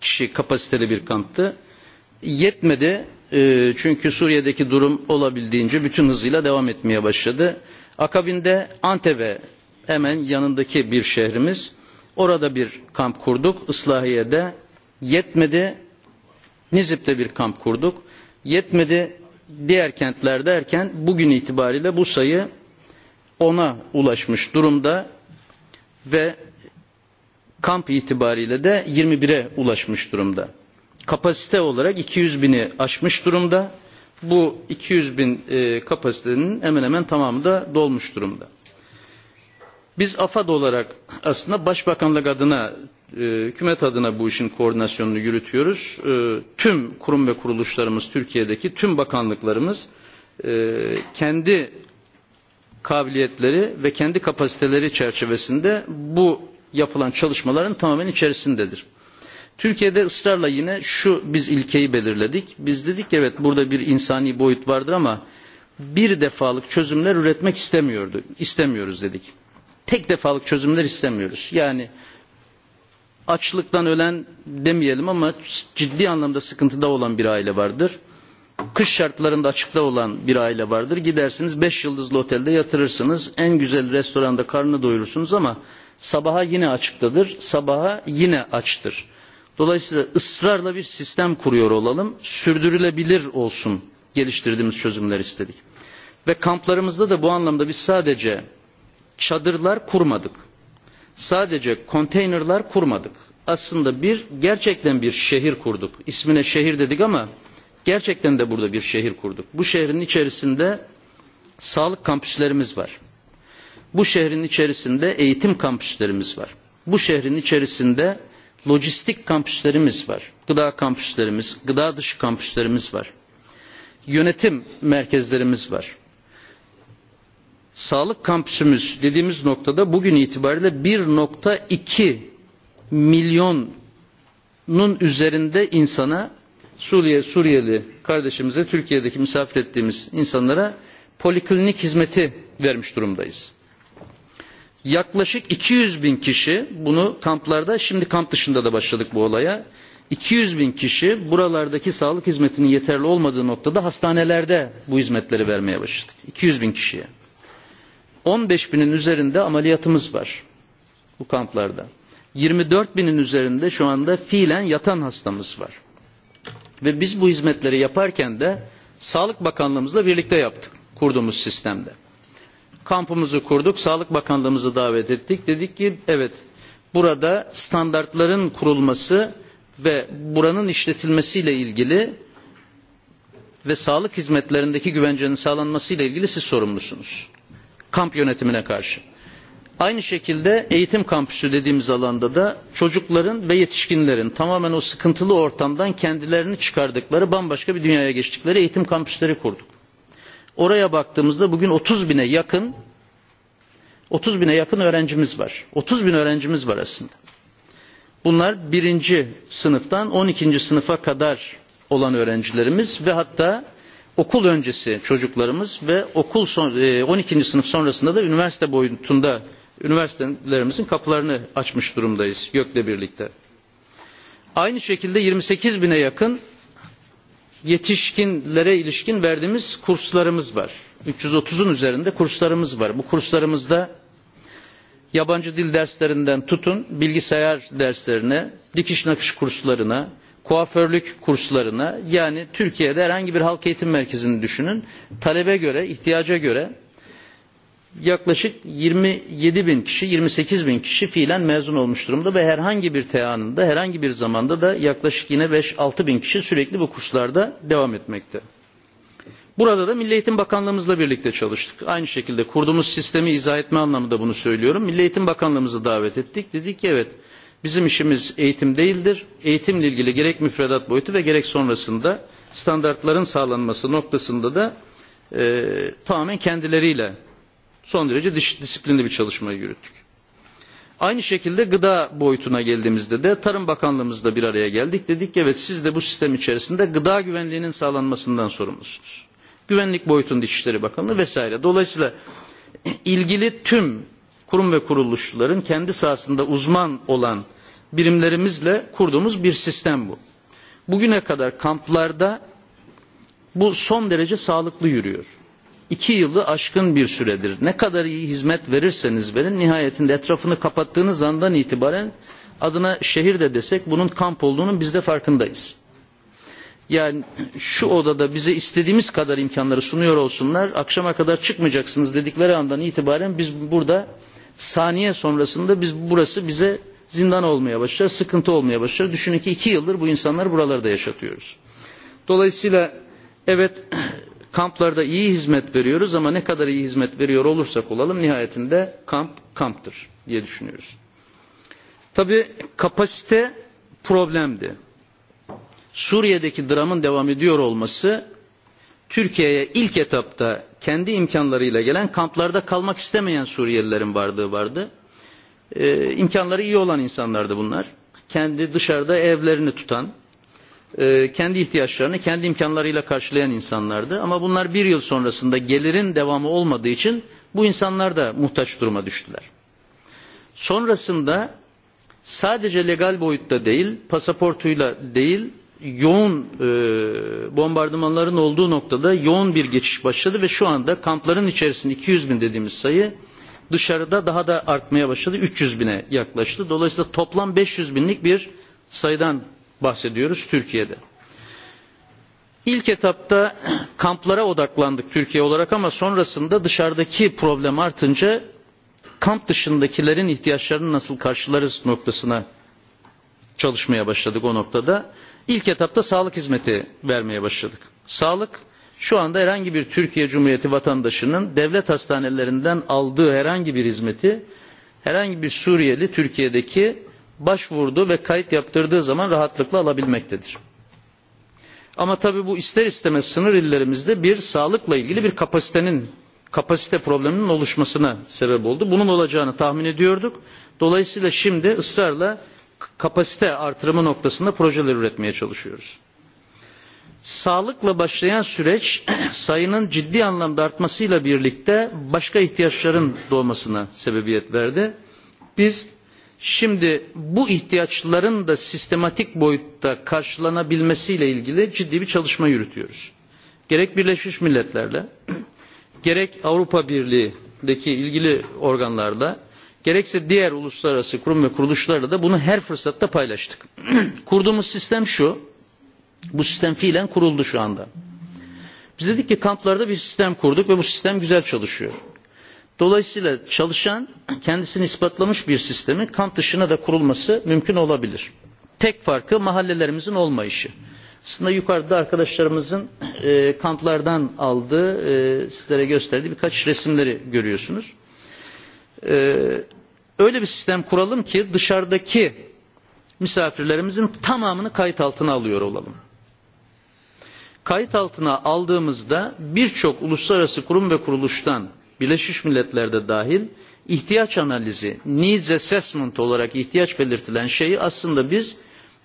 kişi kapasiteli bir kamptı. Yetmedi çünkü Suriye'deki durum olabildiğince bütün hızıyla devam etmeye başladı. Akabinde Antep'e hemen yanındaki bir şehrimiz. Orada bir kamp kurduk. Islahiye'de yetmedi. Nizip'te bir kamp kurduk. Yetmedi diğer kentler derken bugün itibariyle bu sayı ona ulaşmış durumda ve kamp itibariyle de 21'e ulaşmış durumda kapasite olarak 200 bini aşmış durumda. Bu 200 bin e, kapasitenin hemen hemen tamamı da dolmuş durumda. Biz AFAD olarak aslında Başbakanlık adına, e, hükümet adına bu işin koordinasyonunu yürütüyoruz. E, tüm kurum ve kuruluşlarımız, Türkiye'deki tüm bakanlıklarımız e, kendi kabiliyetleri ve kendi kapasiteleri çerçevesinde bu yapılan çalışmaların tamamen içerisindedir. Türkiye'de ısrarla yine şu biz ilkeyi belirledik. Biz dedik ki evet burada bir insani boyut vardır ama bir defalık çözümler üretmek istemiyordu. İstemiyoruz dedik. Tek defalık çözümler istemiyoruz. Yani açlıktan ölen demeyelim ama ciddi anlamda sıkıntıda olan bir aile vardır. Kış şartlarında açıkta olan bir aile vardır. Gidersiniz beş yıldızlı otelde yatırırsınız. En güzel restoranda karnını doyurursunuz ama sabaha yine açıktadır. Sabaha yine açtır.'' Dolayısıyla ısrarla bir sistem kuruyor olalım, sürdürülebilir olsun geliştirdiğimiz çözümler istedik. Ve kamplarımızda da bu anlamda biz sadece çadırlar kurmadık. Sadece konteynerlar kurmadık. Aslında bir gerçekten bir şehir kurduk. İsmine şehir dedik ama gerçekten de burada bir şehir kurduk. Bu şehrin içerisinde sağlık kampüslerimiz var. Bu şehrin içerisinde eğitim kampüslerimiz var. Bu şehrin içerisinde lojistik kampüslerimiz var. Gıda kampüslerimiz, gıda dışı kampüslerimiz var. Yönetim merkezlerimiz var. Sağlık kampüsümüz dediğimiz noktada bugün itibariyle 1.2 milyonun üzerinde insana Suriye, Suriyeli kardeşimize, Türkiye'deki misafir ettiğimiz insanlara poliklinik hizmeti vermiş durumdayız yaklaşık 200 bin kişi bunu kamplarda şimdi kamp dışında da başladık bu olaya 200 bin kişi buralardaki sağlık hizmetinin yeterli olmadığı noktada hastanelerde bu hizmetleri vermeye başladık 200 bin kişiye 15 binin üzerinde ameliyatımız var bu kamplarda 24 binin üzerinde şu anda fiilen yatan hastamız var ve biz bu hizmetleri yaparken de Sağlık Bakanlığımızla birlikte yaptık kurduğumuz sistemde kampımızı kurduk. Sağlık Bakanlığımızı davet ettik. Dedik ki evet burada standartların kurulması ve buranın işletilmesiyle ilgili ve sağlık hizmetlerindeki güvencenin sağlanmasıyla ilgili siz sorumlusunuz. Kamp yönetimine karşı. Aynı şekilde eğitim kampüsü dediğimiz alanda da çocukların ve yetişkinlerin tamamen o sıkıntılı ortamdan kendilerini çıkardıkları bambaşka bir dünyaya geçtikleri eğitim kampüsleri kurduk oraya baktığımızda bugün 30 bine yakın 30 bine yakın öğrencimiz var. 30 bin öğrencimiz var aslında. Bunlar birinci sınıftan 12. sınıfa kadar olan öğrencilerimiz ve hatta okul öncesi çocuklarımız ve okul son, 12. E, sınıf sonrasında da üniversite boyutunda üniversitelerimizin kapılarını açmış durumdayız gökle birlikte. Aynı şekilde 28 bine yakın yetişkinlere ilişkin verdiğimiz kurslarımız var. 330'un üzerinde kurslarımız var. Bu kurslarımızda yabancı dil derslerinden tutun, bilgisayar derslerine, dikiş nakış kurslarına, kuaförlük kurslarına, yani Türkiye'de herhangi bir halk eğitim merkezini düşünün, talebe göre, ihtiyaca göre yaklaşık 27 bin kişi, 28 bin kişi fiilen mezun olmuş durumda ve herhangi bir teanında, herhangi bir zamanda da yaklaşık yine 5-6 bin kişi sürekli bu kurslarda devam etmekte. Burada da Milli Eğitim Bakanlığımızla birlikte çalıştık. Aynı şekilde kurduğumuz sistemi izah etme anlamında bunu söylüyorum. Milli Eğitim Bakanlığımızı davet ettik. Dedik ki evet bizim işimiz eğitim değildir. Eğitimle ilgili gerek müfredat boyutu ve gerek sonrasında standartların sağlanması noktasında da e, tamamen kendileriyle son derece disiplinli bir çalışmayı yürüttük. Aynı şekilde gıda boyutuna geldiğimizde de Tarım Bakanlığımızla bir araya geldik. Dedik ki evet siz de bu sistem içerisinde gıda güvenliğinin sağlanmasından sorumlusunuz. Güvenlik boyutunda İçişleri Bakanlığı vesaire. Dolayısıyla ilgili tüm kurum ve kuruluşların kendi sahasında uzman olan birimlerimizle kurduğumuz bir sistem bu. Bugüne kadar kamplarda bu son derece sağlıklı yürüyor iki yılı aşkın bir süredir. Ne kadar iyi hizmet verirseniz verin nihayetinde etrafını kapattığınız andan itibaren adına şehir de desek bunun kamp olduğunu biz de farkındayız. Yani şu odada bize istediğimiz kadar imkanları sunuyor olsunlar akşama kadar çıkmayacaksınız dedikleri andan itibaren biz burada saniye sonrasında biz burası bize zindan olmaya başlar, sıkıntı olmaya başlar. Düşünün ki iki yıldır bu insanlar buralarda yaşatıyoruz. Dolayısıyla evet kamplarda iyi hizmet veriyoruz ama ne kadar iyi hizmet veriyor olursak olalım nihayetinde kamp kamptır diye düşünüyoruz. Tabi kapasite problemdi. Suriye'deki dramın devam ediyor olması Türkiye'ye ilk etapta kendi imkanlarıyla gelen kamplarda kalmak istemeyen Suriyelilerin vardığı vardı. Ee, i̇mkanları iyi olan insanlardı bunlar. Kendi dışarıda evlerini tutan, E, kendi ihtiyaçlarını kendi imkanlarıyla karşılayan insanlardı. Ama bunlar bir yıl sonrasında gelirin devamı olmadığı için bu insanlar da muhtaç duruma düştüler. Sonrasında sadece legal boyutta değil, pasaportuyla değil, yoğun e, bombardımanların olduğu noktada yoğun bir geçiş başladı ve şu anda kampların içerisinde 200 bin dediğimiz sayı dışarıda daha da artmaya başladı. 300 bine yaklaştı. Dolayısıyla toplam 500 binlik bir sayıdan bahsediyoruz Türkiye'de. İlk etapta kamplara odaklandık Türkiye olarak ama sonrasında dışarıdaki problem artınca kamp dışındakilerin ihtiyaçlarını nasıl karşılarız noktasına çalışmaya başladık o noktada. İlk etapta sağlık hizmeti vermeye başladık. Sağlık şu anda herhangi bir Türkiye Cumhuriyeti vatandaşının devlet hastanelerinden aldığı herhangi bir hizmeti herhangi bir Suriyeli Türkiye'deki başvurduğu ve kayıt yaptırdığı zaman rahatlıkla alabilmektedir. Ama tabi bu ister istemez sınır illerimizde bir sağlıkla ilgili bir kapasitenin, kapasite probleminin oluşmasına sebep oldu. Bunun olacağını tahmin ediyorduk. Dolayısıyla şimdi ısrarla kapasite artırımı noktasında projeler üretmeye çalışıyoruz. Sağlıkla başlayan süreç sayının ciddi anlamda artmasıyla birlikte başka ihtiyaçların doğmasına sebebiyet verdi. Biz Şimdi bu ihtiyaçların da sistematik boyutta karşılanabilmesiyle ilgili ciddi bir çalışma yürütüyoruz. Gerek Birleşmiş Milletler'le, gerek Avrupa Birliği'deki ilgili organlarla, gerekse diğer uluslararası kurum ve kuruluşlarla da bunu her fırsatta paylaştık. Kurduğumuz sistem şu, bu sistem fiilen kuruldu şu anda. Biz dedik ki kamplarda bir sistem kurduk ve bu sistem güzel çalışıyor. Dolayısıyla çalışan kendisini ispatlamış bir sistemin kamp dışına da kurulması mümkün olabilir. Tek farkı mahallelerimizin olmayışı. Aslında yukarıda arkadaşlarımızın e, kamplardan aldığı, e, sizlere gösterdiği birkaç resimleri görüyorsunuz. E, öyle bir sistem kuralım ki dışarıdaki misafirlerimizin tamamını kayıt altına alıyor olalım. Kayıt altına aldığımızda birçok uluslararası kurum ve kuruluştan Birleşmiş Milletler'de dahil ihtiyaç analizi, needs assessment olarak ihtiyaç belirtilen şeyi aslında biz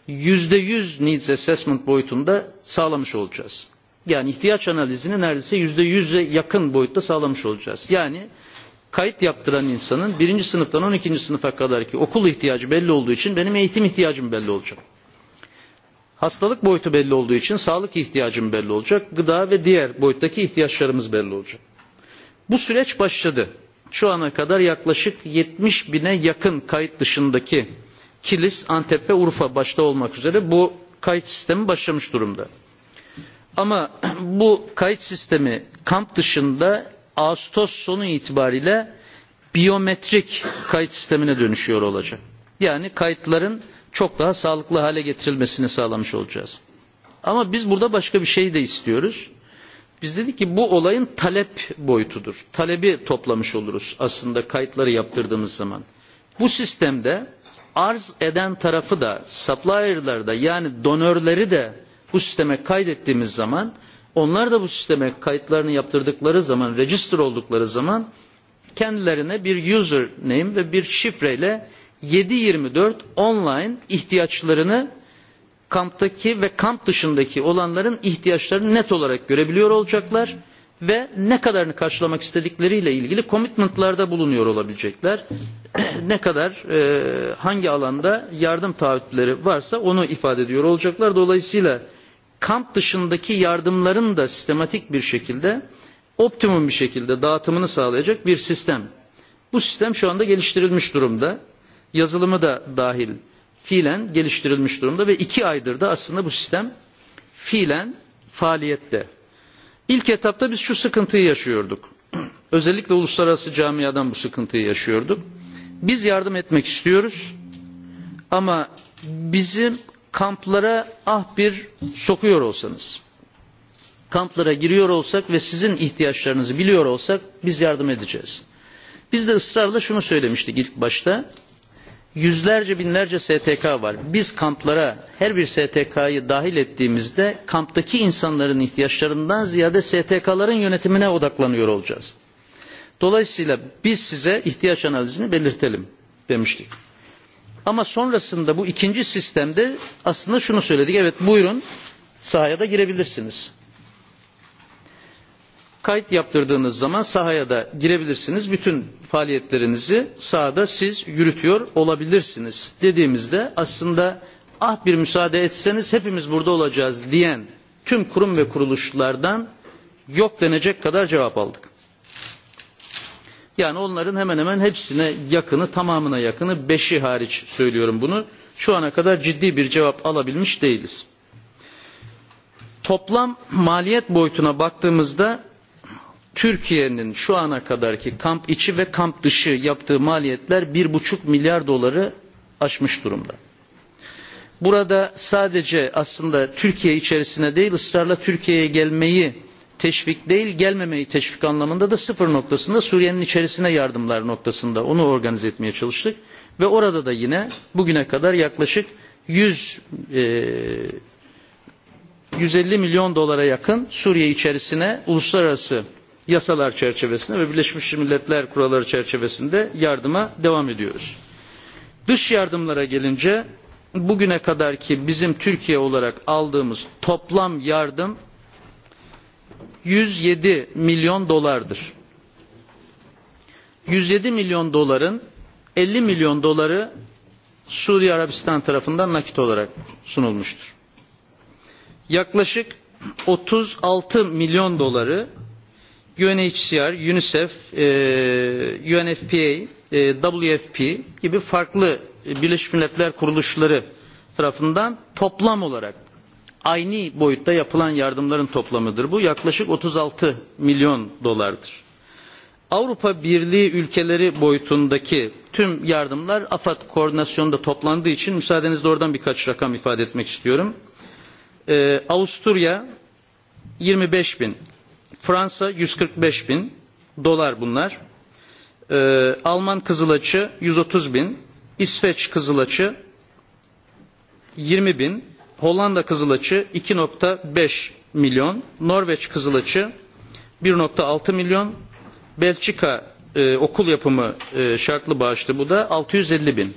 yüzde yüz needs assessment boyutunda sağlamış olacağız. Yani ihtiyaç analizini neredeyse yüzde yüze yakın boyutta sağlamış olacağız. Yani kayıt yaptıran insanın birinci sınıftan on ikinci sınıfa kadar ki okul ihtiyacı belli olduğu için benim eğitim ihtiyacım belli olacak. Hastalık boyutu belli olduğu için sağlık ihtiyacım belli olacak. Gıda ve diğer boyuttaki ihtiyaçlarımız belli olacak. Bu süreç başladı. Şu ana kadar yaklaşık 70 bine yakın kayıt dışındaki Kilis, Antep ve Urfa başta olmak üzere bu kayıt sistemi başlamış durumda. Ama bu kayıt sistemi kamp dışında Ağustos sonu itibariyle biyometrik kayıt sistemine dönüşüyor olacak. Yani kayıtların çok daha sağlıklı hale getirilmesini sağlamış olacağız. Ama biz burada başka bir şey de istiyoruz. Biz dedik ki bu olayın talep boyutudur. Talebi toplamış oluruz aslında kayıtları yaptırdığımız zaman. Bu sistemde arz eden tarafı da supplier'ları da yani donörleri de bu sisteme kaydettiğimiz zaman onlar da bu sisteme kayıtlarını yaptırdıkları zaman, register oldukları zaman kendilerine bir username ve bir şifreyle 7/24 online ihtiyaçlarını kamptaki ve kamp dışındaki olanların ihtiyaçlarını net olarak görebiliyor olacaklar ve ne kadarını karşılamak istedikleriyle ilgili komitmentlerde bulunuyor olabilecekler. ne kadar e, hangi alanda yardım taahhütleri varsa onu ifade ediyor olacaklar. Dolayısıyla kamp dışındaki yardımların da sistematik bir şekilde optimum bir şekilde dağıtımını sağlayacak bir sistem. Bu sistem şu anda geliştirilmiş durumda. Yazılımı da dahil fiilen geliştirilmiş durumda ve iki aydır da aslında bu sistem fiilen faaliyette. İlk etapta biz şu sıkıntıyı yaşıyorduk. Özellikle uluslararası camiadan bu sıkıntıyı yaşıyorduk. Biz yardım etmek istiyoruz ama bizim kamplara ah bir sokuyor olsanız, kamplara giriyor olsak ve sizin ihtiyaçlarınızı biliyor olsak biz yardım edeceğiz. Biz de ısrarla şunu söylemiştik ilk başta, yüzlerce binlerce STK var. Biz kamplara her bir STK'yı dahil ettiğimizde kamptaki insanların ihtiyaçlarından ziyade STK'ların yönetimine odaklanıyor olacağız. Dolayısıyla biz size ihtiyaç analizini belirtelim demiştik. Ama sonrasında bu ikinci sistemde aslında şunu söyledik. Evet buyurun sahaya da girebilirsiniz kayıt yaptırdığınız zaman sahaya da girebilirsiniz. Bütün faaliyetlerinizi sahada siz yürütüyor olabilirsiniz dediğimizde aslında ah bir müsaade etseniz hepimiz burada olacağız diyen tüm kurum ve kuruluşlardan yok denecek kadar cevap aldık. Yani onların hemen hemen hepsine yakını, tamamına yakını, beşi hariç söylüyorum bunu. Şu ana kadar ciddi bir cevap alabilmiş değiliz. Toplam maliyet boyutuna baktığımızda Türkiye'nin şu ana kadarki kamp içi ve kamp dışı yaptığı maliyetler bir buçuk milyar doları aşmış durumda. Burada sadece aslında Türkiye içerisine değil ısrarla Türkiye'ye gelmeyi teşvik değil gelmemeyi teşvik anlamında da sıfır noktasında Suriye'nin içerisine yardımlar noktasında onu organize etmeye çalıştık. Ve orada da yine bugüne kadar yaklaşık 100 e, 150 milyon dolara yakın Suriye içerisine uluslararası yasalar çerçevesinde ve Birleşmiş Milletler kuralları çerçevesinde yardıma devam ediyoruz. Dış yardımlara gelince bugüne kadar ki bizim Türkiye olarak aldığımız toplam yardım 107 milyon dolardır. 107 milyon doların 50 milyon doları Suudi Arabistan tarafından nakit olarak sunulmuştur. Yaklaşık 36 milyon doları unhcr unicef e, unfpa e, wfp gibi farklı e, birleşmiş milletler kuruluşları tarafından toplam olarak aynı boyutta yapılan yardımların toplamıdır. Bu yaklaşık 36 milyon dolardır. Avrupa Birliği ülkeleri boyutundaki tüm yardımlar AFAD koordinasyonunda toplandığı için müsaadenizle oradan birkaç rakam ifade etmek istiyorum. Ee, Avusturya 25 bin, Fransa 145 bin dolar bunlar. Ee, Alman kızılaçı 130 bin. İsveç kızılaçı 20 bin. Hollanda kızılaçı 2.5 milyon. Norveç kızılaçı 1.6 milyon. Belçika e, okul yapımı e, şartlı bağışlı bu da 650 bin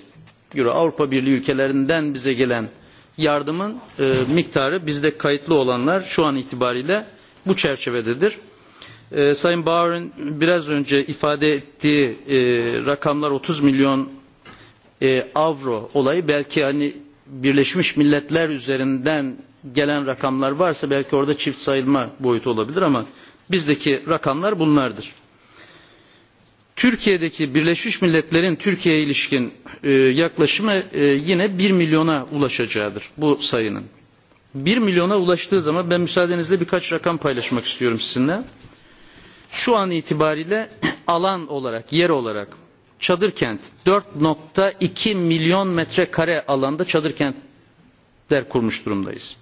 euro. Avrupa Birliği ülkelerinden bize gelen yardımın e, miktarı bizde kayıtlı olanlar şu an itibariyle bu çerçevededir. Ee, Sayın Bauer'in biraz önce ifade ettiği e, rakamlar 30 milyon e, avro olayı belki hani Birleşmiş Milletler üzerinden gelen rakamlar varsa belki orada çift sayılma boyutu olabilir ama bizdeki rakamlar bunlardır. Türkiye'deki Birleşmiş Milletler'in Türkiye'ye ilişkin e, yaklaşımı e, yine 1 milyona ulaşacağıdır bu sayının. 1 milyona ulaştığı zaman ben müsaadenizle birkaç rakam paylaşmak istiyorum sizinle. Şu an itibariyle alan olarak, yer olarak çadır kent 4.2 milyon metrekare alanda çadır kentler kurmuş durumdayız.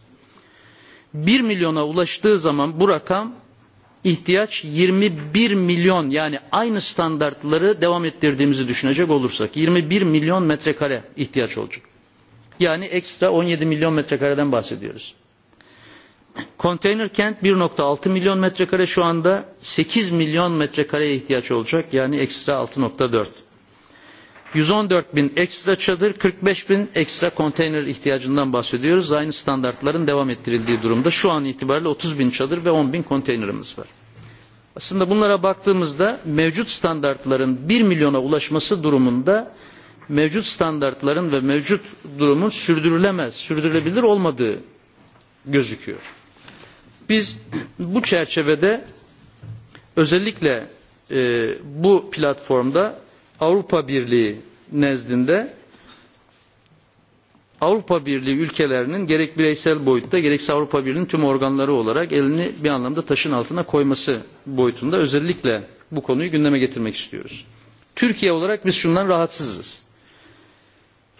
1 milyona ulaştığı zaman bu rakam ihtiyaç 21 milyon yani aynı standartları devam ettirdiğimizi düşünecek olursak 21 milyon metrekare ihtiyaç olacak yani ekstra 17 milyon metrekareden bahsediyoruz. Konteyner kent 1.6 milyon metrekare şu anda 8 milyon metrekareye ihtiyaç olacak yani ekstra 6.4. 114 bin ekstra çadır, 45 bin ekstra konteyner ihtiyacından bahsediyoruz. Aynı standartların devam ettirildiği durumda. Şu an itibariyle 30 bin çadır ve 10 bin konteynerimiz var. Aslında bunlara baktığımızda mevcut standartların 1 milyona ulaşması durumunda mevcut standartların ve mevcut durumun sürdürülemez, sürdürülebilir olmadığı gözüküyor. Biz bu çerçevede özellikle e, bu platformda Avrupa Birliği nezdinde Avrupa Birliği ülkelerinin gerek bireysel boyutta gerekse Avrupa Birliği'nin tüm organları olarak elini bir anlamda taşın altına koyması boyutunda özellikle bu konuyu gündeme getirmek istiyoruz. Türkiye olarak biz şundan rahatsızız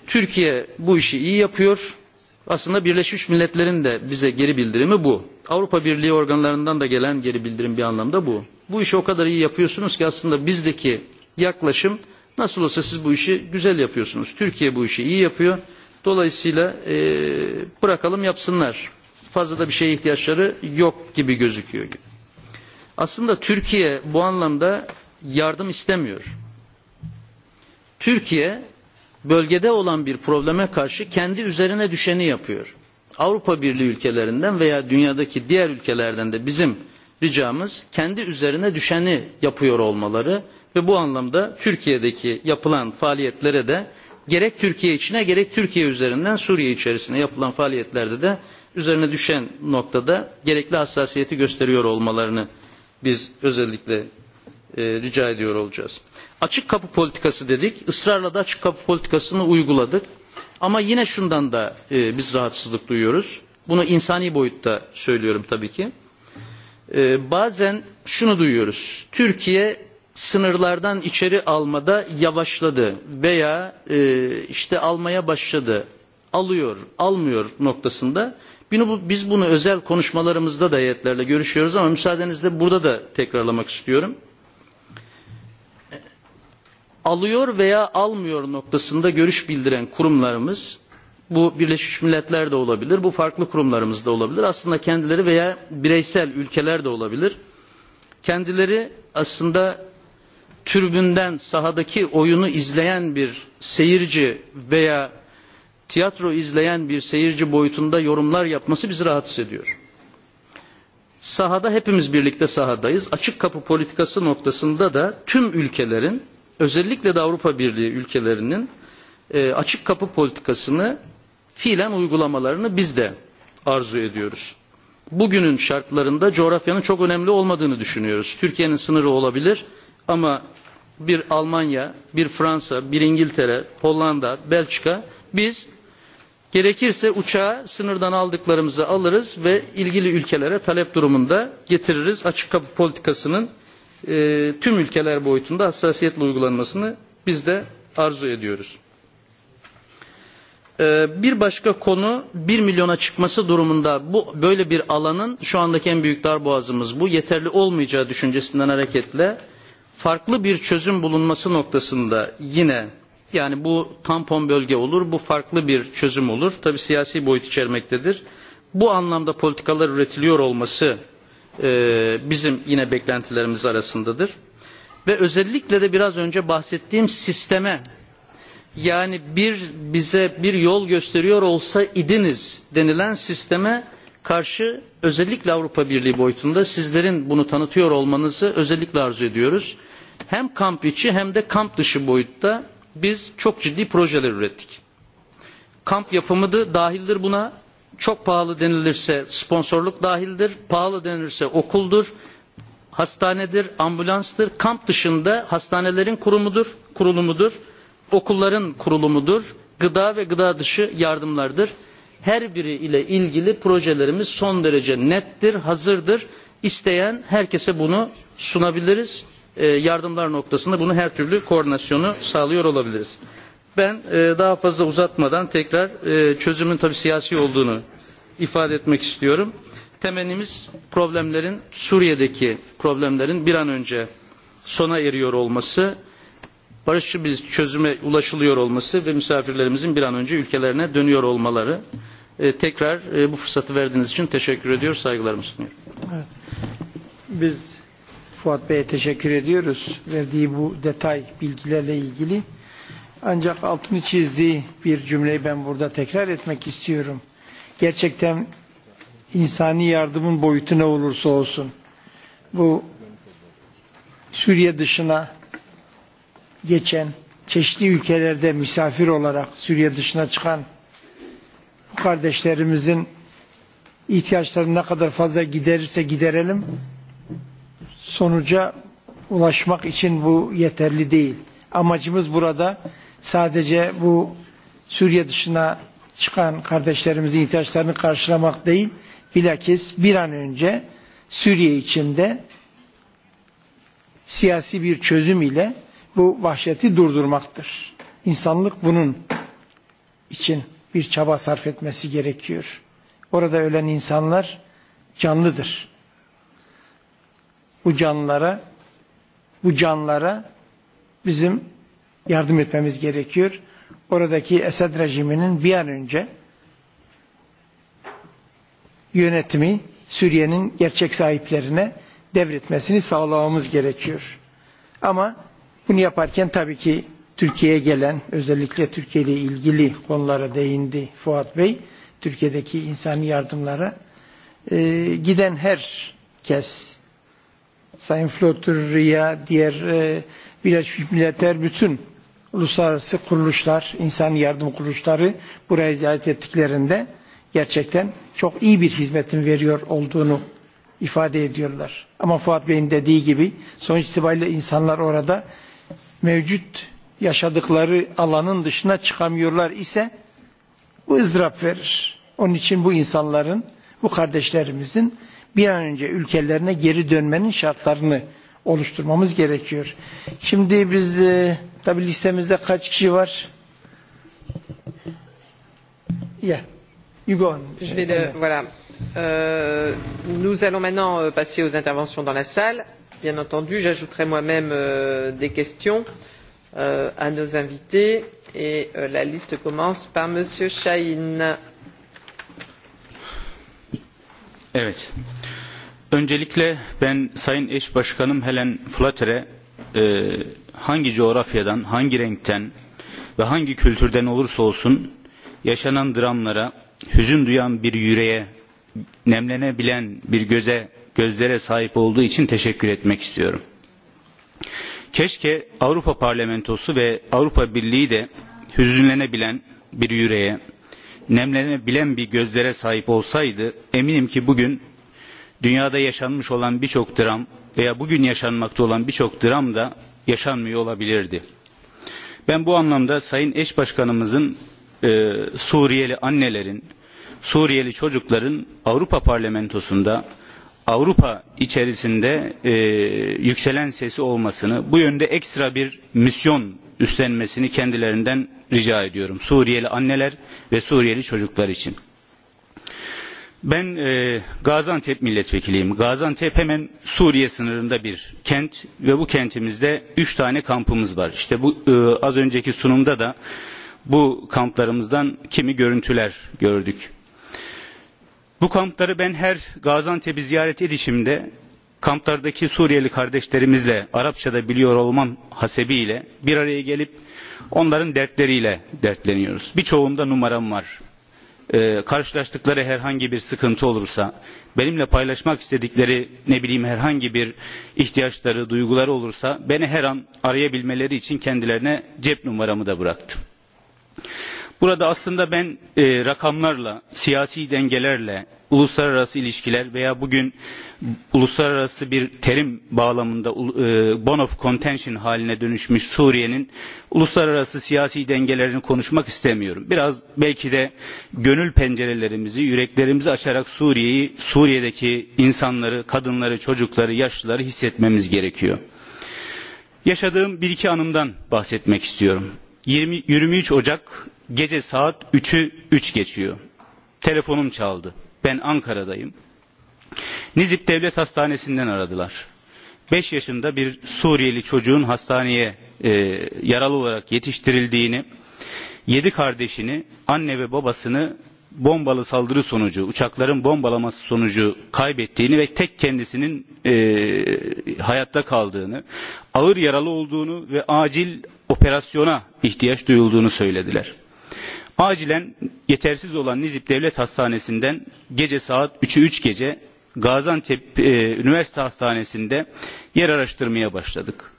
türkiye bu işi iyi yapıyor aslında birleşmiş milletlerin de bize geri bildirimi bu avrupa birliği organlarından da gelen geri bildirim bir anlamda bu bu işi o kadar iyi yapıyorsunuz ki aslında bizdeki yaklaşım nasıl olsa siz bu işi güzel yapıyorsunuz türkiye bu işi iyi yapıyor dolayısıyla e, bırakalım yapsınlar fazla da bir şeye ihtiyaçları yok gibi gözüküyor aslında türkiye bu anlamda yardım istemiyor türkiye bölgede olan bir probleme karşı kendi üzerine düşeni yapıyor. Avrupa Birliği ülkelerinden veya dünyadaki diğer ülkelerden de bizim ricamız kendi üzerine düşeni yapıyor olmaları ve bu anlamda Türkiye'deki yapılan faaliyetlere de gerek Türkiye içine gerek Türkiye üzerinden Suriye içerisinde yapılan faaliyetlerde de üzerine düşen noktada gerekli hassasiyeti gösteriyor olmalarını biz özellikle e, rica ediyor olacağız açık kapı politikası dedik. Israrla da açık kapı politikasını uyguladık. Ama yine şundan da e, biz rahatsızlık duyuyoruz. Bunu insani boyutta söylüyorum tabii ki. E, bazen şunu duyuyoruz. Türkiye sınırlardan içeri almada yavaşladı veya e, işte almaya başladı. Alıyor, almıyor noktasında. Biz bunu özel konuşmalarımızda da heyetlerle görüşüyoruz ama müsaadenizle burada da tekrarlamak istiyorum alıyor veya almıyor noktasında görüş bildiren kurumlarımız bu Birleşmiş Milletler de olabilir, bu farklı kurumlarımız da olabilir. Aslında kendileri veya bireysel ülkeler de olabilir. Kendileri aslında türbünden sahadaki oyunu izleyen bir seyirci veya tiyatro izleyen bir seyirci boyutunda yorumlar yapması bizi rahatsız ediyor. Sahada hepimiz birlikte sahadayız. Açık kapı politikası noktasında da tüm ülkelerin özellikle de Avrupa Birliği ülkelerinin e, açık kapı politikasını fiilen uygulamalarını biz de arzu ediyoruz. Bugünün şartlarında coğrafyanın çok önemli olmadığını düşünüyoruz. Türkiye'nin sınırı olabilir ama bir Almanya, bir Fransa, bir İngiltere, Hollanda, Belçika biz gerekirse uçağı sınırdan aldıklarımızı alırız ve ilgili ülkelere talep durumunda getiririz açık kapı politikasının e, tüm ülkeler boyutunda hassasiyetle uygulanmasını biz de arzu ediyoruz. E, bir başka konu 1 milyona çıkması durumunda bu böyle bir alanın şu andaki en büyük darboğazımız bu. Yeterli olmayacağı düşüncesinden hareketle farklı bir çözüm bulunması noktasında yine yani bu tampon bölge olur, bu farklı bir çözüm olur. Tabi siyasi boyut içermektedir. Bu anlamda politikalar üretiliyor olması E, bizim yine beklentilerimiz arasındadır. Ve özellikle de biraz önce bahsettiğim sisteme yani bir bize bir yol gösteriyor olsa idiniz denilen sisteme karşı özellikle Avrupa Birliği boyutunda sizlerin bunu tanıtıyor olmanızı özellikle arzu ediyoruz. Hem kamp içi hem de kamp dışı boyutta biz çok ciddi projeler ürettik. Kamp yapımı da dahildir buna çok pahalı denilirse sponsorluk dahildir, pahalı denilirse okuldur, hastanedir, ambulanstır, kamp dışında hastanelerin kurumudur, kurulumudur, okulların kurulumudur, gıda ve gıda dışı yardımlardır. Her biri ile ilgili projelerimiz son derece nettir, hazırdır. İsteyen herkese bunu sunabiliriz. E, yardımlar noktasında bunu her türlü koordinasyonu sağlıyor olabiliriz ben e, daha fazla uzatmadan tekrar e, çözümün tabii siyasi olduğunu ifade etmek istiyorum. Temennimiz problemlerin Suriye'deki problemlerin bir an önce sona eriyor olması, barışçı bir çözüme ulaşılıyor olması ve misafirlerimizin bir an önce ülkelerine dönüyor olmaları. E, tekrar bu fırsatı verdiğiniz için teşekkür ediyor, saygılarımı sunuyorum. Evet. Biz Fuat Bey'e teşekkür ediyoruz verdiği bu detay bilgilerle ilgili. Ancak altını çizdiği bir cümleyi ben burada tekrar etmek istiyorum. Gerçekten insani yardımın boyutu ne olursa olsun bu Suriye dışına geçen çeşitli ülkelerde misafir olarak Suriye dışına çıkan bu kardeşlerimizin ihtiyaçlarını ne kadar fazla giderirse giderelim sonuca ulaşmak için bu yeterli değil. Amacımız burada sadece bu Suriye dışına çıkan kardeşlerimizin ihtiyaçlarını karşılamak değil, bilakis bir an önce Suriye içinde siyasi bir çözüm ile bu vahşeti durdurmaktır. İnsanlık bunun için bir çaba sarf etmesi gerekiyor. Orada ölen insanlar canlıdır. Bu canlara bu canlara bizim yardım etmemiz gerekiyor. Oradaki Esad rejiminin bir an önce yönetimi Suriye'nin gerçek sahiplerine devretmesini sağlamamız gerekiyor. Ama bunu yaparken tabii ki Türkiye'ye gelen özellikle Türkiye ile ilgili konulara değindi Fuat Bey. Türkiye'deki insani yardımlara e, giden her kes Sayın Flotur, Riya, diğer e, Birleşmiş Milletler bütün uluslararası kuruluşlar, insan yardım kuruluşları buraya ziyaret ettiklerinde gerçekten çok iyi bir hizmetin veriyor olduğunu ifade ediyorlar. Ama Fuat Bey'in dediği gibi sonuç itibariyle insanlar orada mevcut yaşadıkları alanın dışına çıkamıyorlar ise bu ızdırap verir. Onun için bu insanların, bu kardeşlerimizin bir an önce ülkelerine geri dönmenin şartlarını oluşturmamız gerekiyor. Şimdi biz e, tabi listemizde kaç kişi var? Ya, Yugon. Voilà. Euh, nous allons maintenant euh, passer aux interventions dans la salle. Bien entendu, j'ajouterai moi-même euh, des questions euh, à nos invités. Et euh, la liste commence par Monsieur Chahine. Evet öncelikle ben Sayın Eş Başkanım Helen Flatter'e e, hangi coğrafyadan, hangi renkten ve hangi kültürden olursa olsun yaşanan dramlara hüzün duyan bir yüreğe nemlenebilen bir göze gözlere sahip olduğu için teşekkür etmek istiyorum. Keşke Avrupa Parlamentosu ve Avrupa Birliği de hüzünlenebilen bir yüreğe nemlenebilen bir gözlere sahip olsaydı eminim ki bugün dünyada yaşanmış olan birçok dram veya bugün yaşanmakta olan birçok dram da yaşanmıyor olabilirdi. Ben bu anlamda Sayın Eş Başkanımızın e, Suriyeli annelerin, Suriyeli çocukların Avrupa Parlamentosu'nda Avrupa içerisinde e, yükselen sesi olmasını, bu yönde ekstra bir misyon üstlenmesini kendilerinden rica ediyorum. Suriyeli anneler ve Suriyeli çocuklar için. Ben e, Gaziantep milletvekiliyim. Gaziantep hemen Suriye sınırında bir kent ve bu kentimizde 3 tane kampımız var. İşte bu e, az önceki sunumda da bu kamplarımızdan kimi görüntüler gördük. Bu kampları ben her Gaziantep'i ziyaret edişimde kamplardaki Suriyeli kardeşlerimizle Arapçada biliyor olmam hasebiyle bir araya gelip onların dertleriyle dertleniyoruz. Birçoğunda numaram var. E, karşılaştıkları herhangi bir sıkıntı olursa benimle paylaşmak istedikleri ne bileyim herhangi bir ihtiyaçları duyguları olursa beni her an arayabilmeleri için kendilerine cep numaramı da bıraktım. Burada aslında ben e, rakamlarla, siyasi dengelerle, uluslararası ilişkiler veya bugün uluslararası bir terim bağlamında bone e, of contention haline dönüşmüş Suriye'nin uluslararası siyasi dengelerini konuşmak istemiyorum. Biraz belki de gönül pencerelerimizi, yüreklerimizi açarak Suriye'yi, Suriye'deki insanları, kadınları, çocukları, yaşlıları hissetmemiz gerekiyor. Yaşadığım bir iki anımdan bahsetmek istiyorum. 20, 23 Ocak gece saat 3'ü 3 geçiyor telefonum çaldı. Ben Ankara'dayım. Nizip Devlet Hastanesi'nden aradılar. 5 yaşında bir Suriyeli çocuğun hastaneye e, yaralı olarak yetiştirildiğini, 7 kardeşini, anne ve babasını bombalı saldırı sonucu, uçakların bombalaması sonucu kaybettiğini ve tek kendisinin e, hayatta kaldığını, ağır yaralı olduğunu ve acil operasyona ihtiyaç duyulduğunu söylediler acilen yetersiz olan Nizip Devlet Hastanesi'nden gece saat 3'ü 3 gece Gaziantep e, Üniversite Hastanesi'nde yer araştırmaya başladık.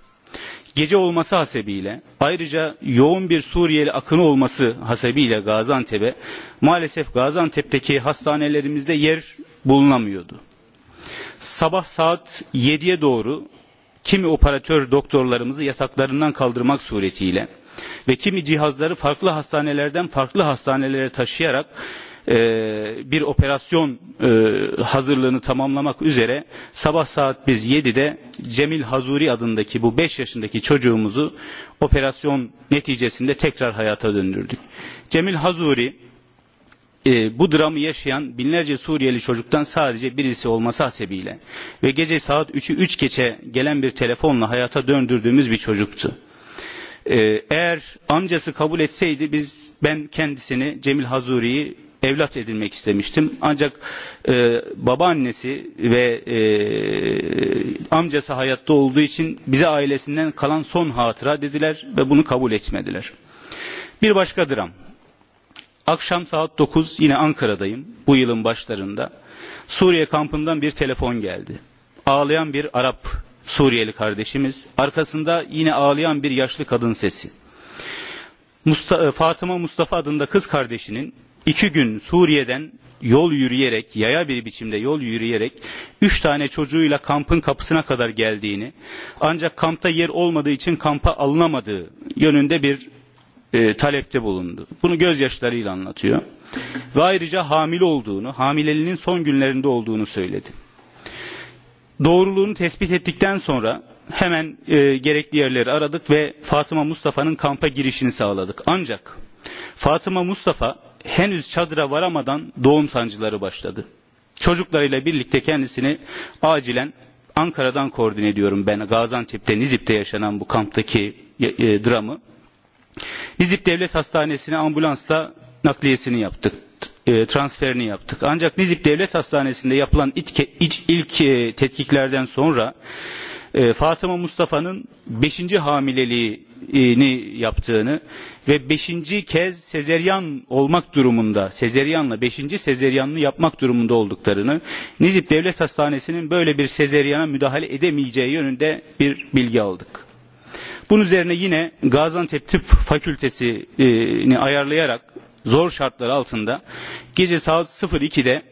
Gece olması hasebiyle ayrıca yoğun bir Suriyeli akını olması hasebiyle Gaziantep'e maalesef Gaziantep'teki hastanelerimizde yer bulunamıyordu. Sabah saat 7'ye doğru kimi operatör doktorlarımızı yataklarından kaldırmak suretiyle ve kimi cihazları farklı hastanelerden farklı hastanelere taşıyarak e, bir operasyon e, hazırlığını tamamlamak üzere sabah saat biz 7'de Cemil Hazuri adındaki bu 5 yaşındaki çocuğumuzu operasyon neticesinde tekrar hayata döndürdük. Cemil Hazuri e, bu dramı yaşayan binlerce Suriyeli çocuktan sadece birisi olması hasebiyle ve gece saat 3'ü 3 geçe gelen bir telefonla hayata döndürdüğümüz bir çocuktu eğer amcası kabul etseydi biz ben kendisini Cemil Hazuri'yi evlat edinmek istemiştim. Ancak e, babaannesi ve e, amcası hayatta olduğu için bize ailesinden kalan son hatıra dediler ve bunu kabul etmediler. Bir başka dram. Akşam saat 9 yine Ankara'dayım bu yılın başlarında. Suriye kampından bir telefon geldi. Ağlayan bir Arap Suriyeli kardeşimiz. Arkasında yine ağlayan bir yaşlı kadın sesi. Musta e, Fatıma Mustafa adında kız kardeşinin iki gün Suriye'den yol yürüyerek, yaya bir biçimde yol yürüyerek üç tane çocuğuyla kampın kapısına kadar geldiğini ancak kampta yer olmadığı için kampa alınamadığı yönünde bir e, talepte bulundu. Bunu gözyaşlarıyla anlatıyor. Ve ayrıca hamile olduğunu, hamileliğinin son günlerinde olduğunu söyledi doğruluğunu tespit ettikten sonra hemen e, gerekli yerleri aradık ve Fatıma Mustafa'nın kampa girişini sağladık. Ancak Fatıma Mustafa henüz çadıra varamadan doğum sancıları başladı. Çocuklarıyla birlikte kendisini acilen Ankara'dan koordine ediyorum ben Gaziantep'te Nizip'te yaşanan bu kamptaki e, e dramı. Nizip Devlet Hastanesi'ne ambulansla nakliyesini yaptık. E, transferini yaptık. Ancak Nizip Devlet Hastanesi'nde yapılan ilk e, tetkiklerden sonra e, Fatıma Mustafa'nın 5. hamileliğini yaptığını ve 5. kez sezeryan olmak durumunda, sezeryanla 5. sezeryanını yapmak durumunda olduklarını, Nizip Devlet Hastanesi'nin böyle bir sezeryana müdahale edemeyeceği yönünde bir bilgi aldık. Bunun üzerine yine Gaziantep Tıp Fakültesi'ni ayarlayarak zor şartlar altında gece saat 02'de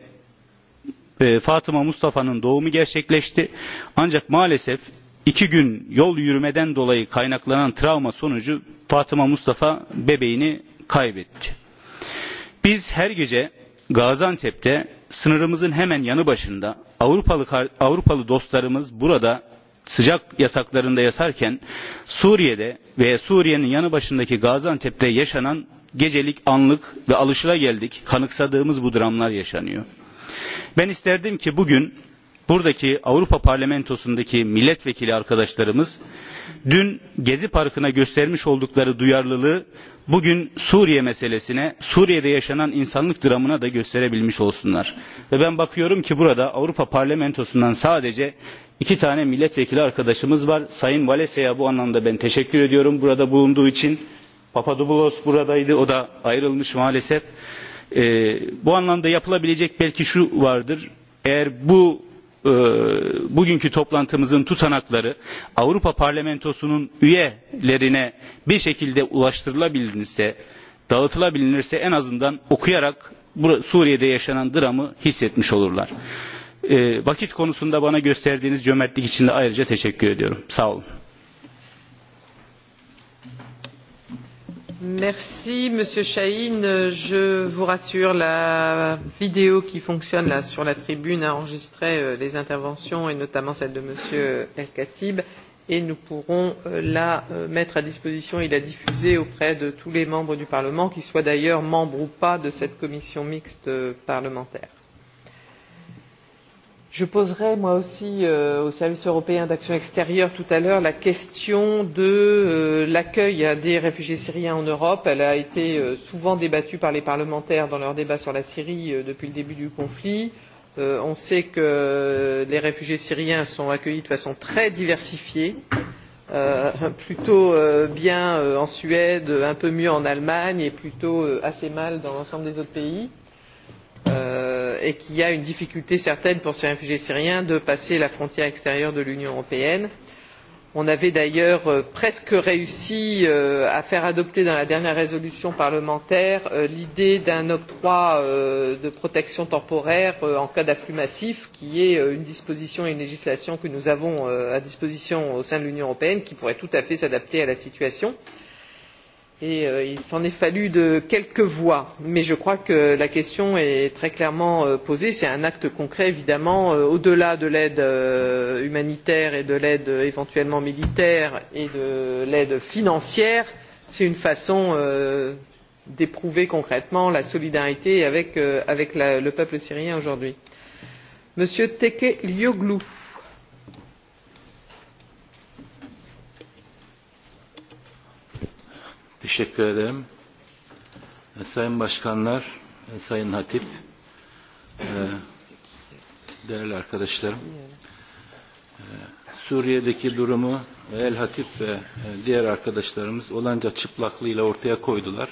e, Fatıma Mustafa'nın doğumu gerçekleşti. Ancak maalesef iki gün yol yürümeden dolayı kaynaklanan travma sonucu Fatıma Mustafa bebeğini kaybetti. Biz her gece Gaziantep'te sınırımızın hemen yanı başında Avrupalı, Avrupalı dostlarımız burada sıcak yataklarında yatarken Suriye'de ve Suriye'nin yanı başındaki Gaziantep'te yaşanan gecelik anlık ve alışılageldik kanıksadığımız bu dramlar yaşanıyor. Ben isterdim ki bugün buradaki Avrupa Parlamentosu'ndaki milletvekili arkadaşlarımız dün Gezi Parkı'na göstermiş oldukları duyarlılığı bugün Suriye meselesine, Suriye'de yaşanan insanlık dramına da gösterebilmiş olsunlar. Ve ben bakıyorum ki burada Avrupa Parlamentosu'ndan sadece iki tane milletvekili arkadaşımız var. Sayın Valese'ye bu anlamda ben teşekkür ediyorum burada bulunduğu için papadopoulos buradaydı o da ayrılmış maalesef. E, bu anlamda yapılabilecek belki şu vardır. Eğer bu e, bugünkü toplantımızın tutanakları Avrupa Parlamentosu'nun üyelerine bir şekilde ulaştırılabilirse, dağıtılabilirse en azından okuyarak Suriye'de yaşanan dramı hissetmiş olurlar. E, vakit konusunda bana gösterdiğiniz cömertlik için de ayrıca teşekkür ediyorum. Sağ olun. monsieur chahine je vous rassure la vidéo qui fonctionne sur la tribune a enregistré euh, les interventions et notamment celle de m. el khatib et nous pourrons euh, la euh, mettre à disposition et la diffuser auprès de tous les membres du parlement qu'ils soient d'ailleurs membres ou pas de cette commission mixte parlementaire je poserai moi aussi euh, au service européen d'action extérieure tout à l'heure la question de euh, l'accueil des réfugiés syriens en europe. elle a été euh, souvent débattue par les parlementaires dans leurs débats sur la syrie depuis le début du conflit. on sait que les réfugiés syriens sont accueillis de façon très diversifiée plutôt bien en suède un peu mieux en allemagne et plutôt assez mal dans l'ensemble des autres pays et qu'il y a une difficulté certaine pour ces réfugiés syriens de passer la frontière extérieure de l'union européenne. on avait d'ailleurs euh, presque réussi euh, à faire adopter dans la dernière résolution parlementaire euh, l'idée d'un octroi de protection temporaire en cas d'afflux massif qui est une disposition et une législation que nous avons à disposition au sein de l'union européenne qui pourrait tout à fait s'adapter à la situation actuelle et euh, il s'en est fallu de quelques voix mais je crois que la question est très clairement euh, posée. c'est un acte concret évidemment euh, au delà de l'aide humanitaire et de l'aide éventuellement militaire et de l'aide financière c'est une façon d'éprouver concrètement la solidarité avec le peuple syrien aujourd'hui. monsieur tekelioglu Teşekkür ederim. E, Sayın Başkanlar, e, Sayın Hatip, e, değerli arkadaşlarım. Suriye'deki durumu El Hatip ve diğer arkadaşlarımız olanca çıplaklığıyla ortaya koydular.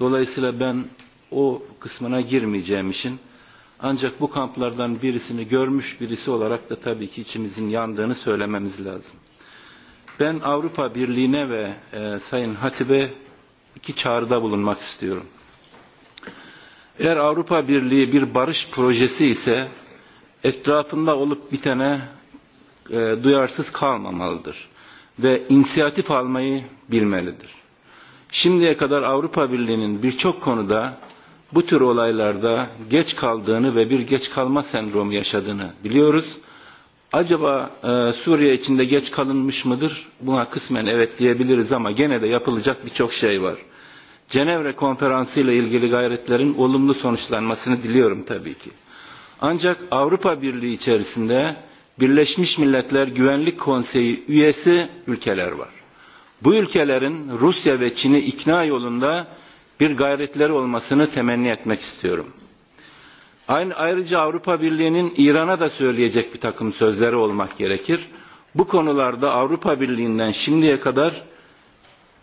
Dolayısıyla ben o kısmına girmeyeceğim için ancak bu kamplardan birisini görmüş birisi olarak da tabii ki içimizin yandığını söylememiz lazım. Ben Avrupa Birliği'ne ve e, Sayın Hatip'e iki çağrıda bulunmak istiyorum. Eğer Avrupa Birliği bir barış projesi ise etrafında olup bitene e, duyarsız kalmamalıdır ve inisiyatif almayı bilmelidir. Şimdiye kadar Avrupa Birliği'nin birçok konuda bu tür olaylarda geç kaldığını ve bir geç kalma sendromu yaşadığını biliyoruz. Acaba e, Suriye içinde geç kalınmış mıdır? Buna kısmen evet diyebiliriz ama gene de yapılacak birçok şey var. Cenevre Konferansı ile ilgili gayretlerin olumlu sonuçlanmasını diliyorum tabii ki. Ancak Avrupa Birliği içerisinde Birleşmiş Milletler Güvenlik Konseyi üyesi ülkeler var. Bu ülkelerin Rusya ve Çin'i ikna yolunda bir gayretleri olmasını temenni etmek istiyorum. Aynı, ayrıca Avrupa Birliği'nin İran'a da söyleyecek bir takım sözleri olmak gerekir. Bu konularda Avrupa Birliği'nden şimdiye kadar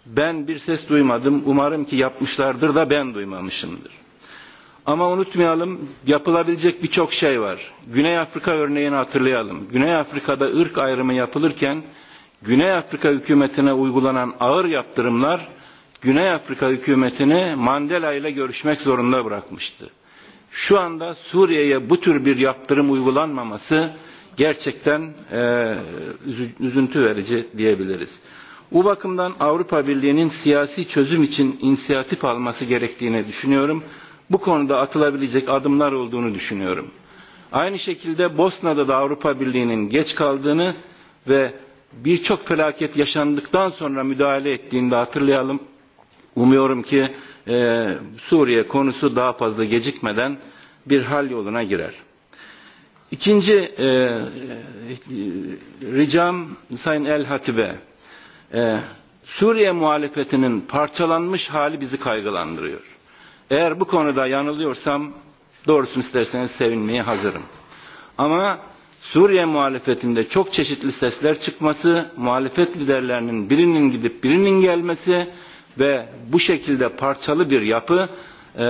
ben bir ses duymadım. Umarım ki yapmışlardır da ben duymamışımdır. Ama unutmayalım yapılabilecek birçok şey var. Güney Afrika örneğini hatırlayalım. Güney Afrika'da ırk ayrımı yapılırken Güney Afrika hükümetine uygulanan ağır yaptırımlar Güney Afrika hükümetini Mandela ile görüşmek zorunda bırakmıştı şu anda Suriye'ye bu tür bir yaptırım uygulanmaması gerçekten e, üzüntü verici diyebiliriz. Bu bakımdan Avrupa Birliği'nin siyasi çözüm için inisiyatif alması gerektiğini düşünüyorum. Bu konuda atılabilecek adımlar olduğunu düşünüyorum. Aynı şekilde Bosna'da da Avrupa Birliği'nin geç kaldığını ve birçok felaket yaşandıktan sonra müdahale ettiğini de hatırlayalım. Umuyorum ki e, Suriye konusu daha fazla gecikmeden bir hal yoluna girer. İkinci e, e, ricam Sayın El Hatibe e, Suriye muhalefetinin parçalanmış hali bizi kaygılandırıyor. Eğer bu konuda yanılıyorsam doğrusunu isterseniz sevinmeye hazırım. Ama Suriye muhalefetinde çok çeşitli sesler çıkması, muhalefet liderlerinin birinin gidip birinin gelmesi ve bu şekilde parçalı bir yapı e, e,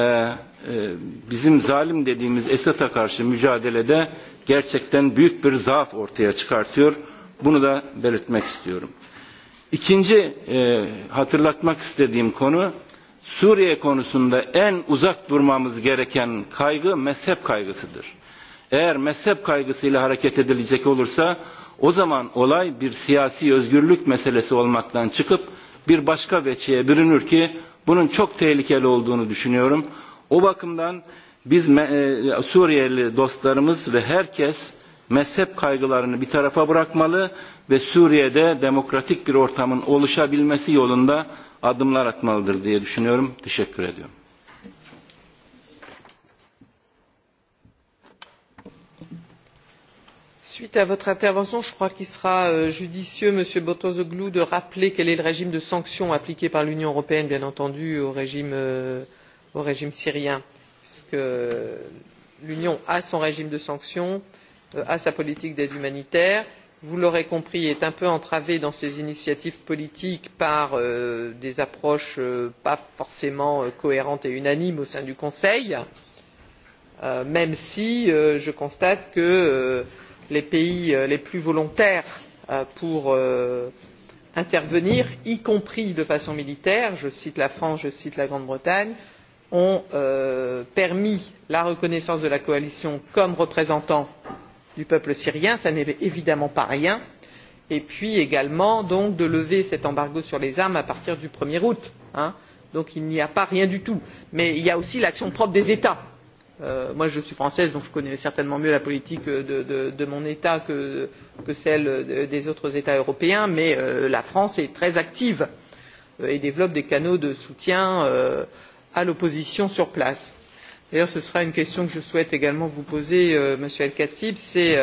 bizim zalim dediğimiz Esad'a karşı mücadelede gerçekten büyük bir zaaf ortaya çıkartıyor. Bunu da belirtmek istiyorum. İkinci e, hatırlatmak istediğim konu Suriye konusunda en uzak durmamız gereken kaygı mezhep kaygısıdır. Eğer mezhep kaygısıyla hareket edilecek olursa o zaman olay bir siyasi özgürlük meselesi olmaktan çıkıp bir başka veçeye bürünür ki bunun çok tehlikeli olduğunu düşünüyorum. O bakımdan biz e, Suriyeli dostlarımız ve herkes mezhep kaygılarını bir tarafa bırakmalı ve Suriye'de demokratik bir ortamın oluşabilmesi yolunda adımlar atmalıdır diye düşünüyorum. Teşekkür ediyorum. suite à votre intervention je crois qu'il sera euh, judicieux monsieur bozoglou de rappeler quel est le régime de sanctions appliqué par l'union européenne bien entendu au régime euh, syrien puisque l'union a son régime de sanctions euh, a sa politique d'aide humanitaire vous l'aurez compris est un peu entravée dans ses initiatives politiques par des approches pas forcément cohérentes et unanimes au sein du conseil même si je constate que les pays euh, les plus volontaires euh, pour euh, intervenir y compris de façon militaire je cite la france je cite la grande bretagne ont permis la reconnaissance de la coalition comme représentant du peuple syrien ce qui n'est évidemment pas rien et puis également de lever cet embargo sur les armes à partir du un er août. il n'y a donc pas rien du tout mais il y a aussi l'action propre des états Euh, moi je suis française donc je connais certainement mieux la politique de mon état que celle des autres états européens mais euh, la france est très active euh, et développe des canaux de soutien à l'opposition sur place. d'ailleurs ce sera une question que je souhaite également vous poser monsieur el khatib c'est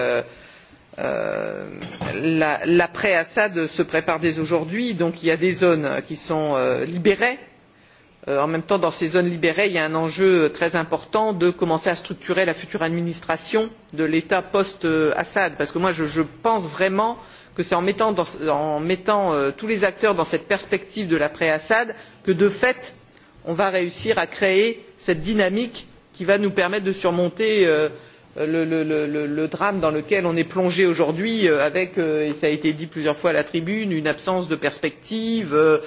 l'après assad se prépare dès aujourd'hui donc il y a des zones qui sont libérées Euh, en même temps dans ces zones libérées il y a un enjeu très important de commencer à structurer la future administration de l'état post assad parce que je pense vraiment que c'est en mettant euh, tous les acteurs dans cette perspective de l'après assad que de fait on va réussir à créer cette dynamique qui va nous permettre de surmonter cette euh, le drame dans lequel on est plongé aujourd'hui euh, avec cela euh, a été dit plusieurs fois à la tribune une absence de perspective euh,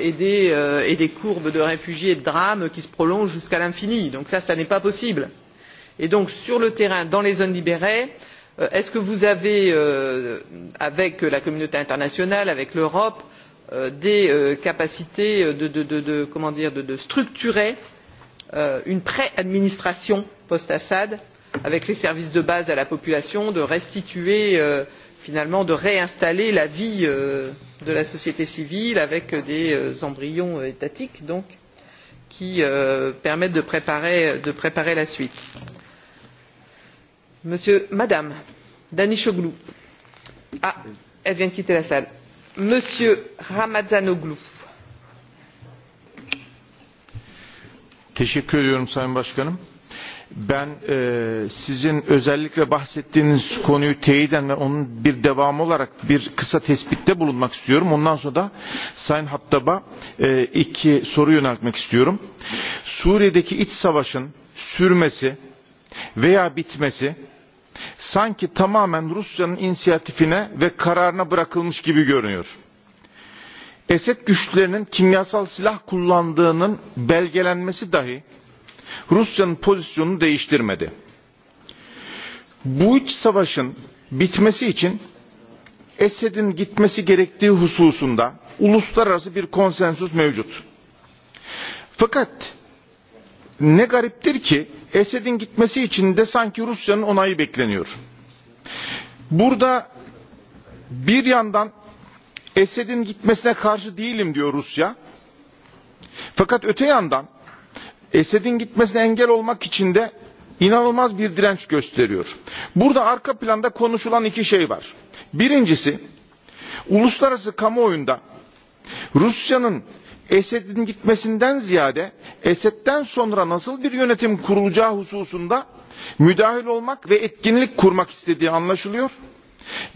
et des courbes de réfugiés et de drames qui se prolongent jusqu'à l'infini. donc cela ce n'est pas possible. donc sur le terrain dans les zones libérées est ce que vous avez avec la communauté internationale avec l'europe des capacités de structurer une pré administration post assad avec les services de base à la population de restituer euh, finalement de réinstaller la vie euh, de la société civile avec des euh, embryons étatiques qui permettent de préparer la suite. mme danishoglu ah, elle vient de quitter la salle m. ramadanoglu teşekkür ediyorum sayın başkanım ben e, sizin özellikle bahsettiğiniz konuyu teyiden ve onun bir devamı olarak bir kısa tespitte bulunmak istiyorum. Ondan sonra da Sayın Hattab'a e, iki soru yöneltmek istiyorum. Suriye'deki iç savaşın sürmesi veya bitmesi sanki tamamen Rusya'nın inisiyatifine ve kararına bırakılmış gibi görünüyor. Esed güçlerinin kimyasal silah kullandığının belgelenmesi dahi Rusya'nın pozisyonunu değiştirmedi. Bu iç savaşın bitmesi için Esed'in gitmesi gerektiği hususunda uluslararası bir konsensus mevcut. Fakat ne gariptir ki Esed'in gitmesi için de sanki Rusya'nın onayı bekleniyor. Burada bir yandan Esed'in gitmesine karşı değilim diyor Rusya. Fakat öte yandan Esed'in gitmesine engel olmak için de inanılmaz bir direnç gösteriyor. Burada arka planda konuşulan iki şey var. Birincisi, uluslararası kamuoyunda Rusya'nın Esed'in gitmesinden ziyade Esed'den sonra nasıl bir yönetim kurulacağı hususunda müdahil olmak ve etkinlik kurmak istediği anlaşılıyor.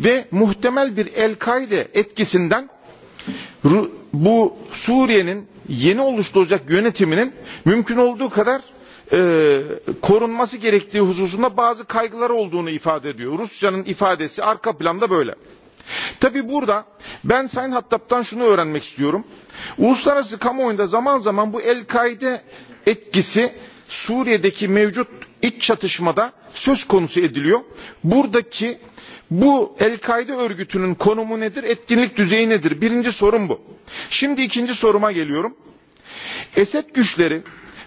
Ve muhtemel bir El-Kaide etkisinden bu Suriye'nin yeni oluşturacak yönetiminin mümkün olduğu kadar e, korunması gerektiği hususunda bazı kaygılar olduğunu ifade ediyor. Rusya'nın ifadesi arka planda böyle. Tabi burada ben Sayın Hattab'dan şunu öğrenmek istiyorum. Uluslararası kamuoyunda zaman zaman bu El-Kaide etkisi Suriye'deki mevcut iç çatışmada söz konusu ediliyor. Buradaki Bu El-Kaide örgütünün konumu nedir? Etkinlik düzeyi nedir? Birinci sorun bu. Şimdi ikinci soruma geliyorum. Esed güçleri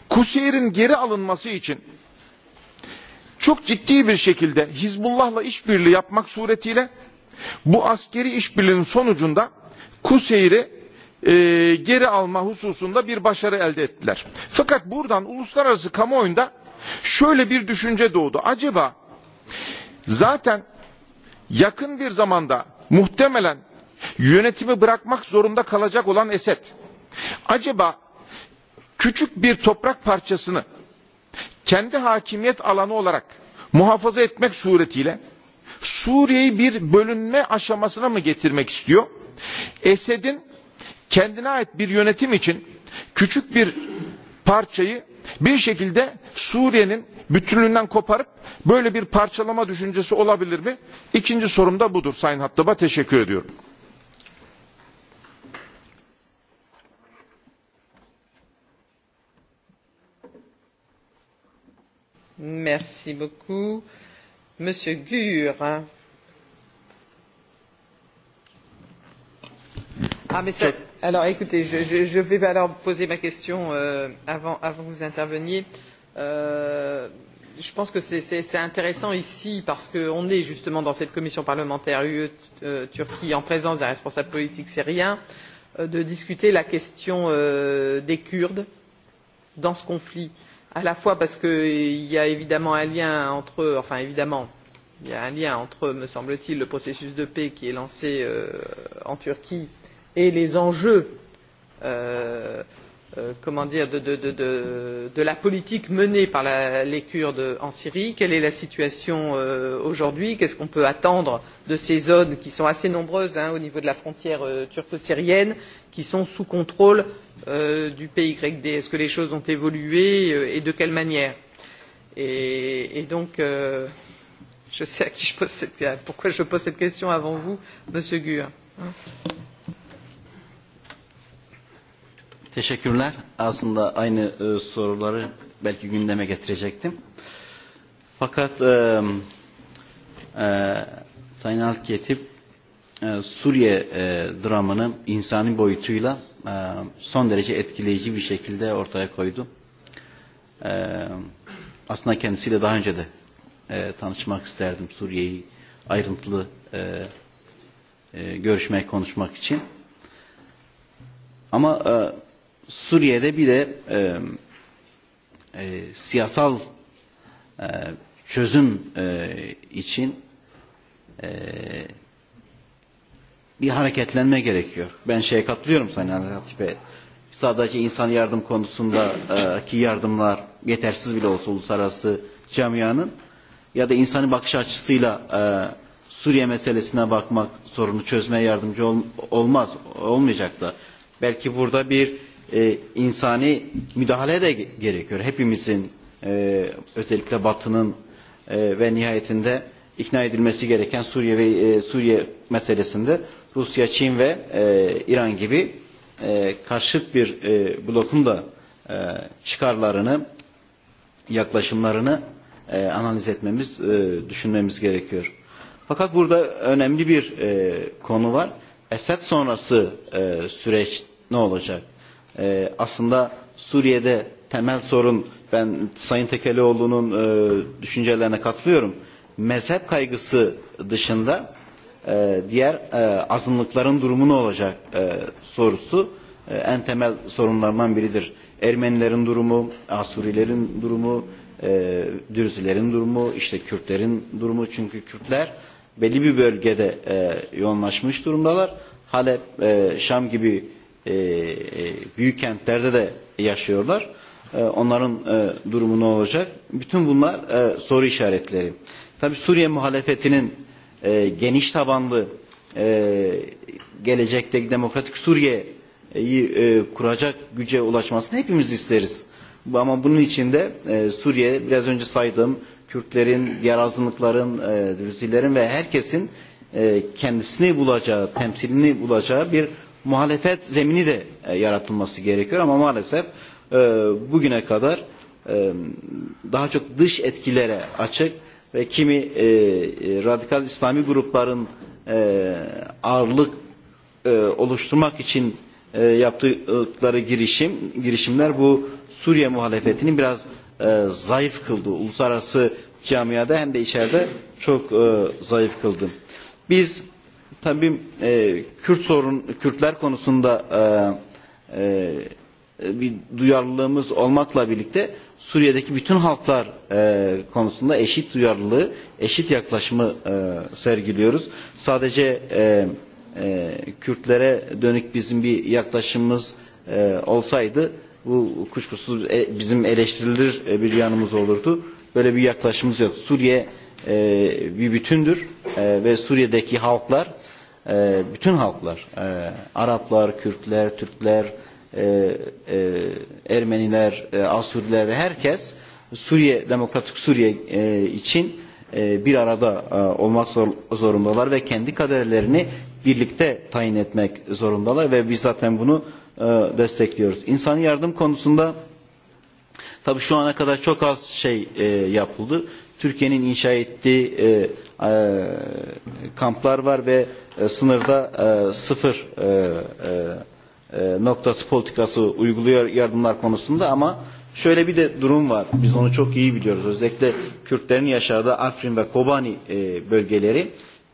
Kuseyir'in geri alınması için çok ciddi bir şekilde Hizbullah'la işbirliği yapmak suretiyle bu askeri işbirliğinin sonucunda Kuseyir'i e, geri alma hususunda bir başarı elde ettiler. Fakat buradan uluslararası kamuoyunda şöyle bir düşünce doğdu. Acaba zaten yakın bir zamanda muhtemelen yönetimi bırakmak zorunda kalacak olan Esed, acaba küçük bir toprak parçasını kendi hakimiyet alanı olarak muhafaza etmek suretiyle Suriye'yi bir bölünme aşamasına mı getirmek istiyor? Esed'in kendine ait bir yönetim için küçük bir parçayı bir şekilde Suriye'nin bütünlüğünden koparıp böyle bir parçalama düşüncesi olabilir mi? İkinci sorum da budur Sayın Hattab'a teşekkür ediyorum. Merci beaucoup. Monsieur Gür. Ah, mais Çok écoutez je vais alors poser ma question euh, avant que vous interveniez. Euh, je pense que c'est intéressant ici parce qu'on est justement dans cette commission parlementaire ue euh, turquie en présence d'un responsable politique syrien de discuter de la question des kurdes dans ce conflit à la fois parce qu'il y a évidemment un lien entre enfin évidemment il y a un lien entre me semble t il le processus de paix qui est lancé en turquie et les enjeux euh, euh, de la politique menée par les kurdes en syrie quelle est la situation euh, aujourd'hui qu'est ce qu'on peut attendre de ces zones qui sont assez nombreuses au niveau de la frontière turco syrienne qui sont sous contrôle du pyd? est ce que les choses ont évolué et de quelle manière? et donc je sais à qui je pose cette question pourquoi je pose cette question avant vous monsieur gür. Teşekkürler. Aslında aynı e, soruları belki gündeme getirecektim. Fakat e, e, Sayın Alketip e, Suriye e, dramının insani boyutuyla e, son derece etkileyici bir şekilde ortaya koydu. E, aslında kendisiyle daha önce de e, tanışmak isterdim Suriye'yi ayrıntılı e, e, görüşmeye konuşmak için. Ama e, Suriye'de bir de e, e, siyasal e, çözüm e, için e, bir hareketlenme gerekiyor. Ben şeye katılıyorum sana Hatip'e. Sadece insan yardım konusunda e, ki yardımlar yetersiz bile olsa uluslararası camianın ya da insani bakış açısıyla e, Suriye meselesine bakmak sorunu çözmeye yardımcı ol, olmaz olmayacak da belki burada bir e, insani müdahale de gerekiyor. Hepimizin e, özellikle Batı'nın e, ve nihayetinde ikna edilmesi gereken Suriye ve e, Suriye meselesinde Rusya, Çin ve e, İran gibi e, karşıt bir e, blokun da e, çıkarlarını, yaklaşımlarını e, analiz etmemiz, e, düşünmemiz gerekiyor. Fakat burada önemli bir e, konu var. Esed sonrası e, süreç ne olacak? aslında Suriye'de temel sorun ben Sayın Tekelioğlu'nun e, düşüncelerine katılıyorum. Mezhep kaygısı dışında e, diğer e, azınlıkların durumu ne olacak e, sorusu e, en temel sorunlarından biridir. Ermenilerin durumu, Asurilerin durumu, e, Dürzilerin durumu, işte Kürtlerin durumu çünkü Kürtler belli bir bölgede e, yoğunlaşmış durumdalar. Halep, e, Şam gibi E, e, büyük kentlerde de yaşıyorlar. E, onların e, durumu ne olacak? Bütün bunlar e, soru işaretleri. Tabi Suriye muhalefetinin e, geniş tabanlı e, gelecekteki demokratik Suriye'yi e, kuracak güce ulaşmasını hepimiz isteriz. Ama bunun için de e, Suriye biraz önce saydığım Kürtlerin, diğer azınlıkların, e, Rüzilerin ve herkesin e, kendisini bulacağı, temsilini bulacağı bir muhalefet zemini de e, yaratılması gerekiyor ama maalesef e, bugüne kadar e, daha çok dış etkilere açık ve kimi radikal İslami grupların ağırlık oluşturmak için yaptıkları girişim girişimler bu Suriye muhalefetini biraz zayıf kıldı uluslararası camiada hem de içeride çok zayıf kıldı. Biz tabii e, Kürt sorun Kürtler konusunda e, e, bir duyarlılığımız olmakla birlikte Suriye'deki bütün halklar e, konusunda eşit duyarlılığı, eşit yaklaşımı e, sergiliyoruz. Sadece e, e, Kürtlere dönük bizim bir yaklaşımımız e, olsaydı bu kuşkusuz e, bizim eleştirilir e, bir yanımız olurdu. Böyle bir yaklaşımımız yok. Suriye e, bir bütündür e, ve Suriye'deki halklar E, bütün halklar, e, Araplar, Kürtler, Türkler, e, Ermeniler, Asürler ve herkes Suriye, Demokratik Suriye için bir arada olmak zorundalar ve kendi kaderlerini birlikte tayin etmek zorundalar ve biz zaten bunu destekliyoruz. İnsani yardım konusunda tabii şu ana kadar çok az şey yapıldı. Türkiye'nin inşa ettiği e, e, kamplar var ve e, sınırda e, sıfır e, e, e, noktası politikası uyguluyor yardımlar konusunda ama şöyle bir de durum var. Biz onu çok iyi biliyoruz. Özellikle Kürtlerin yaşadığı Afrin ve Kobani e, bölgeleri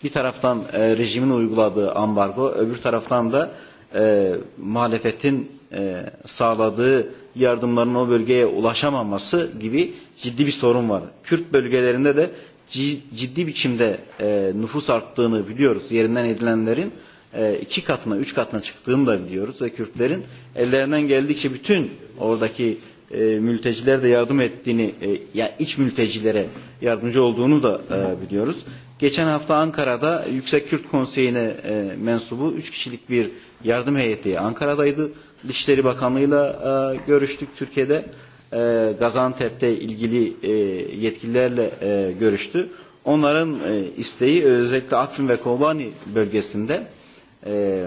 bir taraftan e, rejimin uyguladığı ambargo, öbür taraftan da e, muhalefetin E, sağladığı yardımların o bölgeye ulaşamaması gibi ciddi bir sorun var. Kürt bölgelerinde de ciddi biçimde e, nüfus arttığını biliyoruz. Yerinden edilenlerin e, iki katına, üç katına çıktığını da biliyoruz. Ve Kürtlerin ellerinden geldikçe bütün oradaki mülteciler de yardım ettiğini, ya iç mültecilere yardımcı olduğunu da biliyoruz. Geçen hafta Ankara'da Yüksek Kürt Konseyi'ne mensubu üç kişilik bir yardım heyeti Ankara'daydı. Dışişleri Bakanlığı'yla e, görüştük Türkiye'de. E, Gaziantep'te ilgili e, yetkililerle e, görüştü. Onların e, isteği özellikle Afrin ve Kobani bölgesinde e,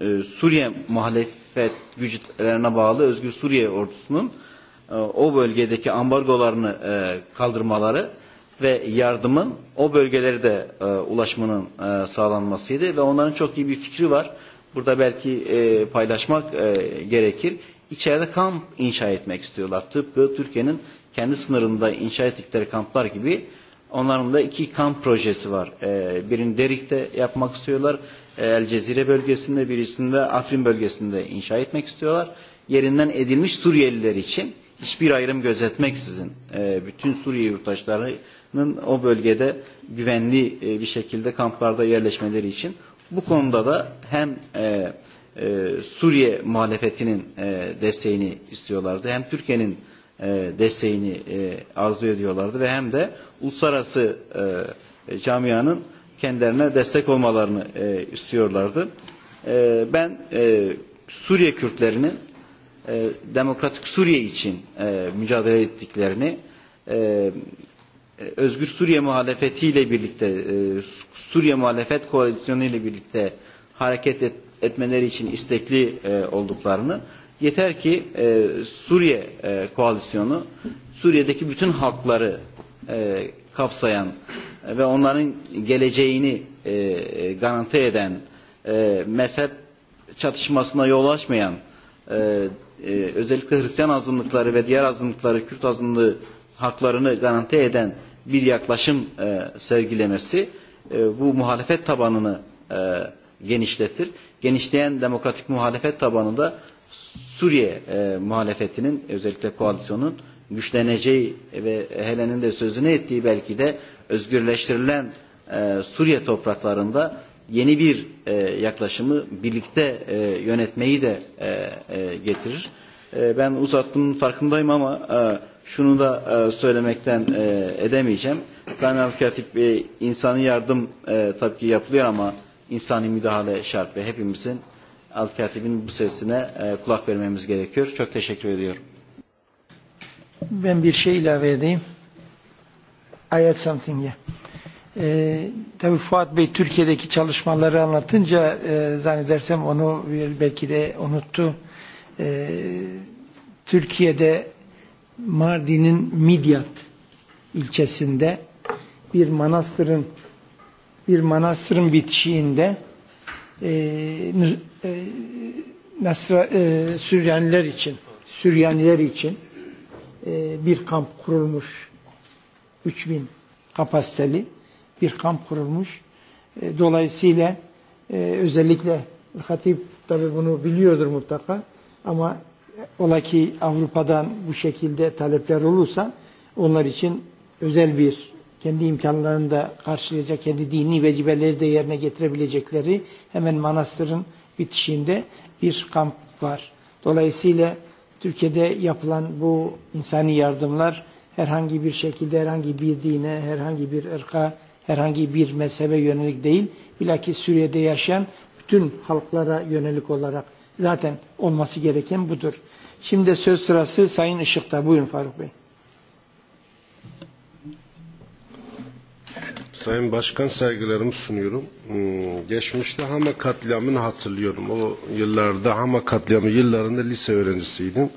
e, Suriye muhalefet güçlerine bağlı Özgür Suriye ordusunun e, o bölgedeki ambargolarını e, kaldırmaları ve yardımın o bölgelere de e, ulaşmanın e, sağlanmasıydı ve onların çok iyi bir fikri var burada belki e, paylaşmak e, gerekir. İçeride kamp inşa etmek istiyorlar. Tıpkı Türkiye'nin kendi sınırında inşa ettikleri kamplar gibi onların da iki kamp projesi var. E, birini Derik'te yapmak istiyorlar. E, El Cezire bölgesinde birisinde Afrin bölgesinde inşa etmek istiyorlar. Yerinden edilmiş Suriyeliler için hiçbir ayrım gözetmeksizin e, bütün Suriye yurttaşlarının o bölgede güvenli e, bir şekilde kamplarda yerleşmeleri için Bu konuda da hem e, e, Suriye muhalefetinin e, desteğini istiyorlardı hem Türkiye'nin e, desteğini e, arzu ediyorlardı ve hem de uluslararası e, camianın kendilerine destek olmalarını e, istiyorlardı. E, ben e, Suriye Kürtlerinin e, demokratik Suriye için e, mücadele ettiklerini e, Özgür Suriye Muhalefeti ile birlikte e, Suriye Muhalefet Koalisyonu ile birlikte hareket et, etmeleri için istekli e, olduklarını yeter ki e, Suriye e, Koalisyonu Suriye'deki bütün halkları e, kapsayan e, ve onların geleceğini e, e, garanti eden e, mezhep çatışmasına yol açmayan e, e, özellikle Hristiyan azınlıkları ve diğer azınlıkları Kürt azınlığı haklarını garanti eden bir yaklaşım e, sergilemesi e, bu muhalefet tabanını e, genişletir. Genişleyen demokratik muhalefet tabanında Suriye e, muhalefetinin özellikle koalisyonun güçleneceği ve Helen'in de sözünü ettiği belki de özgürleştirilen e, Suriye topraklarında yeni bir e, yaklaşımı birlikte e, yönetmeyi de e, e, getirir. E, ben uzattığımın farkındayım ama e, şunu da e, söylemekten e, edemeyeceğim. Sayın Alkatip e, insanı yardım e, tabii ki yapılıyor ama insani müdahale şart ve hepimizin Alkatip'in bu sesine e, kulak vermemiz gerekiyor. Çok teşekkür ediyorum. Ben bir şey ilave edeyim. I add something yeah. E, tabi Fuat Bey Türkiye'deki çalışmaları anlatınca e, zannedersem onu belki de unuttu. E, Türkiye'de Mardin'in Midyat ilçesinde bir manastırın bir manastırın bitişiğinde e, e, Nasra, e, Süryaniler için Süryaniler için e, bir kamp kurulmuş 3000 kapasiteli bir kamp kurulmuş e, dolayısıyla e, özellikle Hatip tabi bunu biliyordur mutlaka ama ola ki Avrupa'dan bu şekilde talepler olursa onlar için özel bir kendi imkanlarını da karşılayacak, kendi dini vecibeleri de yerine getirebilecekleri hemen manastırın bitişinde bir kamp var. Dolayısıyla Türkiye'de yapılan bu insani yardımlar herhangi bir şekilde, herhangi bir dine, herhangi bir ırka, herhangi bir mezhebe yönelik değil, bilakis Suriye'de yaşayan bütün halklara yönelik olarak zaten olması gereken budur. Şimdi söz sırası Sayın Işık'ta. Buyurun Faruk Bey. Sayın Başkan saygılarımı sunuyorum. Hmm, geçmişte hama katliamını hatırlıyorum. O yıllarda hama katliamı yıllarında lise öğrencisiydim.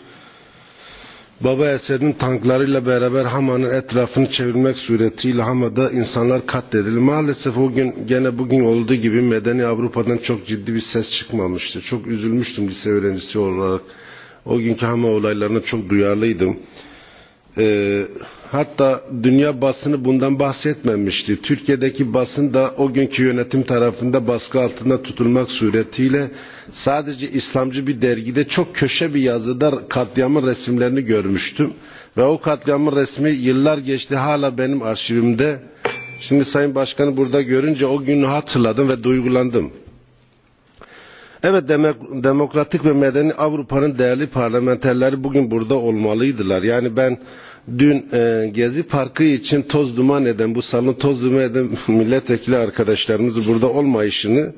Baba Esed'in tanklarıyla beraber Hama'nın etrafını çevirmek suretiyle Hama'da insanlar katledildi. Maalesef o gün gene bugün olduğu gibi medeni Avrupa'dan çok ciddi bir ses çıkmamıştı. Çok üzülmüştüm lise öğrencisi olarak. O günkü Hama olaylarına çok duyarlıydım. Ee, Hatta dünya basını bundan bahsetmemişti. Türkiye'deki basın da o günkü yönetim tarafında baskı altında tutulmak suretiyle sadece İslamcı bir dergide çok köşe bir yazıda katliamın resimlerini görmüştüm. Ve o katliamın resmi yıllar geçti hala benim arşivimde. Şimdi Sayın Başkanı burada görünce o günü hatırladım ve duygulandım. Evet demek, demokratik ve medeni Avrupa'nın değerli parlamenterleri bugün burada olmalıydılar. Yani ben dün e, Gezi Parkı için toz duman eden, bu salın toz duman eden milletvekili arkadaşlarımız burada olmayışını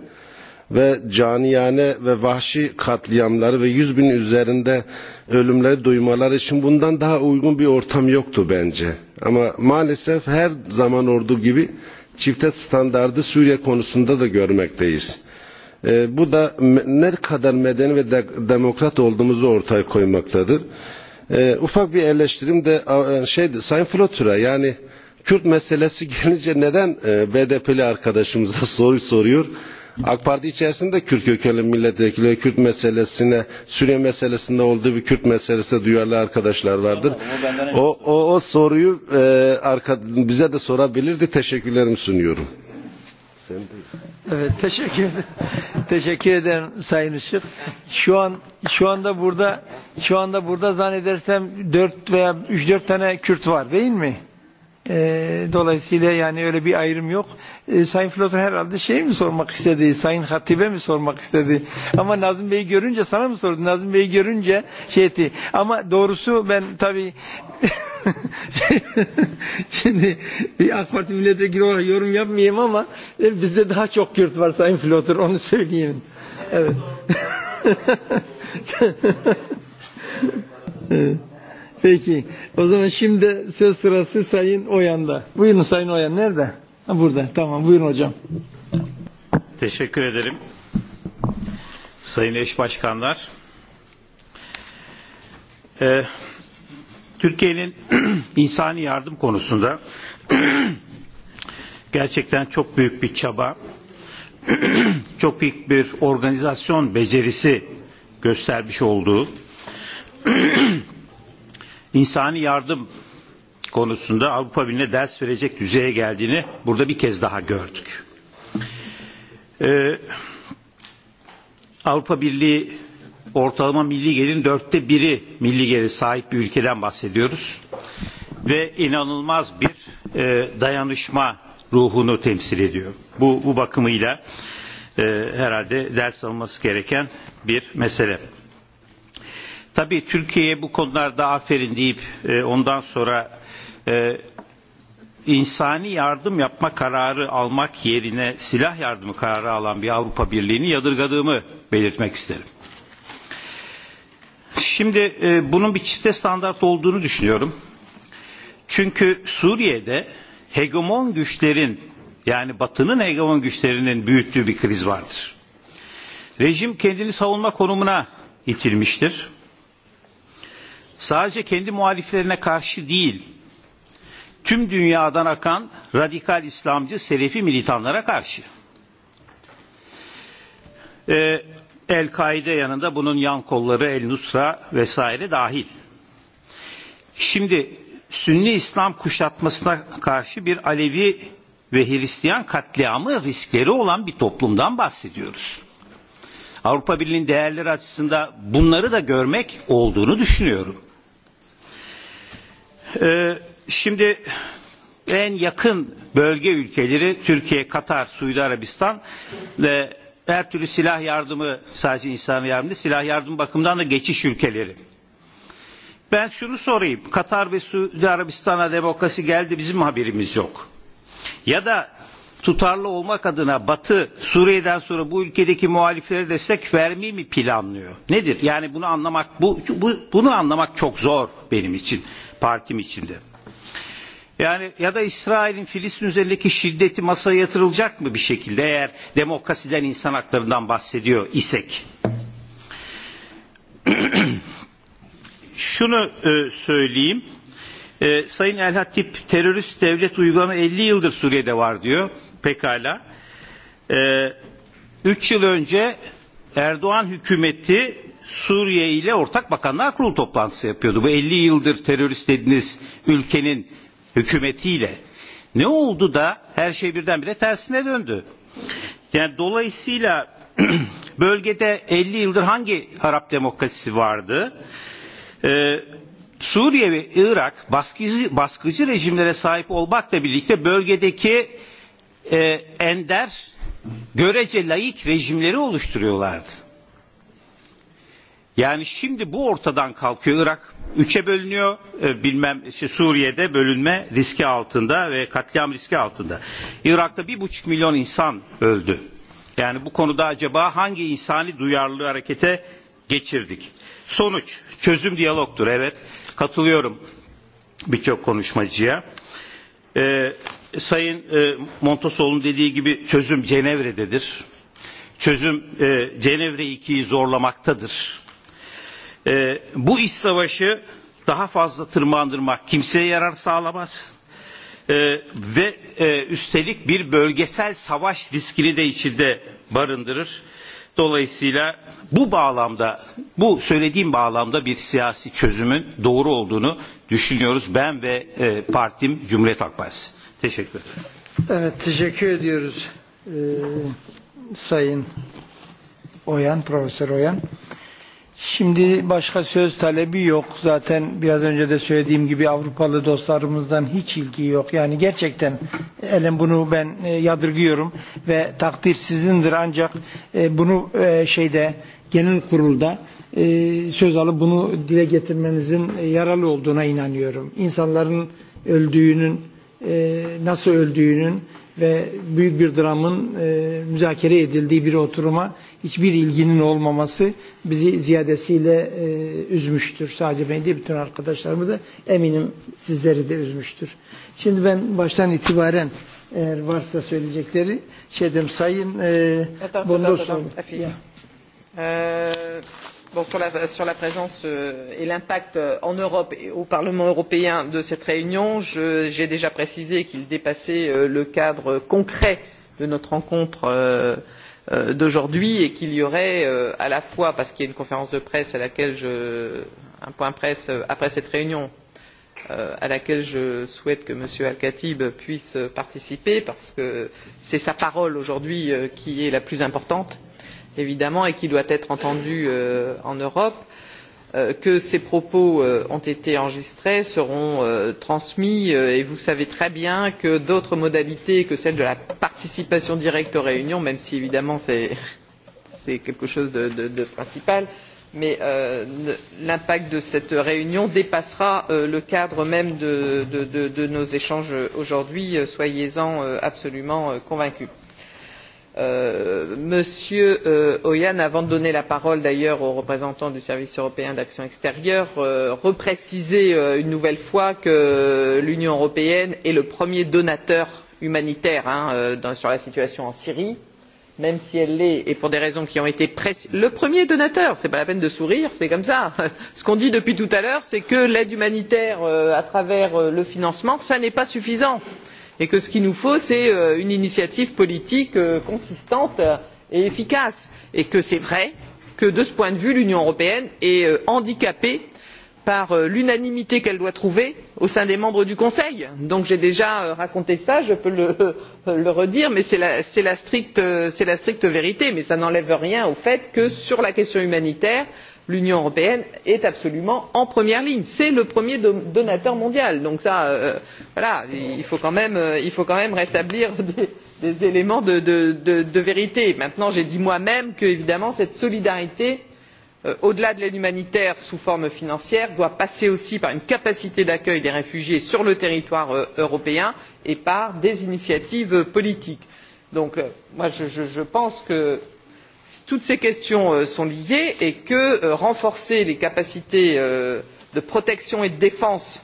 ve caniyane ve vahşi katliamları ve yüz bin üzerinde ölümleri duymalar için bundan daha uygun bir ortam yoktu bence. Ama maalesef her zaman ordu gibi çifte standardı Suriye konusunda da görmekteyiz. Ee, bu da ne kadar medeni ve de demokrat olduğumuzu ortaya koymaktadır ufak bir eleştirim de e, şeydi Sayın Flotura yani Kürt meselesi gelince neden e, BDP'li arkadaşımıza soru soruyor? AK Parti içerisinde Kürt kökenli milletvekili Kürt meselesine, Suriye meselesinde olduğu bir Kürt meselesi duyarlı arkadaşlar vardır. Tamam, o, o, o soruyu e, arka, bize de sorabilirdi. Teşekkürlerimi sunuyorum. Sen de. Evet teşekkür ederim. teşekkür ederim Sayın Işık. Şu an şu anda burada şu anda burada zannedersem 4 veya 3 4 tane Kürt var değil mi? E, dolayısıyla yani öyle bir ayrım yok. E, Sayın Flotter herhalde şey mi sormak istedi? Sayın Hatibe mi sormak istedi? Ama Nazım Bey'i görünce sana mı sordu? Nazım Bey'i görünce şey etti. Ama doğrusu ben tabii şimdi bir AK Parti milletvekili olarak yorum yapmayayım ama e, bizde daha çok Kürt var Sayın Flotter onu söyleyeyim. Evet. evet. Peki. O zaman şimdi söz sırası Sayın Oyan'da. Buyurun Sayın Oyan. Nerede? Ha, burada. Tamam. Buyurun hocam. Teşekkür ederim. Sayın eş başkanlar. Ee, Türkiye'nin insani yardım konusunda gerçekten çok büyük bir çaba, çok büyük bir organizasyon becerisi göstermiş olduğu insani yardım konusunda Avrupa Birliği'ne ders verecek düzeye geldiğini burada bir kez daha gördük. Ee, Avrupa Birliği ortalama milli gelirin dörtte biri milli gelir sahip bir ülkeden bahsediyoruz. Ve inanılmaz bir e, dayanışma ruhunu temsil ediyor. Bu, bu bakımıyla e, herhalde ders alınması gereken bir mesele. Tabii Türkiye'ye bu konularda aferin deyip e, ondan sonra e, insani yardım yapma kararı almak yerine silah yardımı kararı alan bir Avrupa Birliği'ni yadırgadığımı belirtmek isterim. Şimdi e, bunun bir çifte standart olduğunu düşünüyorum. Çünkü Suriye'de hegemon güçlerin yani batının hegemon güçlerinin büyüttüğü bir kriz vardır. Rejim kendini savunma konumuna itilmiştir sadece kendi muhaliflerine karşı değil, tüm dünyadan akan radikal İslamcı Selefi militanlara karşı. Ee, El-Kaide yanında bunun yan kolları El-Nusra vesaire dahil. Şimdi Sünni İslam kuşatmasına karşı bir Alevi ve Hristiyan katliamı riskleri olan bir toplumdan bahsediyoruz. Avrupa Birliği'nin değerleri açısında bunları da görmek olduğunu düşünüyorum şimdi en yakın bölge ülkeleri Türkiye, Katar, Suudi Arabistan ve her türlü silah yardımı sadece insan yardımı silah yardımı bakımından da geçiş ülkeleri. Ben şunu sorayım. Katar ve Suudi Arabistan'a demokrasi geldi bizim haberimiz yok. Ya da tutarlı olmak adına Batı Suriye'den sonra bu ülkedeki muhalifleri destek vermeyi mi planlıyor? Nedir? Yani bunu anlamak bu, bu bunu anlamak çok zor benim için partim içinde. Yani ya da İsrail'in Filistin üzerindeki şiddeti masaya yatırılacak mı bir şekilde eğer demokrasiden insan haklarından bahsediyor isek? Şunu e, söyleyeyim. E, Sayın El Hatip terörist devlet uygulama 50 yıldır Suriye'de var diyor. Pekala. E, 3 yıl önce Erdoğan hükümeti Suriye ile ortak bakanlığa kurul toplantısı yapıyordu. Bu 50 yıldır terörist dediğiniz ülkenin hükümetiyle. Ne oldu da her şey birdenbire tersine döndü? Yani dolayısıyla bölgede 50 yıldır hangi Arap demokrasisi vardı? Ee, Suriye ve Irak baskıcı, baskıcı rejimlere sahip olmakla birlikte bölgedeki e, ender görece layık rejimleri oluşturuyorlardı. Yani şimdi bu ortadan kalkıyor Irak. Üçe bölünüyor. E, bilmem işte Suriye'de bölünme riski altında ve katliam riski altında. Irak'ta bir buçuk milyon insan öldü. Yani bu konuda acaba hangi insani duyarlı harekete geçirdik? Sonuç, çözüm diyalogtur. Evet, katılıyorum birçok konuşmacıya. Ee, Sayın e, Montosol'un dediği gibi çözüm Cenevre'dedir. Çözüm e, Cenevre 2'yi zorlamaktadır bu iç savaşı daha fazla tırmandırmak kimseye yarar sağlamaz. Ee, ve e, üstelik bir bölgesel savaş riskini de içinde barındırır. Dolayısıyla bu bağlamda, bu söylediğim bağlamda bir siyasi çözümün doğru olduğunu düşünüyoruz. Ben ve e, partim Cumhuriyet Halk Partisi. Teşekkür ederim. Evet, teşekkür ediyoruz e, Sayın Oyan, Profesör Oyan. Şimdi başka söz talebi yok. Zaten biraz önce de söylediğim gibi Avrupalı dostlarımızdan hiç ilgi yok. Yani gerçekten elen bunu ben e, yadırgıyorum ve takdir sizindir ancak e, bunu e, şeyde genel kurulda söz alıp bunu dile getirmenizin yaralı olduğuna inanıyorum. İnsanların öldüğünün nasıl öldüğünün ve büyük bir dramın müzakere edildiği bir oturuma hiçbir ilginin olmaması bizi ziyadesiyle e, üzmüştür. Sadece beni değil bütün arkadaşlarımı da eminim sizleri de üzmüştür. Şimdi ben baştan itibaren eğer varsa söyleyecekleri şey dedim sayın e, Bondosu. Bon, euh, sur, la, sur la présence euh, et l'impact euh, en Europe et au Parlement européen de cette réunion, j'ai déjà précisé qu'il dépassait euh, le cadre concret de notre rencontre euh, Euh, d'aujourd'hui et qu'il y aurait euh, à la fois parce qu'il y a une conférence de presse à laquelle je un point presse euh, après cette réunion à laquelle je souhaite que m. al khatib puisse participer parce que c'est sa parole aujourd'hui qui est la plus importante évidemment et qui doit être entendue en europe Euh, que ces propos euh, ont été enregistrés seront euh, transmis et vous savez très bien que d'autres modalités que celle de la participation directe aux réunions même si évidemment c'est quelque chose de principal l'impact de cette réunion dépassera le cadre même de nos échanges aujourd'hui soyez en absolument convaincus. Euh, monsieur hoyer euh, avant de donner la parole d'ailleurs au représentant du service européen pour l'action extérieure euh, repréciser une nouvelle fois que l'union européenne est le premier donateur humanitaire sur la situation en syrie même si elle l'est et pour des raisons qui ont été précisées le premier donateur ce n'est pas la peine de sourire c'est comme cela. ce qu'on dit depuis tout à l'heure c'est que l'aide humanitaire à travers le financement n'est pas suffisante et que ce qu'il nous faut c'est euh, une initiative politique euh, consistante euh, et efficace et que c'est vrai que de ce point de vue l'union européenne est handicapée par l'unanimité qu'elle doit trouver au sein des membres du conseil. j'ai déjà raconté cela je peux le redire mais c'est la stricte vérité. mais cela n'enlève rien au fait que sur la question humanitaire l'union européenne est absolument en première ligne c'est le premier donateur mondial donc euh, euh, il faut quand même rétablir des éléments de vérité. maintenant j'ai dit moi même que évidemment cette solidarité euh, au delà de l'aide humanitaire sous forme financière doit passer aussi par une capacité d'accueil des réfugiés sur le territoire européen et par des initiatives politiques. je pense donc que toutes ces questions euh, sont liées et que euh, renforcer les capacités euh, de protection et de défense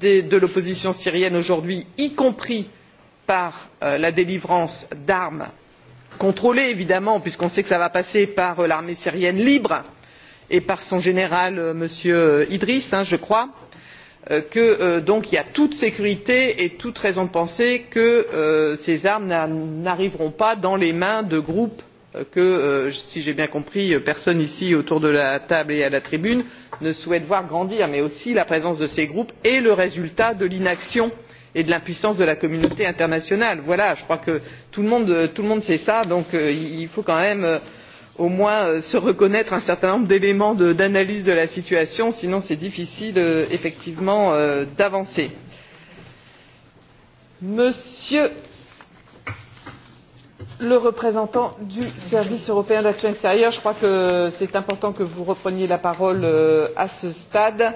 de l'opposition syrienne aujourd'hui y compris par la délivrance d'armes contrôlées évidemment puisqu'on sait que cela va passer par l'armée syrienne libre et par son général m. idriss je crois que donc il y a toute sécurité et toute raison de penser que ces armes n'arriveront pas dans les mains de groupes que euh, si j'ai bien compris personne ici autour de la table et à la tribune ne souhaite voir grandir mais aussi la présence de ces groupes est le résultat de l'inaction et de l'impuissance de la communauté internationale. voilà je crois que tout le monde sait cela donc euh, il faut quand même euh, au moins se reconnaître un certain nombre d'éléments d'analyse de la situation sinon c'est difficile effectivement d'avancer. monsieur le représentant du service européen d'action extérieure je crois que c'est important que vous repreniez la parole euh, à ce stade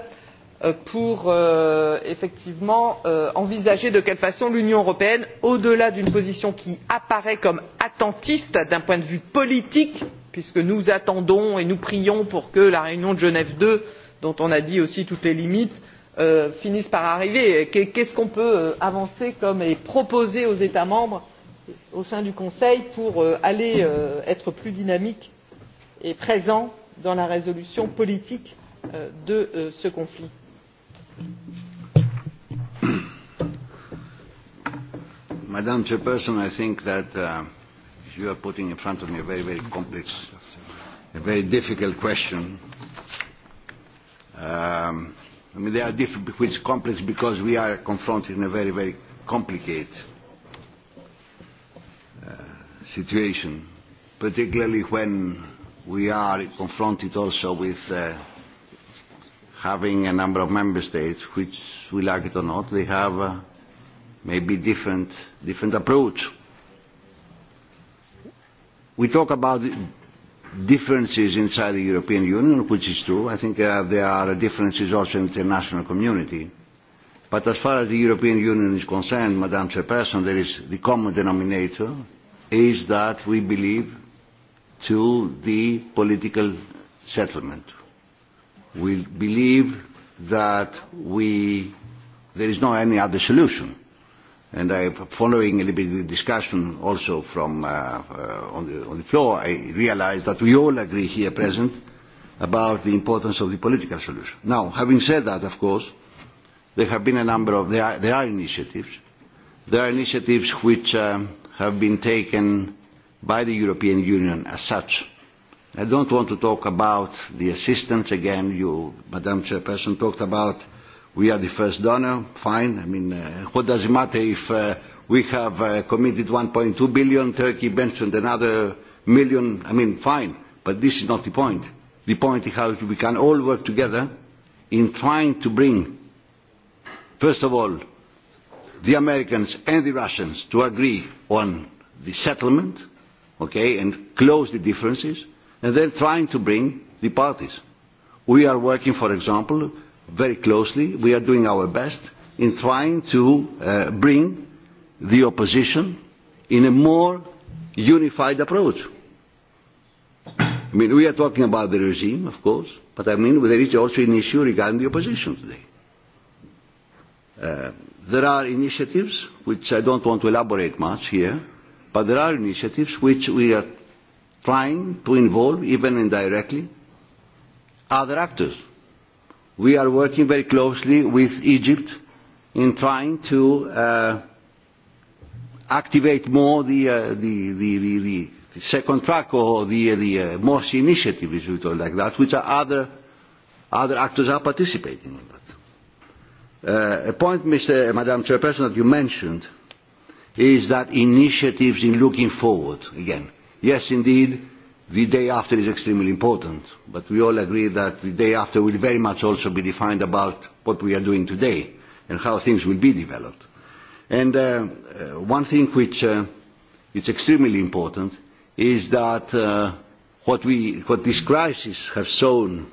euh, pour euh, effectivement envisager de quelle façon l'union européenne au delà d'une position qui apparaît comme attentiste d'un point de vue politique puisque nous attendons et nous prions pour que la réunion de genève ii dont on a dit aussi toutes les limites finisse par arriver qu'est ce qu'on peut avancer et proposer aux états membres au sein du conseil pour euh, aller euh, être plus dynamique et présent dans la résolution politique euh, de ce conflit. Madame Chairperson, I think that uh, you are putting in front of me a very, very complex, a very difficult question. Um, I mean, they are diff- which complex because we are confronted in a very, very complicated situation, particularly when we are confronted also with uh, having a number of member states which, we like it or not, they have uh, maybe different, different approach. We talk about differences inside the European Union, which is true. I think uh, there are differences also in the international community. But as far as the European Union is concerned, Madam Chairperson, there is the common denominator, is that we believe to the political settlement. We believe that we, there is no any other solution. And I, following a little bit of the discussion also from uh, uh, on, the, on the floor, I realize that we all agree here present about the importance of the political solution. Now, having said that, of course, there have been a number of, there are, there are initiatives. There are initiatives which um, have been taken by the European Union as such. I don't want to talk about the assistance again. You, Madam Chairperson, talked about we are the first donor. Fine. I mean, uh, what does it matter if uh, we have uh, committed 1.2 billion, Turkey mentioned another million? I mean, fine. But this is not the point. The point is how we can all work together in trying to bring, first of all, the americans and the russians to agree on the settlement and close the differences and then trying to bring the parties. we are working for example very closely we are doing our best in trying to uh, bring the opposition in a more unified approach. I mean, we are talking about the regime, of course, but I mean, there is also an issue regarding the opposition today. Uh, there are initiatives which I don't want to elaborate much here, but there are initiatives which we are trying to involve, even indirectly, other actors. We are working very closely with Egypt in trying to uh, activate more the, uh, the, the, the, the second track or the, uh, the uh, Morsi initiative, if you talk like that, which are other, other actors are participating in that. Uh, a point madam chairperson that you mentioned is that initiatives in looking forward again yes indeed the day after is extremely important but we all agree that the day after will very much also be defined about what we are doing today and how things will be developed. Uh, uh, one thing which is extremely important is that what this crisis has shown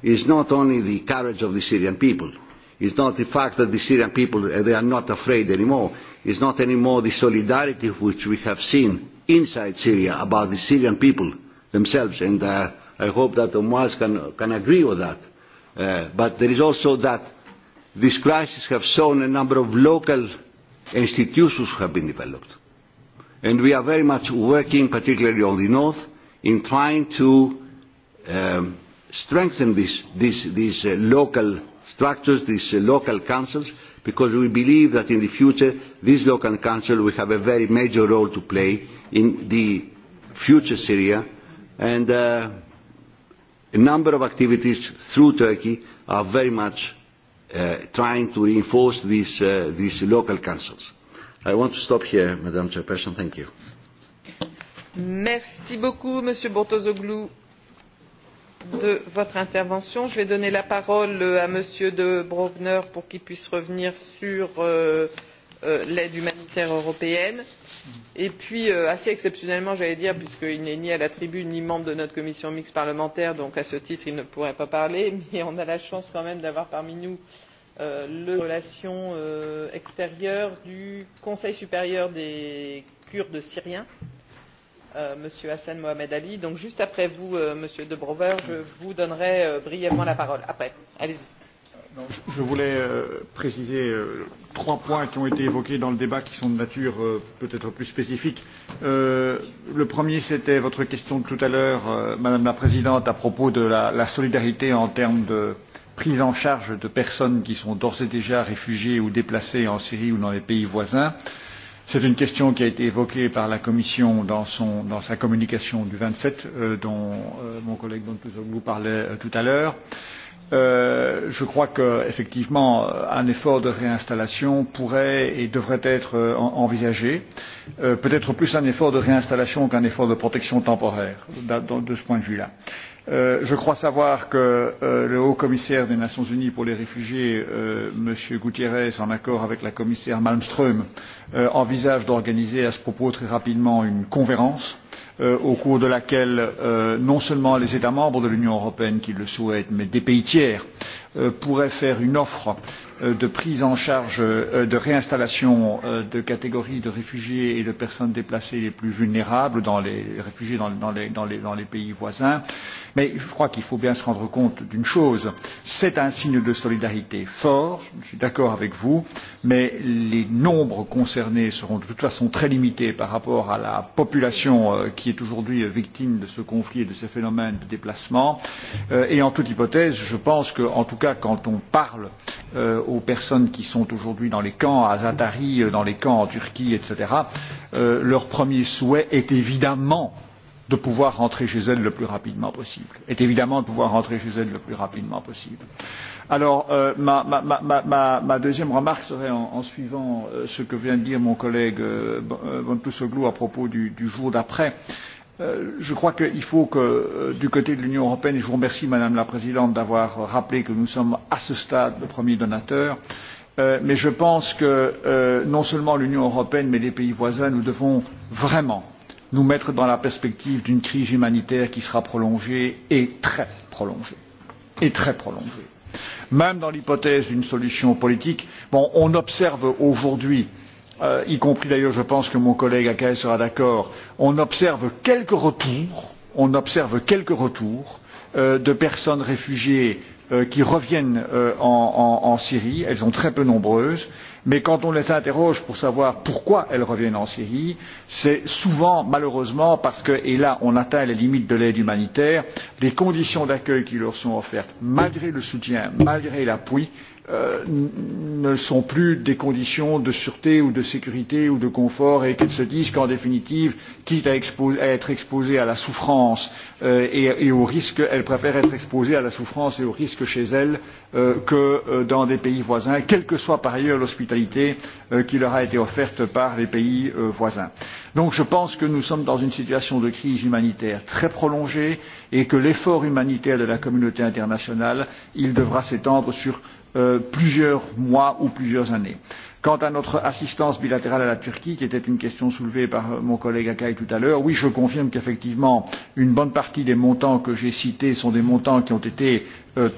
is not only the courage of the syrian people It's not the fact that the Syrian people uh, they are not afraid anymore. It's not anymore the solidarity which we have seen inside Syria about the Syrian people themselves. And uh, I hope that the Muaz can, can agree with that. Uh, but there is also that this crisis has shown a number of local institutions have been developed. And we are very much working, particularly on the north, in trying to um, strengthen these this, this, uh, local structures, these uh, local councils, because we believe that in the future this local council will have a very major role to play in the future Syria and uh, a number of activities through Turkey are very much uh, trying to reinforce these, uh, these local councils. I want to stop here, Madam Chairperson. Thank you. Merci beaucoup, Monsieur de votre intervention. je vais donner la parole euh, à m. de brovner pour qu'il puisse revenir sur euh, euh, l'aide humanitaire européenne et puis assez exceptionnellement j'allais dire puisqu'il n'est ni à la tribune ni membre de notre commission mixte parlementaire donc à ce titre il ne pourrait pas parler mais on a la chance quand même d'avoir parmi nous le des relations extérieures du conseil supérieur des kurdes syriens Euh, monsieur hassan mohamed ali donc juste après vous euh, monsieur de brouwer je vous donnerai euh, brièvement la parole après. allez y. je voulais préciser trois points qui ont été évoqués dans le débat qui sont de nature peut être plus spécifique. le premier c'était votre question de tout à l'heure madame la présidente à propos de la solidarité en termes de prise en charge de personnes qui sont d'ores et déjà réfugiées ou déplacées en syrie ou dans les pays voisins. C'est une question qui a été évoquée par la Commission dans, son, dans sa communication du 27, euh, dont euh, mon collègue Bontuzoglu parlait euh, tout à l'heure. Euh, je crois qu'effectivement, euh, un effort de réinstallation pourrait et devrait être euh, envisagé, euh, peut-être plus un effort de réinstallation qu'un effort de protection temporaire, de, de ce point de vue-là. Euh, Euh, je crois savoir que euh, le haut commissaire des nations unies pour les réfugiés euh, m. guterres en accord avec la commissaire malmstrm envisage d'organiser à ce propos très rapidement une conférence au cours de laquelle non seulement les états membres de l'union européenne qui le souhaitent mais des pays tiers pourraient faire une offre Euh, de prise en charge euh, de réinstallation euh, de catégories de réfugiés et de personnes déplacées les plus vulnérables dans les réfugiés dans, dans, les, dans, les, dans les pays voisins. Mais je crois qu'il faut bien se rendre compte d'une chose c'est un signe de solidarité fort, je suis d'accord avec vous, mais les nombres concernés seront de toute façon très limités par rapport à la population qui est aujourd'hui victime de ce conflit et de ces phénomènes de déplacement. Et en toute hypothèse, je pense qu'en tout cas, quand on parle aux personnes qui sont aujourd'hui dans les camps à Zatari, euh, dans les camps en Turquie, etc., euh, leur premier souhait est évidemment de pouvoir rentrer chez elles le plus rapidement possible. Est évidemment de pouvoir rentrer chez elles le plus rapidement possible. Alors, euh, ma, ma, ma, ma, ma deuxième remarque serait en, en suivant euh, ce que vient de dire mon collègue euh, euh Bontusoglu à propos du, du jour d'après. Euh, Euh, je crois qu'il faut que euh, du côté de l'union européenne et je vous remercie madame la présidente d'avoir rappelé que nous sommes à ce stade le premier donateur euh, mais je pense que non seulement l'union européenne mais les pays voisins nous devons vraiment nous mettre dans la perspective d'une crise humanitaire qui sera prolongée et très prolongée et très prolongée même dans l'hypothèse d'une solution politique. bon on observe aujourd'hui Euh, y compris d'ailleurs je pense que mon collègue acquet sera d'accord on observe quelques retours euh, de personnes réfugiées euh, qui reviennent en syrie elles sont très peu nombreuses mais quand on les interroge pour savoir pourquoi elles reviennent en syrie c'est souvent malheureusement parce que et là on atteint les limites de l'aide humanitaire les conditions d'accueil qui leur sont offertes malgré le soutien malgré l'appui Euh, ne sont plus des conditions de sûreté ou de sécurité ou de confort et qu'elles se disent qu'en définitive, quitte à, exposer, à être exposées à la souffrance euh, et, et au risque, elles préfèrent être exposées à la souffrance et au risque chez elles euh, que euh, dans des pays voisins, quelle que soit par ailleurs l'hospitalité euh, qui leur a été offerte par les pays euh, voisins. Donc je pense que nous sommes dans une situation de crise humanitaire très prolongée et que l'effort humanitaire de la communauté internationale, il devra s'étendre sur Euh, plusieurs mois ou plusieurs années. quant à notre assistance bilatérale à la turquie qui était une question soulevée par euh, mon collègue akkaï tout à l'heure oui je confirme qu'effectivement une bonne partie des montants que j'ai cités sont des montants qui ont été Euh,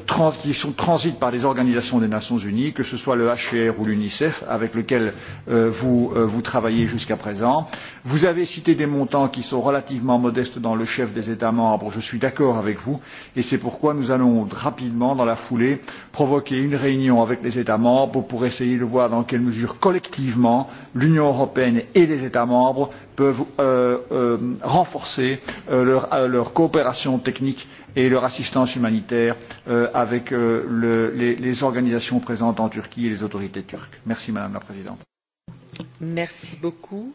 qui transitent par les organisations des Nations Unies, que ce soit le HCR ou l'UNICEF avec lequel euh, vous, euh, vous travaillez jusqu'à présent. Vous avez cité des montants qui sont relativement modestes dans le chef des États membres. Je suis d'accord avec vous et c'est pourquoi nous allons rapidement, dans la foulée, provoquer une réunion avec les États membres pour essayer de voir dans quelle mesure collectivement l'Union européenne et les États membres peuvent euh, euh, renforcer euh, leur coopération technique et leur assistance humanitaire avec les organisations présentes en turquie et les autorités turques. merci madame la présidente. merci beaucoup.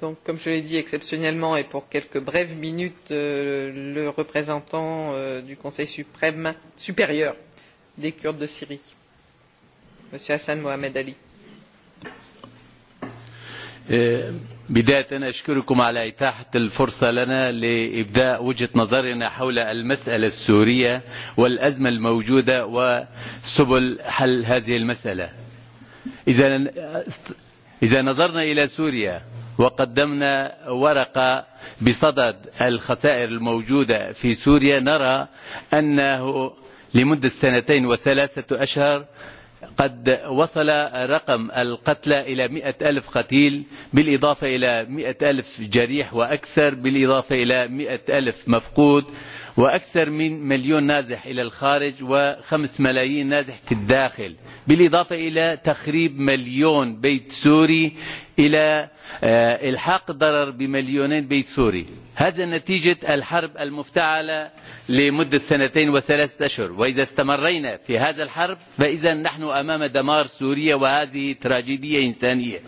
Donc, comme je l'ai dit exceptionnellement et pour quelques brèves minutes le représentant du conseil suprême supérieur des kurdes de syrie monsieur hassan mohamed ali. Et... بدايه انا اشكركم على اتاحه الفرصه لنا لابداء وجهه نظرنا حول المساله السوريه والازمه الموجوده وسبل حل هذه المساله. اذا نظرنا الى سوريا وقدمنا ورقه بصدد الخسائر الموجوده في سوريا نرى انه لمده سنتين وثلاثه اشهر قد وصل رقم القتلى إلى مئة ألف قتيل بالإضافة إلى مئة ألف جريح وأكثر بالإضافة إلى مئة ألف مفقود وأكثر من مليون نازح إلى الخارج وخمس ملايين نازح في الداخل بالإضافة إلى تخريب مليون بيت سوري الى الحاق ضرر بمليونين بيت سوري هذا نتيجه الحرب المفتعله لمده سنتين وثلاثه اشهر واذا استمرينا في هذا الحرب فاذا نحن امام دمار سوريا وهذه تراجيديه انسانيه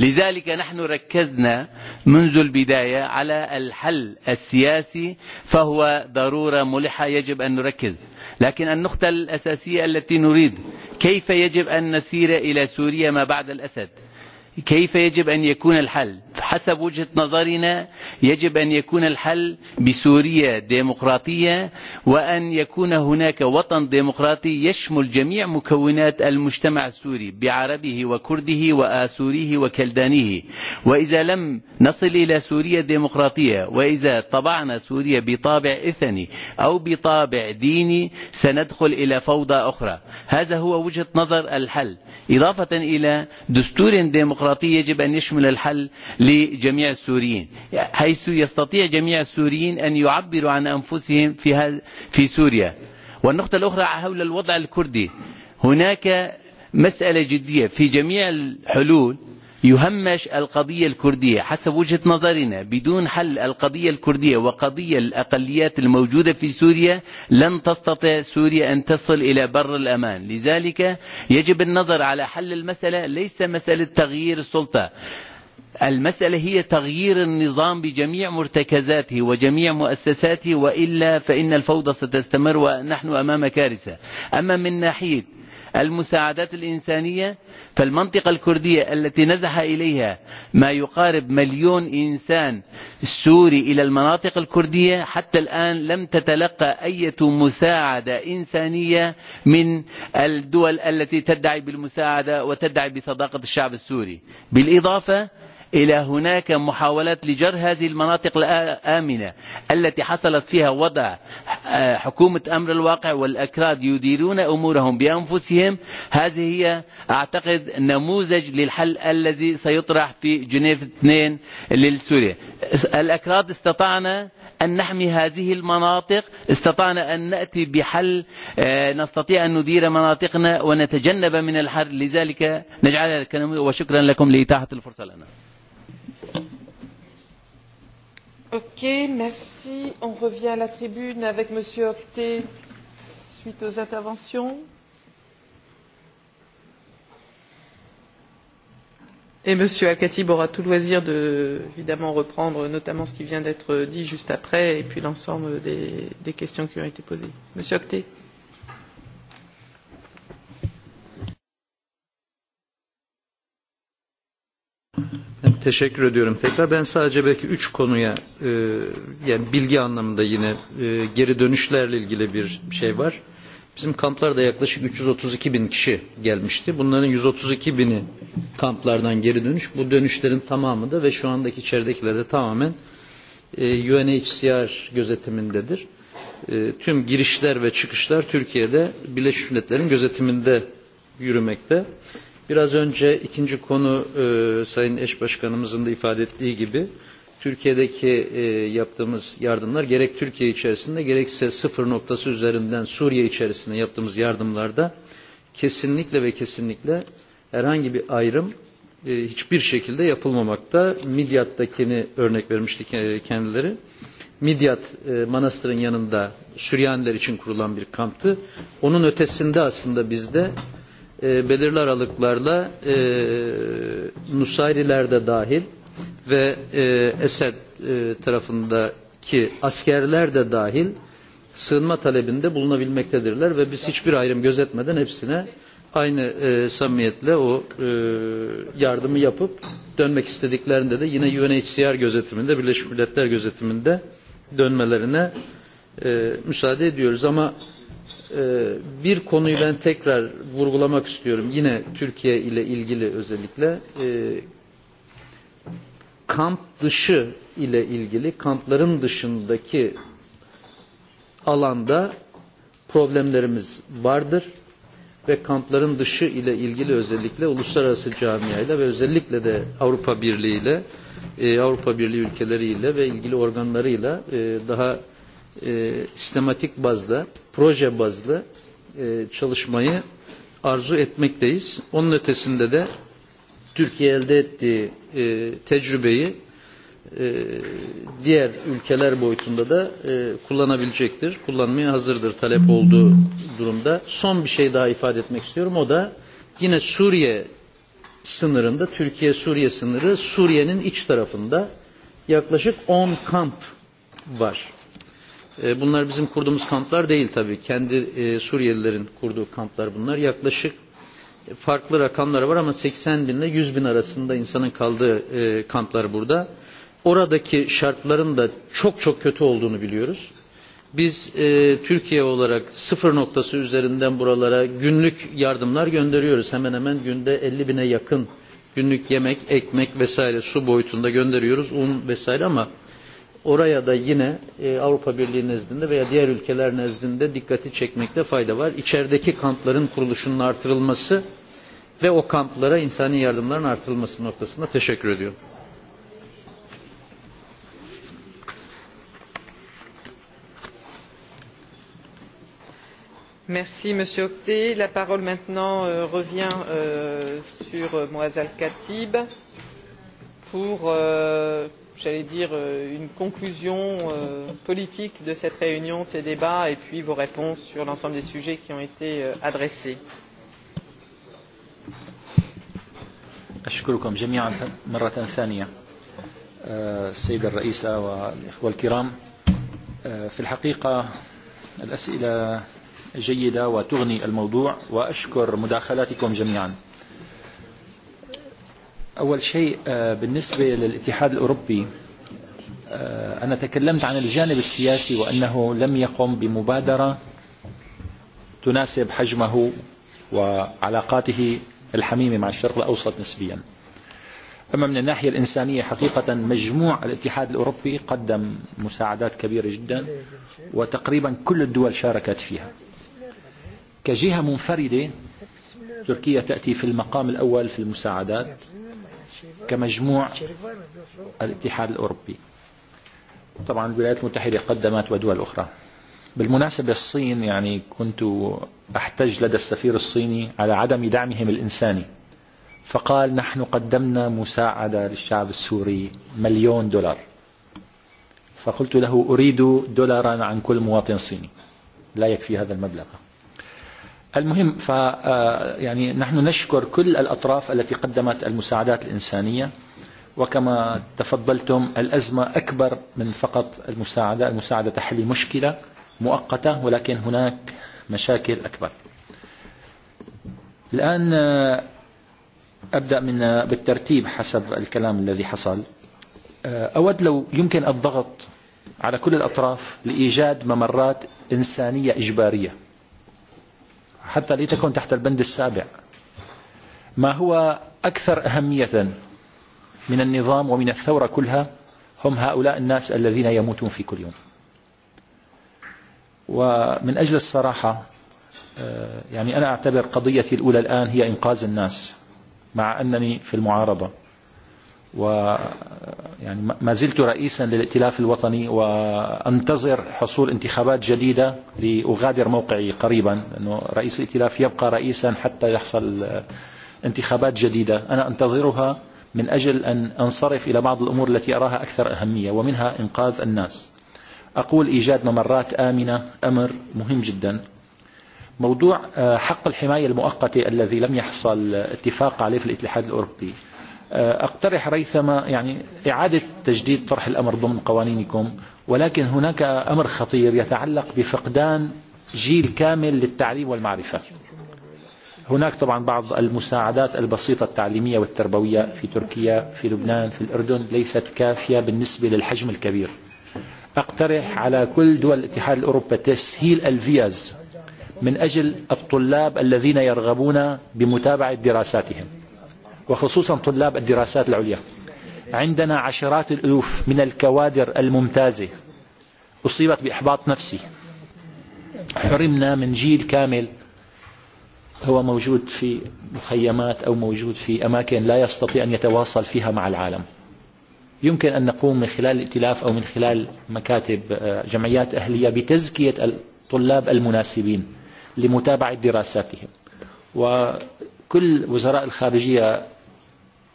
لذلك نحن ركزنا منذ البدايه على الحل السياسي فهو ضروره ملحه يجب ان نركز لكن النقطه الاساسيه التي نريد كيف يجب ان نسير الى سوريا ما بعد الاسد؟ كيف يجب أن يكون الحل حسب وجهة نظرنا يجب أن يكون الحل بسوريا ديمقراطية وأن يكون هناك وطن ديمقراطي يشمل جميع مكونات المجتمع السوري بعربه وكرده وآسوريه وكلدانيه وإذا لم نصل إلى سوريا ديمقراطية وإذا طبعنا سوريا بطابع إثني أو بطابع ديني سندخل إلى فوضى أخرى هذا هو وجهة نظر الحل إضافة إلى دستور ديمقراطي الديمقراطية يجب أن يشمل الحل لجميع السوريين حيث يستطيع جميع السوريين أن يعبروا عن أنفسهم في, في سوريا والنقطة الأخرى حول الوضع الكردي هناك مسألة جدية في جميع الحلول يهمش القضية الكردية حسب وجهة نظرنا بدون حل القضية الكردية وقضية الأقليات الموجودة في سوريا لن تستطيع سوريا أن تصل إلى بر الأمان لذلك يجب النظر على حل المسألة ليس مسألة تغيير السلطة المسألة هي تغيير النظام بجميع مرتكزاته وجميع مؤسساته وإلا فإن الفوضى ستستمر ونحن أمام كارثة أما من ناحية المساعدات الإنسانية فالمنطقة الكردية التي نزح إليها ما يقارب مليون إنسان سوري إلى المناطق الكردية حتى الآن لم تتلقى أي مساعدة إنسانية من الدول التي تدعي بالمساعدة وتدعي بصداقة الشعب السوري بالإضافة إلى هناك محاولات لجر هذه المناطق الآمنة التي حصلت فيها وضع حكومة أمر الواقع والأكراد يديرون أمورهم بأنفسهم هذه هي أعتقد نموذج للحل الذي سيطرح في جنيف 2 للسوريا الأكراد استطعنا أن نحمي هذه المناطق استطعنا أن نأتي بحل نستطيع أن ندير مناطقنا ونتجنب من الحرب لذلك نجعلها وشكرا لكم لإتاحة الفرصة لنا merci on revient à la tribune avec m. octet suite aux interventions et m. el khatib aura tout loisir de évidemment reprendre notamment ce qui vient d'être dit juste après et puis l'ensemble des, des questions qui ont été posées m. octet Teşekkür ediyorum. Tekrar ben sadece belki üç konuya e, yani bilgi anlamında yine e, geri dönüşlerle ilgili bir şey var. Bizim kamplarda yaklaşık 332 bin kişi gelmişti. Bunların 132 bini kamplardan geri dönüş. Bu dönüşlerin tamamı da ve şu andaki içeridekiler de tamamen e, UNHCR gözetimindedir. E, tüm girişler ve çıkışlar Türkiye'de Birleşmiş Milletler'in gözetiminde yürümekte. Biraz önce ikinci konu e, Sayın Eş Başkanımızın da ifade ettiği gibi Türkiye'deki e, yaptığımız yardımlar gerek Türkiye içerisinde gerekse sıfır noktası üzerinden Suriye içerisinde yaptığımız yardımlarda kesinlikle ve kesinlikle herhangi bir ayrım e, hiçbir şekilde yapılmamakta. Midyat'takini örnek vermiştik e, kendileri. Midyat e, manastırın yanında Süryaniler için kurulan bir kamptı. Onun ötesinde aslında bizde e, belirli aralıklarla e, Nusayriler de dahil ve e, Esed e, tarafındaki askerler de dahil sığınma talebinde bulunabilmektedirler ve biz hiçbir ayrım gözetmeden hepsine aynı e, samimiyetle o e, yardımı yapıp dönmek istediklerinde de yine UNHCR gözetiminde, Birleşmiş Milletler gözetiminde dönmelerine e, müsaade ediyoruz. Ama e, E, bir konuyu ben tekrar vurgulamak istiyorum. Yine Türkiye ile ilgili özellikle e, kamp dışı ile ilgili kampların dışındaki alanda problemlerimiz vardır ve kampların dışı ile ilgili özellikle uluslararası camiayla ve özellikle de Avrupa Birliği ile e, Avrupa Birliği ülkeleriyle ve ilgili organlarıyla daha daha e, sistematik bazda, proje bazda e, çalışmayı arzu etmekteyiz. Onun ötesinde de Türkiye elde ettiği e, tecrübeyi e, diğer ülkeler boyutunda da e, kullanabilecektir. Kullanmaya hazırdır talep olduğu durumda. Son bir şey daha ifade etmek istiyorum. O da yine Suriye sınırında, Türkiye-Suriye sınırı Suriye'nin iç tarafında yaklaşık 10 kamp var. E, bunlar bizim kurduğumuz kamplar değil tabii. Kendi e, Suriyelilerin kurduğu kamplar bunlar. Yaklaşık e, farklı rakamlar var ama 80 bin ile 100 bin arasında insanın kaldığı kamplar burada. Oradaki şartların da çok çok kötü olduğunu biliyoruz. Biz e, Türkiye olarak sıfır noktası üzerinden buralara günlük yardımlar gönderiyoruz. Hemen hemen günde 50 bine yakın günlük yemek, ekmek vesaire su boyutunda gönderiyoruz. Un vesaire ama oraya da yine e, Avrupa Birliği nezdinde veya diğer ülkeler nezdinde dikkati çekmekte fayda var. İçerideki kampların kuruluşunun artırılması ve o kamplara insani yardımların artırılması noktasında teşekkür ediyorum. Merci monsieur Octet. La parole maintenant euh, revient euh, sur euh, Moazal Khatib pour euh, j'allais dire euh, une conclusion euh, politique de cette réunion de ces débats et puis vos réponses sur l'ensemble des sujets qui ont été euh, adressés. اشكركم جميعا مره ثانيه السيده الرئيسه والاخوه الكرام في الحقيقه الاسئله جيده وتغني الموضوع واشكر مداخلاتكم جميعا أول شيء بالنسبة للاتحاد الأوروبي أنا تكلمت عن الجانب السياسي وأنه لم يقم بمبادرة تناسب حجمه وعلاقاته الحميمة مع الشرق الأوسط نسبيا أما من الناحية الإنسانية حقيقة مجموع الاتحاد الأوروبي قدم مساعدات كبيرة جدا وتقريبا كل الدول شاركت فيها كجهة منفردة تركيا تأتي في المقام الأول في المساعدات كمجموع الاتحاد الأوروبي طبعا الولايات المتحدة قدمت ودول أخرى بالمناسبة الصين يعني كنت أحتج لدى السفير الصيني على عدم دعمهم الإنساني فقال نحن قدمنا مساعدة للشعب السوري مليون دولار فقلت له أريد دولارا عن كل مواطن صيني لا يكفي هذا المبلغ المهم ف يعني نحن نشكر كل الاطراف التي قدمت المساعدات الانسانيه وكما تفضلتم الازمه اكبر من فقط المساعده، المساعده تحل مشكله مؤقته ولكن هناك مشاكل اكبر. الان ابدا من بالترتيب حسب الكلام الذي حصل. اود لو يمكن الضغط على كل الاطراف لايجاد ممرات انسانيه اجباريه. حتى لتكن تحت البند السابع ما هو أكثر أهمية من النظام ومن الثورة كلها هم هؤلاء الناس الذين يموتون في كل يوم ومن أجل الصراحة يعني أنا أعتبر قضيتي الأولى الآن هي إنقاذ الناس مع أنني في المعارضة و يعني ما زلت رئيسا للائتلاف الوطني وانتظر حصول انتخابات جديدة لأغادر موقعي قريبا لأنه رئيس الائتلاف يبقى رئيسا حتى يحصل انتخابات جديدة أنا أنتظرها من أجل أن أنصرف إلى بعض الأمور التي أراها أكثر أهمية ومنها إنقاذ الناس أقول إيجاد ممرات آمنة أمر مهم جدا موضوع حق الحماية المؤقتة الذي لم يحصل اتفاق عليه في الاتحاد الأوروبي أقترح ريثما يعني إعادة تجديد طرح الأمر ضمن قوانينكم ولكن هناك أمر خطير يتعلق بفقدان جيل كامل للتعليم والمعرفة هناك طبعا بعض المساعدات البسيطة التعليمية والتربوية في تركيا في لبنان في الأردن ليست كافية بالنسبة للحجم الكبير أقترح على كل دول الاتحاد الأوروبي تسهيل الفيز من أجل الطلاب الذين يرغبون بمتابعة دراساتهم وخصوصا طلاب الدراسات العليا عندنا عشرات الألوف من الكوادر الممتازة أصيبت بإحباط نفسي حرمنا من جيل كامل هو موجود في مخيمات أو موجود في أماكن لا يستطيع أن يتواصل فيها مع العالم يمكن أن نقوم من خلال الائتلاف أو من خلال مكاتب جمعيات أهلية بتزكية الطلاب المناسبين لمتابعة دراساتهم وكل وزراء الخارجية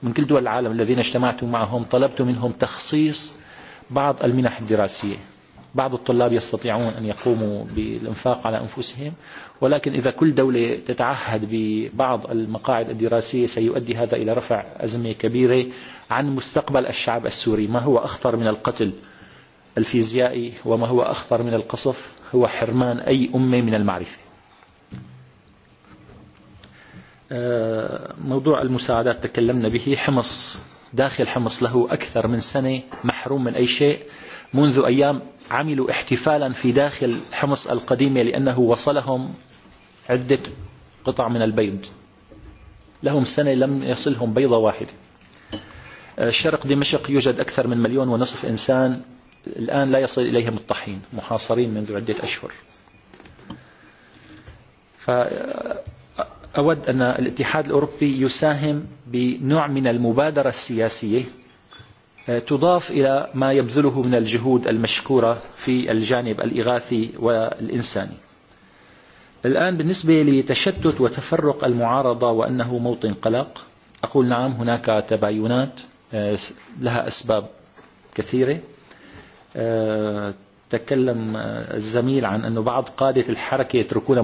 من كل دول العالم الذين اجتمعت معهم طلبت منهم تخصيص بعض المنح الدراسية بعض الطلاب يستطيعون أن يقوموا بالانفاق على أنفسهم ولكن إذا كل دولة تتعهد ببعض المقاعد الدراسية سيؤدي هذا إلى رفع أزمة كبيرة عن مستقبل الشعب السوري ما هو أخطر من القتل الفيزيائي وما هو أخطر من القصف هو حرمان أي أمة من المعرفة موضوع المساعدات تكلمنا به حمص داخل حمص له أكثر من سنة محروم من أي شيء منذ أيام عملوا احتفالا في داخل حمص القديمة لأنه وصلهم عدة قطع من البيض لهم سنة لم يصلهم بيضة واحدة شرق دمشق يوجد أكثر من مليون ونصف إنسان الآن لا يصل إليهم الطحين محاصرين منذ عدة أشهر فأخذ أود أن الاتحاد الأوروبي يساهم بنوع من المبادرة السياسية تضاف إلى ما يبذله من الجهود المشكورة في الجانب الإغاثي والإنساني الآن بالنسبة لتشتت وتفرق المعارضة وأنه موطن قلق أقول نعم هناك تباينات لها أسباب كثيرة تكلم الزميل عن أن بعض قادة الحركة يتركون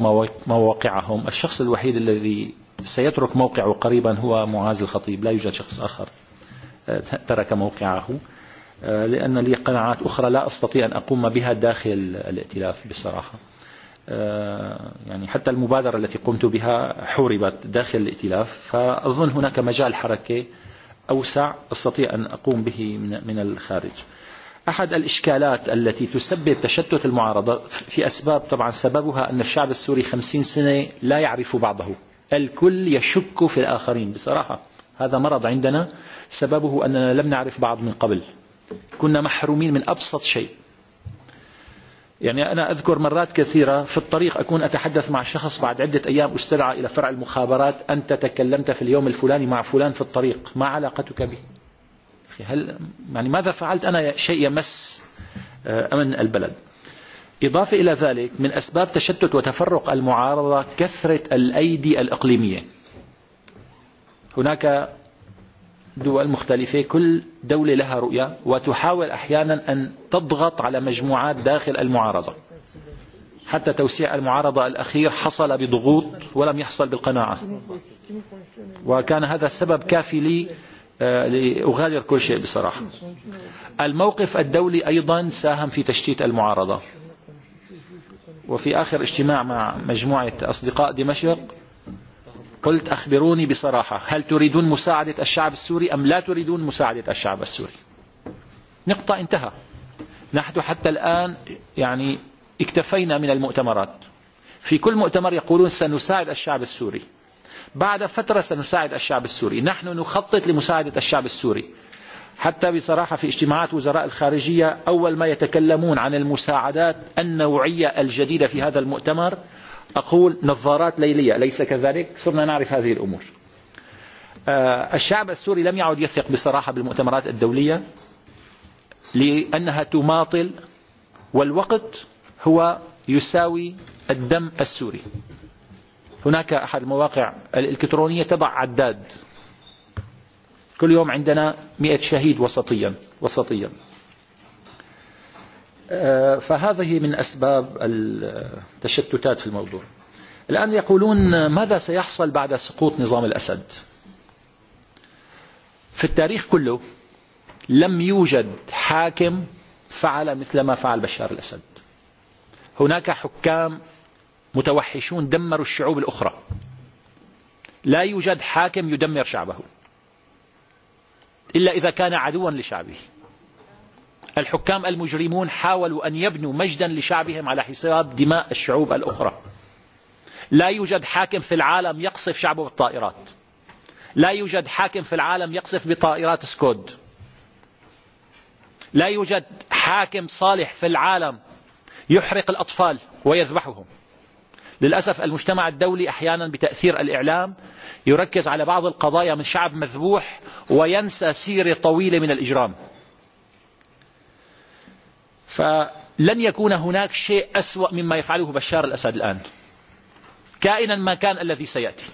مواقعهم الشخص الوحيد الذي سيترك موقعه قريبا هو معاذ الخطيب لا يوجد شخص آخر ترك موقعه لأن لي قناعات أخرى لا أستطيع أن أقوم بها داخل الائتلاف بصراحة يعني حتى المبادرة التي قمت بها حوربت داخل الائتلاف فأظن هناك مجال حركة أوسع أستطيع أن أقوم به من الخارج أحد الإشكالات التي تسبب تشتت المعارضة في أسباب طبعا سببها أن الشعب السوري خمسين سنة لا يعرف بعضه الكل يشك في الآخرين بصراحة هذا مرض عندنا سببه أننا لم نعرف بعض من قبل كنا محرومين من أبسط شيء يعني أنا أذكر مرات كثيرة في الطريق أكون أتحدث مع شخص بعد عدة أيام استدعى إلى فرع المخابرات أنت تكلمت في اليوم الفلاني مع فلان في الطريق ما علاقتك به هل يعني ماذا فعلت أنا شيء يمس أمن البلد إضافة إلى ذلك من أسباب تشتت وتفرق المعارضة كثرة الأيدي الإقليمية هناك دول مختلفة كل دولة لها رؤية وتحاول أحيانا أن تضغط على مجموعات داخل المعارضة حتى توسيع المعارضة الأخير حصل بضغوط ولم يحصل بالقناعة وكان هذا سبب كافي لي لأغادر كل شيء بصراحة الموقف الدولي أيضا ساهم في تشتيت المعارضة وفي آخر اجتماع مع مجموعة أصدقاء دمشق قلت أخبروني بصراحة هل تريدون مساعدة الشعب السوري أم لا تريدون مساعدة الشعب السوري نقطة انتهى نحن حتى الآن يعني اكتفينا من المؤتمرات في كل مؤتمر يقولون سنساعد الشعب السوري بعد فترة سنساعد الشعب السوري نحن نخطط لمساعدة الشعب السوري حتى بصراحة في اجتماعات وزراء الخارجية أول ما يتكلمون عن المساعدات النوعية الجديدة في هذا المؤتمر أقول نظارات ليلية ليس كذلك صرنا نعرف هذه الأمور الشعب السوري لم يعد يثق بصراحة بالمؤتمرات الدولية لأنها تماطل والوقت هو يساوي الدم السوري هناك أحد المواقع الإلكترونية تضع عداد كل يوم عندنا مئة شهيد وسطيا وسطيا فهذه من أسباب التشتتات في الموضوع الآن يقولون ماذا سيحصل بعد سقوط نظام الأسد في التاريخ كله لم يوجد حاكم فعل مثل ما فعل بشار الأسد هناك حكام متوحشون دمروا الشعوب الأخرى لا يوجد حاكم يدمر شعبه إلا إذا كان عدوا لشعبه الحكام المجرمون حاولوا أن يبنوا مجدا لشعبهم على حساب دماء الشعوب الأخرى لا يوجد حاكم في العالم يقصف شعبه بالطائرات لا يوجد حاكم في العالم يقصف بطائرات سكود لا يوجد حاكم صالح في العالم يحرق الأطفال ويذبحهم للاسف المجتمع الدولي احيانا بتاثير الاعلام يركز على بعض القضايا من شعب مذبوح وينسى سيره طويله من الاجرام فلن يكون هناك شيء اسوا مما يفعله بشار الاسد الان كائنا ما كان الذي سياتي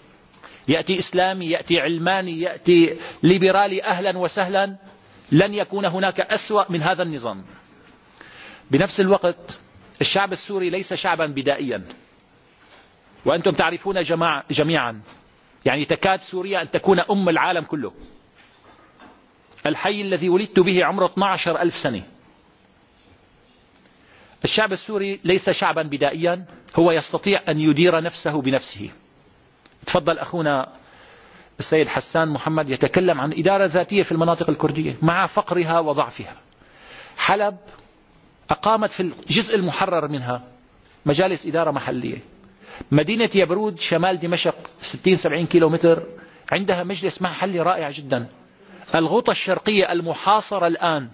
ياتي اسلامي ياتي علماني ياتي ليبرالي اهلا وسهلا لن يكون هناك اسوا من هذا النظام بنفس الوقت الشعب السوري ليس شعبا بدائيا وانتم تعرفون جميعا يعني تكاد سوريا ان تكون ام العالم كله الحي الذي ولدت به عمره 12 ألف سنه الشعب السوري ليس شعبا بدائيا هو يستطيع ان يدير نفسه بنفسه تفضل اخونا السيد حسان محمد يتكلم عن اداره ذاتيه في المناطق الكرديه مع فقرها وضعفها حلب اقامت في الجزء المحرر منها مجالس اداره محليه مدينة يبرود شمال دمشق 60-70 كيلو متر عندها مجلس محلي رائع جدا الغوطة الشرقية المحاصرة الآن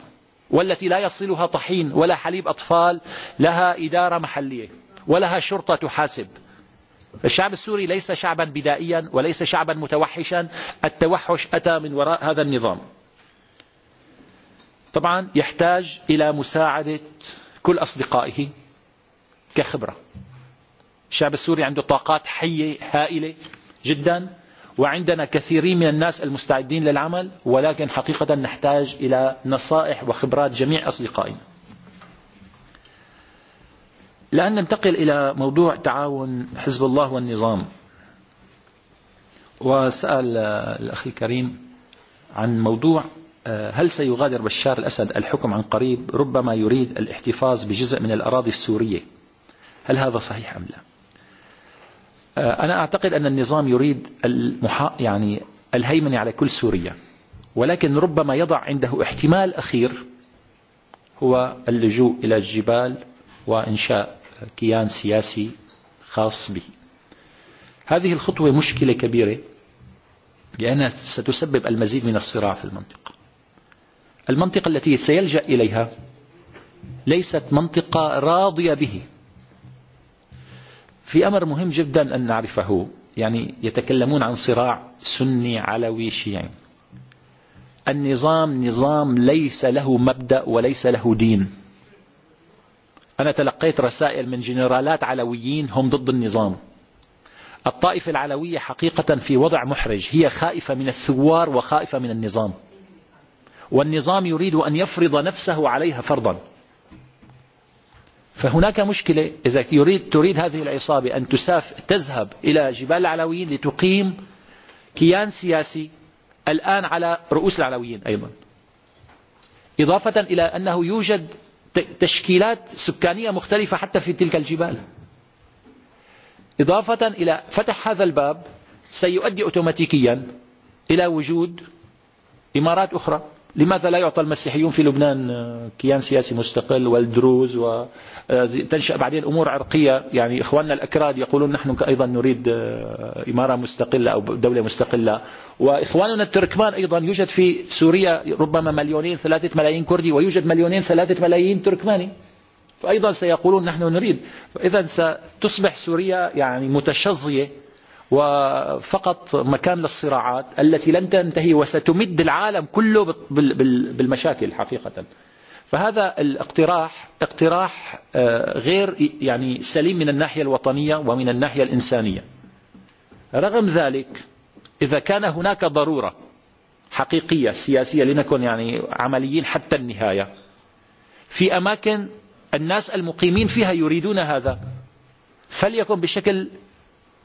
والتي لا يصلها طحين ولا حليب أطفال لها إدارة محلية ولها شرطة تحاسب الشعب السوري ليس شعبا بدائيا وليس شعبا متوحشا التوحش أتى من وراء هذا النظام طبعا يحتاج إلى مساعدة كل أصدقائه كخبرة الشعب السوري عنده طاقات حية هائلة جدا وعندنا كثيرين من الناس المستعدين للعمل ولكن حقيقة نحتاج إلى نصائح وخبرات جميع أصدقائنا لأن ننتقل إلى موضوع تعاون حزب الله والنظام وسأل الأخ الكريم عن موضوع هل سيغادر بشار الأسد الحكم عن قريب ربما يريد الاحتفاظ بجزء من الأراضي السورية هل هذا صحيح أم لا؟ أنا أعتقد أن النظام يريد المحا... يعني الهيمنة على كل سوريا ولكن ربما يضع عنده احتمال أخير هو اللجوء إلى الجبال وإنشاء كيان سياسي خاص به هذه الخطوة مشكلة كبيرة لأنها ستسبب المزيد من الصراع في المنطقة المنطقة التي سيلجأ إليها ليست منطقة راضية به في أمر مهم جدا أن نعرفه يعني يتكلمون عن صراع سني علوي شيعي النظام نظام ليس له مبدأ وليس له دين أنا تلقيت رسائل من جنرالات علويين هم ضد النظام الطائفة العلوية حقيقة في وضع محرج هي خائفة من الثوار وخائفة من النظام والنظام يريد أن يفرض نفسه عليها فرضا فهناك مشكلة إذا يريد تريد هذه العصابة أن تساف تذهب إلى جبال العلويين لتقيم كيان سياسي الآن على رؤوس العلويين أيضا إضافة إلى أنه يوجد تشكيلات سكانية مختلفة حتى في تلك الجبال إضافة إلى فتح هذا الباب سيؤدي أوتوماتيكيا إلى وجود إمارات أخرى لماذا لا يعطى المسيحيون في لبنان كيان سياسي مستقل والدروز وتنشأ بعدين أمور عرقية يعني إخواننا الأكراد يقولون نحن أيضا نريد إمارة مستقلة أو دولة مستقلة وإخواننا التركمان أيضا يوجد في سوريا ربما مليونين ثلاثة ملايين كردي ويوجد مليونين ثلاثة ملايين تركماني فأيضا سيقولون نحن نريد فإذا ستصبح سوريا يعني متشظية وفقط مكان للصراعات التي لن تنتهي وستمد العالم كله بالمشاكل حقيقة فهذا الاقتراح اقتراح غير يعني سليم من الناحية الوطنية ومن الناحية الإنسانية رغم ذلك إذا كان هناك ضرورة حقيقية سياسية لنكون يعني عمليين حتى النهاية في أماكن الناس المقيمين فيها يريدون هذا فليكن بشكل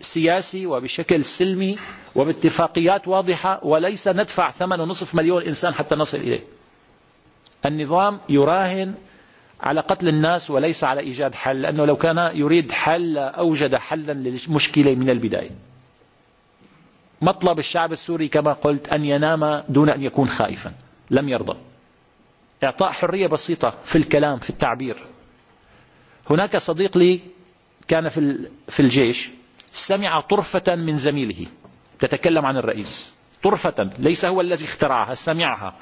سياسي وبشكل سلمي وباتفاقيات واضحة وليس ندفع ثمن ونصف مليون إنسان حتى نصل إليه النظام يراهن على قتل الناس وليس على إيجاد حل لأنه لو كان يريد حل أوجد حلا للمشكلة من البداية مطلب الشعب السوري كما قلت أن ينام دون أن يكون خائفا لم يرضى إعطاء حرية بسيطة في الكلام في التعبير هناك صديق لي كان في الجيش سمع طرفة من زميله تتكلم عن الرئيس طرفة ليس هو الذي اخترعها سمعها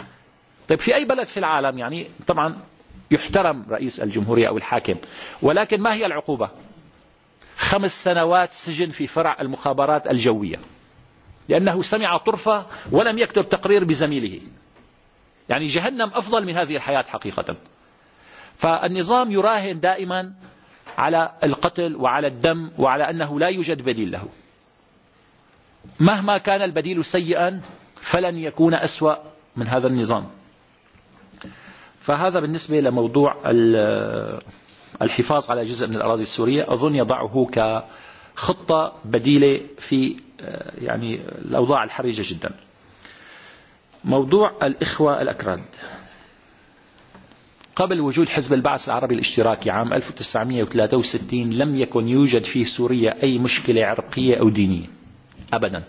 طيب في أي بلد في العالم يعني طبعا يحترم رئيس الجمهورية أو الحاكم ولكن ما هي العقوبة خمس سنوات سجن في فرع المخابرات الجوية لأنه سمع طرفة ولم يكتب تقرير بزميله يعني جهنم أفضل من هذه الحياة حقيقة فالنظام يراهن دائما على القتل وعلى الدم وعلى أنه لا يوجد بديل له مهما كان البديل سيئا فلن يكون أسوأ من هذا النظام فهذا بالنسبة لموضوع الحفاظ على جزء من الأراضي السورية أظن يضعه كخطة بديلة في يعني الأوضاع الحرجة جدا موضوع الإخوة الأكراد قبل وجود حزب البعث العربي الاشتراكي عام 1963 لم يكن يوجد في سوريا أي مشكلة عرقية أو دينية أبدا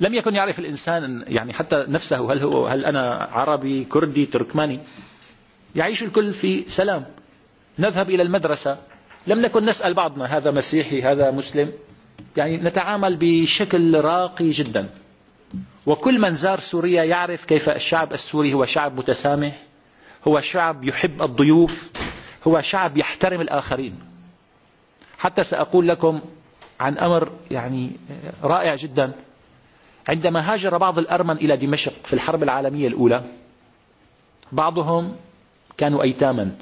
لم يكن يعرف الإنسان يعني حتى نفسه هل, هو هل أنا عربي كردي تركماني يعيش الكل في سلام نذهب إلى المدرسة لم نكن نسأل بعضنا هذا مسيحي هذا مسلم يعني نتعامل بشكل راقي جدا وكل من زار سوريا يعرف كيف الشعب السوري هو شعب متسامح هو شعب يحب الضيوف هو شعب يحترم الآخرين حتى سأقول لكم عن أمر يعني رائع جدا عندما هاجر بعض الأرمن إلى دمشق في الحرب العالمية الأولى بعضهم كانوا أيتاما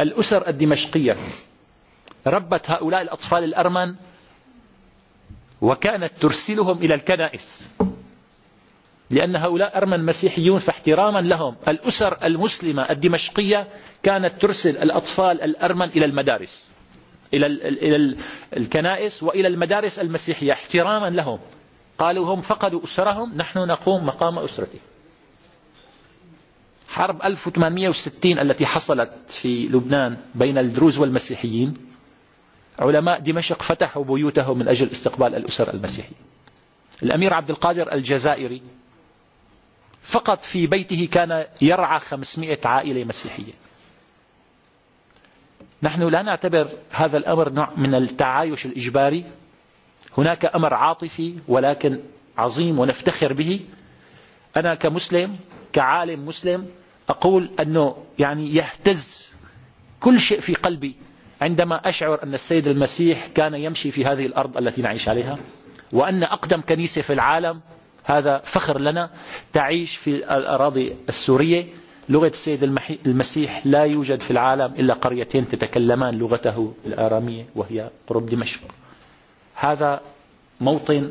الأسر الدمشقية ربت هؤلاء الأطفال الأرمن وكانت ترسلهم إلى الكنائس لأن هؤلاء أرمن مسيحيون فاحتراما لهم الأسر المسلمة الدمشقية كانت ترسل الأطفال الأرمن إلى المدارس إلى, الـ الـ إلى الكنائس وإلى المدارس المسيحية احتراما لهم قالوا هم فقدوا أسرهم نحن نقوم مقام أسرته حرب 1860 التي حصلت في لبنان بين الدروز والمسيحيين علماء دمشق فتحوا بيوتهم من أجل استقبال الأسر المسيحي الأمير عبد القادر الجزائري فقط في بيته كان يرعى خمسمائة عائلة مسيحية نحن لا نعتبر هذا الأمر نوع من التعايش الإجباري هناك أمر عاطفي ولكن عظيم ونفتخر به أنا كمسلم كعالم مسلم أقول أنه يعني يهتز كل شيء في قلبي عندما أشعر أن السيد المسيح كان يمشي في هذه الأرض التي نعيش عليها وأن أقدم كنيسة في العالم هذا فخر لنا تعيش في الأراضي السورية لغة السيد المسيح لا يوجد في العالم إلا قريتين تتكلمان لغته الآرامية وهي قرب دمشق هذا موطن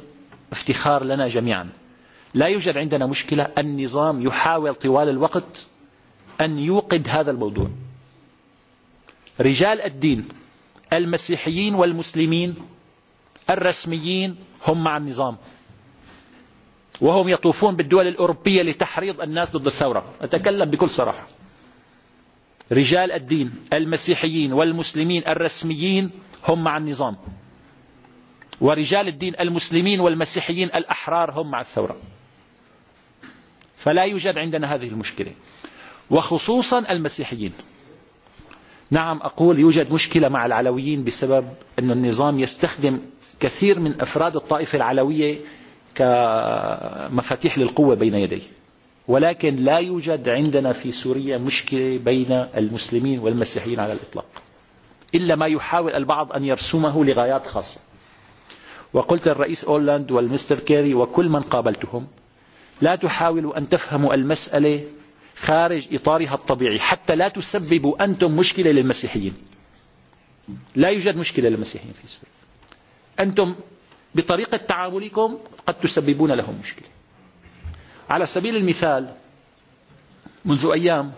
افتخار لنا جميعا لا يوجد عندنا مشكلة النظام يحاول طوال الوقت أن يوقد هذا الموضوع رجال الدين المسيحيين والمسلمين الرسميين هم مع النظام وهم يطوفون بالدول الاوروبيه لتحريض الناس ضد الثوره اتكلم بكل صراحه رجال الدين المسيحيين والمسلمين الرسميين هم مع النظام ورجال الدين المسلمين والمسيحيين الاحرار هم مع الثوره فلا يوجد عندنا هذه المشكله وخصوصا المسيحيين نعم اقول يوجد مشكله مع العلويين بسبب ان النظام يستخدم كثير من افراد الطائفه العلويه كمفاتيح للقوة بين يديه ولكن لا يوجد عندنا في سوريا مشكلة بين المسلمين والمسيحيين على الإطلاق إلا ما يحاول البعض أن يرسمه لغايات خاصة وقلت الرئيس أولاند والمستر كيري وكل من قابلتهم لا تحاولوا أن تفهموا المسألة خارج إطارها الطبيعي حتى لا تسببوا أنتم مشكلة للمسيحيين لا يوجد مشكلة للمسيحيين في سوريا أنتم بطريقة تعاملكم قد تسببون لهم مشكلة على سبيل المثال منذ أيام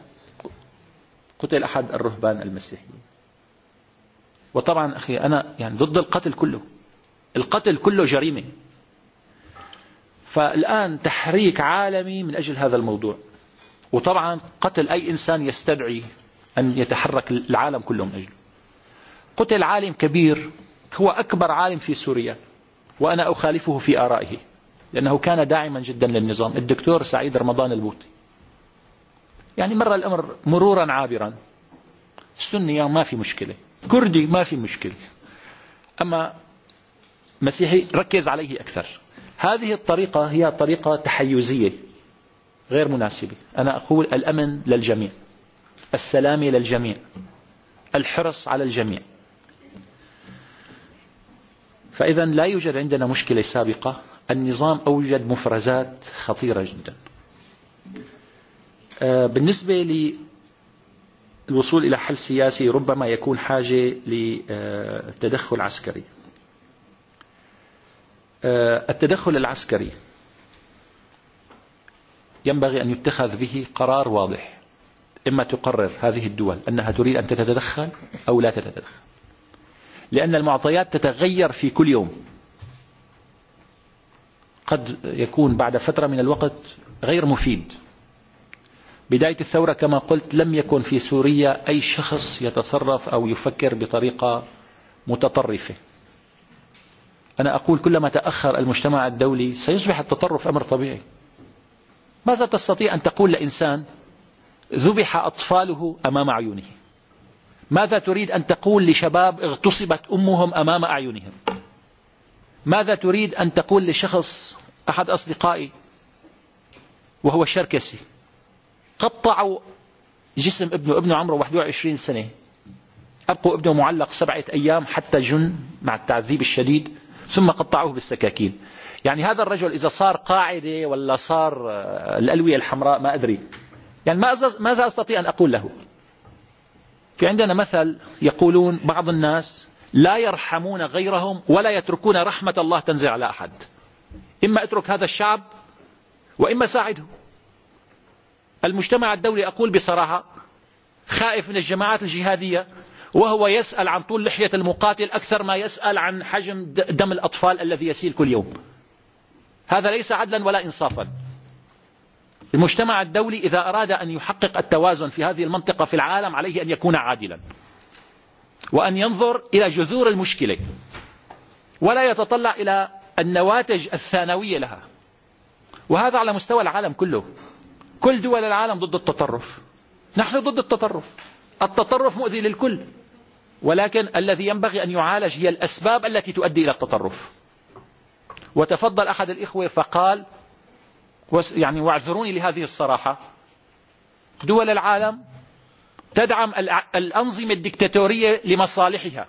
قتل أحد الرهبان المسيحيين وطبعا أخي أنا يعني ضد القتل كله القتل كله جريمة فالآن تحريك عالمي من أجل هذا الموضوع وطبعا قتل أي إنسان يستدعي أن يتحرك العالم كله من أجله قتل عالم كبير هو أكبر عالم في سوريا وأنا أخالفه في آرائه لأنه كان داعما جدا للنظام الدكتور سعيد رمضان البوطي يعني مر الأمر مرورا عابرا سنية ما في مشكلة كردي ما في مشكلة أما مسيحي ركز عليه أكثر هذه الطريقة هي طريقة تحيزية غير مناسبة أنا أقول الأمن للجميع السلام للجميع الحرص على الجميع فإذا لا يوجد عندنا مشكلة سابقة النظام أوجد مفرزات خطيرة جدا بالنسبة للوصول إلى حل سياسي ربما يكون حاجة لتدخل عسكري التدخل العسكري ينبغي أن يتخذ به قرار واضح إما تقرر هذه الدول أنها تريد أن تتدخل أو لا تتدخل لأن المعطيات تتغير في كل يوم قد يكون بعد فترة من الوقت غير مفيد بداية الثورة كما قلت لم يكن في سوريا أي شخص يتصرف أو يفكر بطريقة متطرفة أنا أقول كلما تأخر المجتمع الدولي سيصبح التطرف أمر طبيعي ماذا تستطيع أن تقول لإنسان ذبح أطفاله أمام عيونه ماذا تريد أن تقول لشباب اغتصبت أمهم أمام أعينهم ماذا تريد أن تقول لشخص أحد أصدقائي وهو الشركسي قطعوا جسم ابنه ابنه عمره 21 سنة أبقوا ابنه معلق سبعة أيام حتى جن مع التعذيب الشديد ثم قطعوه بالسكاكين يعني هذا الرجل إذا صار قاعدة ولا صار الألوية الحمراء ما أدري يعني ماذا أستطيع أن أقول له في عندنا مثل يقولون بعض الناس لا يرحمون غيرهم ولا يتركون رحمة الله تنزع على أحد إما اترك هذا الشعب وإما ساعده المجتمع الدولي أقول بصراحة خائف من الجماعات الجهادية وهو يسأل عن طول لحية المقاتل أكثر ما يسأل عن حجم دم الأطفال الذي يسيل كل يوم هذا ليس عدلا ولا إنصافا المجتمع الدولي إذا أراد أن يحقق التوازن في هذه المنطقة في العالم عليه أن يكون عادلا وأن ينظر إلى جذور المشكلة ولا يتطلع إلى النواتج الثانوية لها وهذا على مستوى العالم كله كل دول العالم ضد التطرف نحن ضد التطرف التطرف مؤذي للكل ولكن الذي ينبغي أن يعالج هي الأسباب التي تؤدي إلى التطرف وتفضل أحد الإخوة فقال يعني واعذروني لهذه الصراحة دول العالم تدعم الأنظمة الدكتاتورية لمصالحها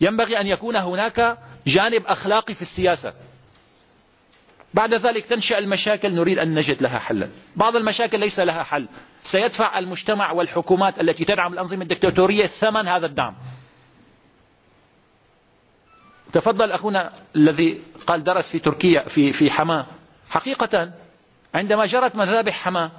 ينبغي أن يكون هناك جانب أخلاقي في السياسة بعد ذلك تنشأ المشاكل نريد أن نجد لها حلا بعض المشاكل ليس لها حل سيدفع المجتمع والحكومات التي تدعم الأنظمة الدكتاتورية ثمن هذا الدعم تفضل أخونا الذي قال درس في تركيا في, في حماه حقيقة عندما جرت مذابح حما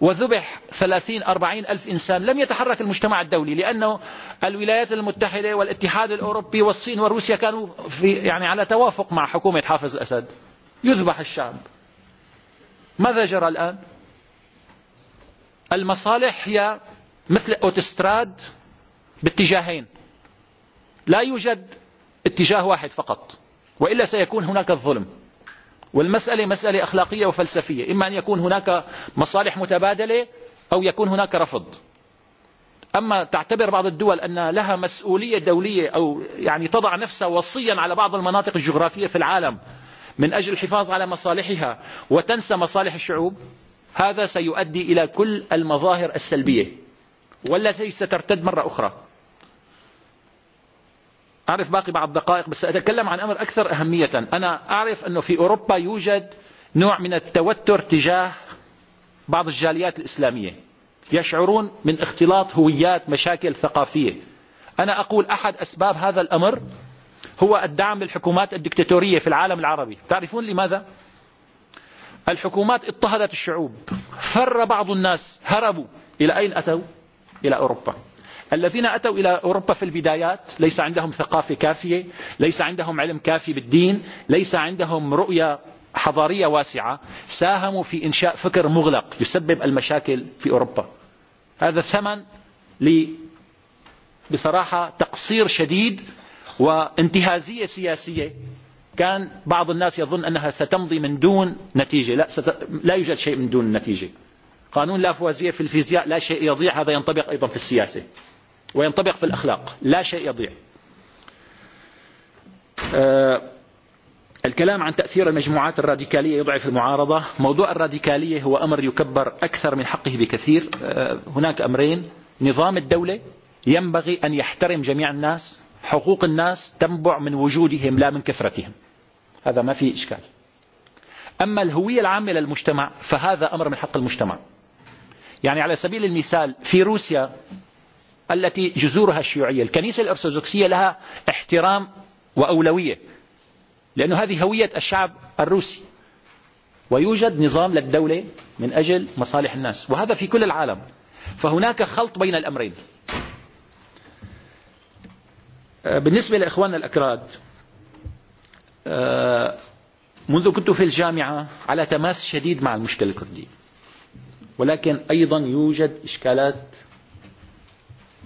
وذبح ثلاثين أربعين ألف إنسان لم يتحرك المجتمع الدولي لأنه الولايات المتحدة والاتحاد الأوروبي والصين والروسيا كانوا في يعني على توافق مع حكومة حافظ الأسد يذبح الشعب ماذا جرى الآن المصالح هي مثل أوتستراد باتجاهين لا يوجد اتجاه واحد فقط وإلا سيكون هناك الظلم والمسألة مسألة أخلاقية وفلسفية إما أن يكون هناك مصالح متبادلة أو يكون هناك رفض أما تعتبر بعض الدول أن لها مسؤولية دولية أو يعني تضع نفسها وصيا على بعض المناطق الجغرافية في العالم من أجل الحفاظ على مصالحها وتنسى مصالح الشعوب هذا سيؤدي إلى كل المظاهر السلبية والتي سترتد مرة أخرى أعرف باقي بعض دقائق بس سأتكلم عن أمر أكثر أهمية أنا أعرف أنه في أوروبا يوجد نوع من التوتر تجاه بعض الجاليات الإسلامية يشعرون من اختلاط هويات مشاكل ثقافية أنا أقول أحد أسباب هذا الأمر هو الدعم للحكومات الدكتاتورية في العالم العربي تعرفون لماذا؟ الحكومات اضطهدت الشعوب فر بعض الناس هربوا إلى أين أتوا؟ إلى أوروبا الذين أتوا إلى أوروبا في البدايات ليس عندهم ثقافة كافية ليس عندهم علم كافي بالدين ليس عندهم رؤية حضارية واسعة ساهموا في إنشاء فكر مغلق يسبب المشاكل في أوروبا هذا الثمن بصراحة تقصير شديد وانتهازية سياسية كان بعض الناس يظن أنها ستمضي من دون نتيجة لا, ست... لا يوجد شيء من دون نتيجة قانون لافوازية في الفيزياء لا شيء يضيع هذا ينطبق أيضا في السياسة وينطبق في الأخلاق لا شيء يضيع الكلام عن تأثير المجموعات الراديكالية يضعف المعارضة موضوع الراديكالية هو أمر يكبر أكثر من حقه بكثير هناك أمرين نظام الدولة ينبغي أن يحترم جميع الناس حقوق الناس تنبع من وجودهم لا من كثرتهم هذا ما فيه إشكال أما الهوية العامة للمجتمع فهذا أمر من حق المجتمع يعني على سبيل المثال في روسيا التي جذورها الشيوعية الكنيسة الأرثوذكسية لها احترام وأولوية لأن هذه هوية الشعب الروسي ويوجد نظام للدولة من أجل مصالح الناس وهذا في كل العالم فهناك خلط بين الأمرين بالنسبة لإخواننا الأكراد منذ كنت في الجامعة على تماس شديد مع المشكلة الكردية ولكن أيضا يوجد إشكالات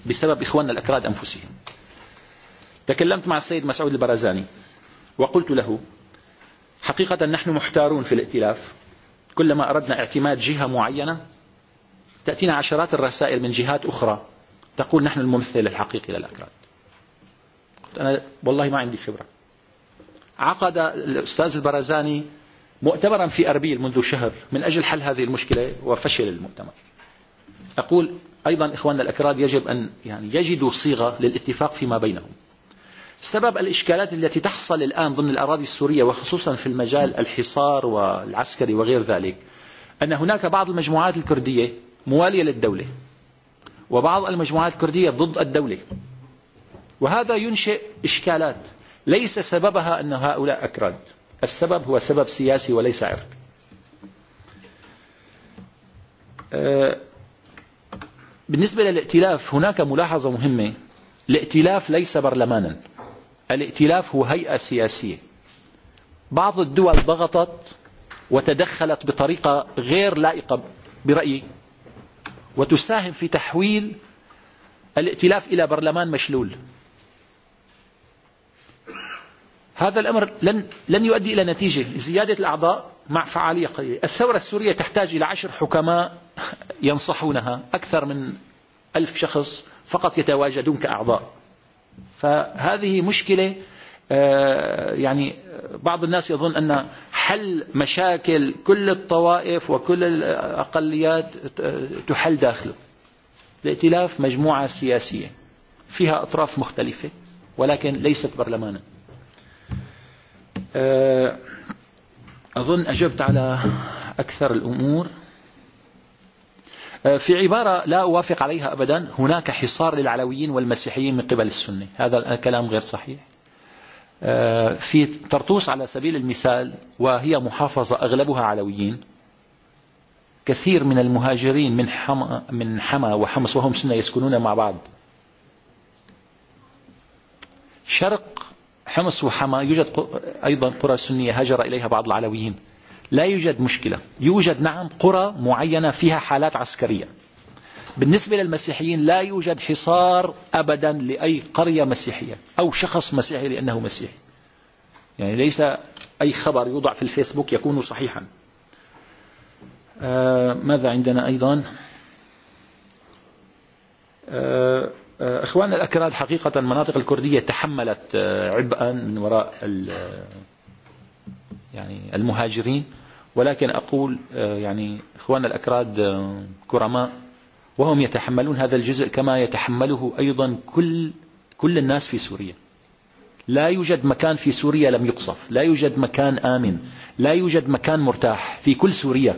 بسبب إخواننا الأكراد أنفسهم تكلمت مع السيد مسعود البرزاني وقلت له حقيقة نحن محتارون في الائتلاف كلما أردنا اعتماد جهة معينة تأتينا عشرات الرسائل من جهات أخرى تقول نحن الممثل الحقيقي للأكراد قلت أنا والله ما عندي خبرة عقد الأستاذ البرزاني مؤتمرا في أربيل منذ شهر من أجل حل هذه المشكلة وفشل المؤتمر أقول أيضا إخواننا الأكراد يجب أن يعني يجدوا صيغة للاتفاق فيما بينهم سبب الإشكالات التي تحصل الآن ضمن الأراضي السورية وخصوصا في المجال الحصار والعسكري وغير ذلك أن هناك بعض المجموعات الكردية موالية للدولة وبعض المجموعات الكردية ضد الدولة وهذا ينشئ إشكالات ليس سببها أن هؤلاء أكراد السبب هو سبب سياسي وليس عرق أه بالنسبة للائتلاف هناك ملاحظة مهمة الائتلاف ليس برلمانا الائتلاف هو هيئة سياسية بعض الدول ضغطت وتدخلت بطريقة غير لائقة برأيي وتساهم في تحويل الائتلاف إلى برلمان مشلول هذا الأمر لن, لن يؤدي إلى نتيجة زيادة الأعضاء مع فعالية قليلة الثورة السورية تحتاج إلى عشر حكماء ينصحونها أكثر من ألف شخص فقط يتواجدون كأعضاء فهذه مشكلة يعني بعض الناس يظن أن حل مشاكل كل الطوائف وكل الأقليات تحل داخله الائتلاف مجموعة سياسية فيها أطراف مختلفة ولكن ليست برلمانا أه أظن أجبت على أكثر الأمور في عبارة لا أوافق عليها أبدا هناك حصار للعلويين والمسيحيين من قبل السنة هذا الكلام غير صحيح في ترطوس على سبيل المثال وهي محافظة أغلبها علويين كثير من المهاجرين من حما, من حما وحمص وهم سنة يسكنون مع بعض شرق حمص وحما يوجد أيضا قرى سنية هاجر إليها بعض العلويين لا يوجد مشكلة يوجد نعم قرى معينة فيها حالات عسكرية بالنسبة للمسيحيين لا يوجد حصار أبدا لأي قرية مسيحية أو شخص مسيحي لأنه مسيحي يعني ليس أي خبر يوضع في الفيسبوك يكون صحيحا ماذا عندنا أيضا آه اخواننا الاكراد حقيقه المناطق الكرديه تحملت عبئا من وراء يعني المهاجرين ولكن اقول يعني اخواننا الاكراد كرماء وهم يتحملون هذا الجزء كما يتحمله ايضا كل كل الناس في سوريا لا يوجد مكان في سوريا لم يقصف لا يوجد مكان امن لا يوجد مكان مرتاح في كل سوريا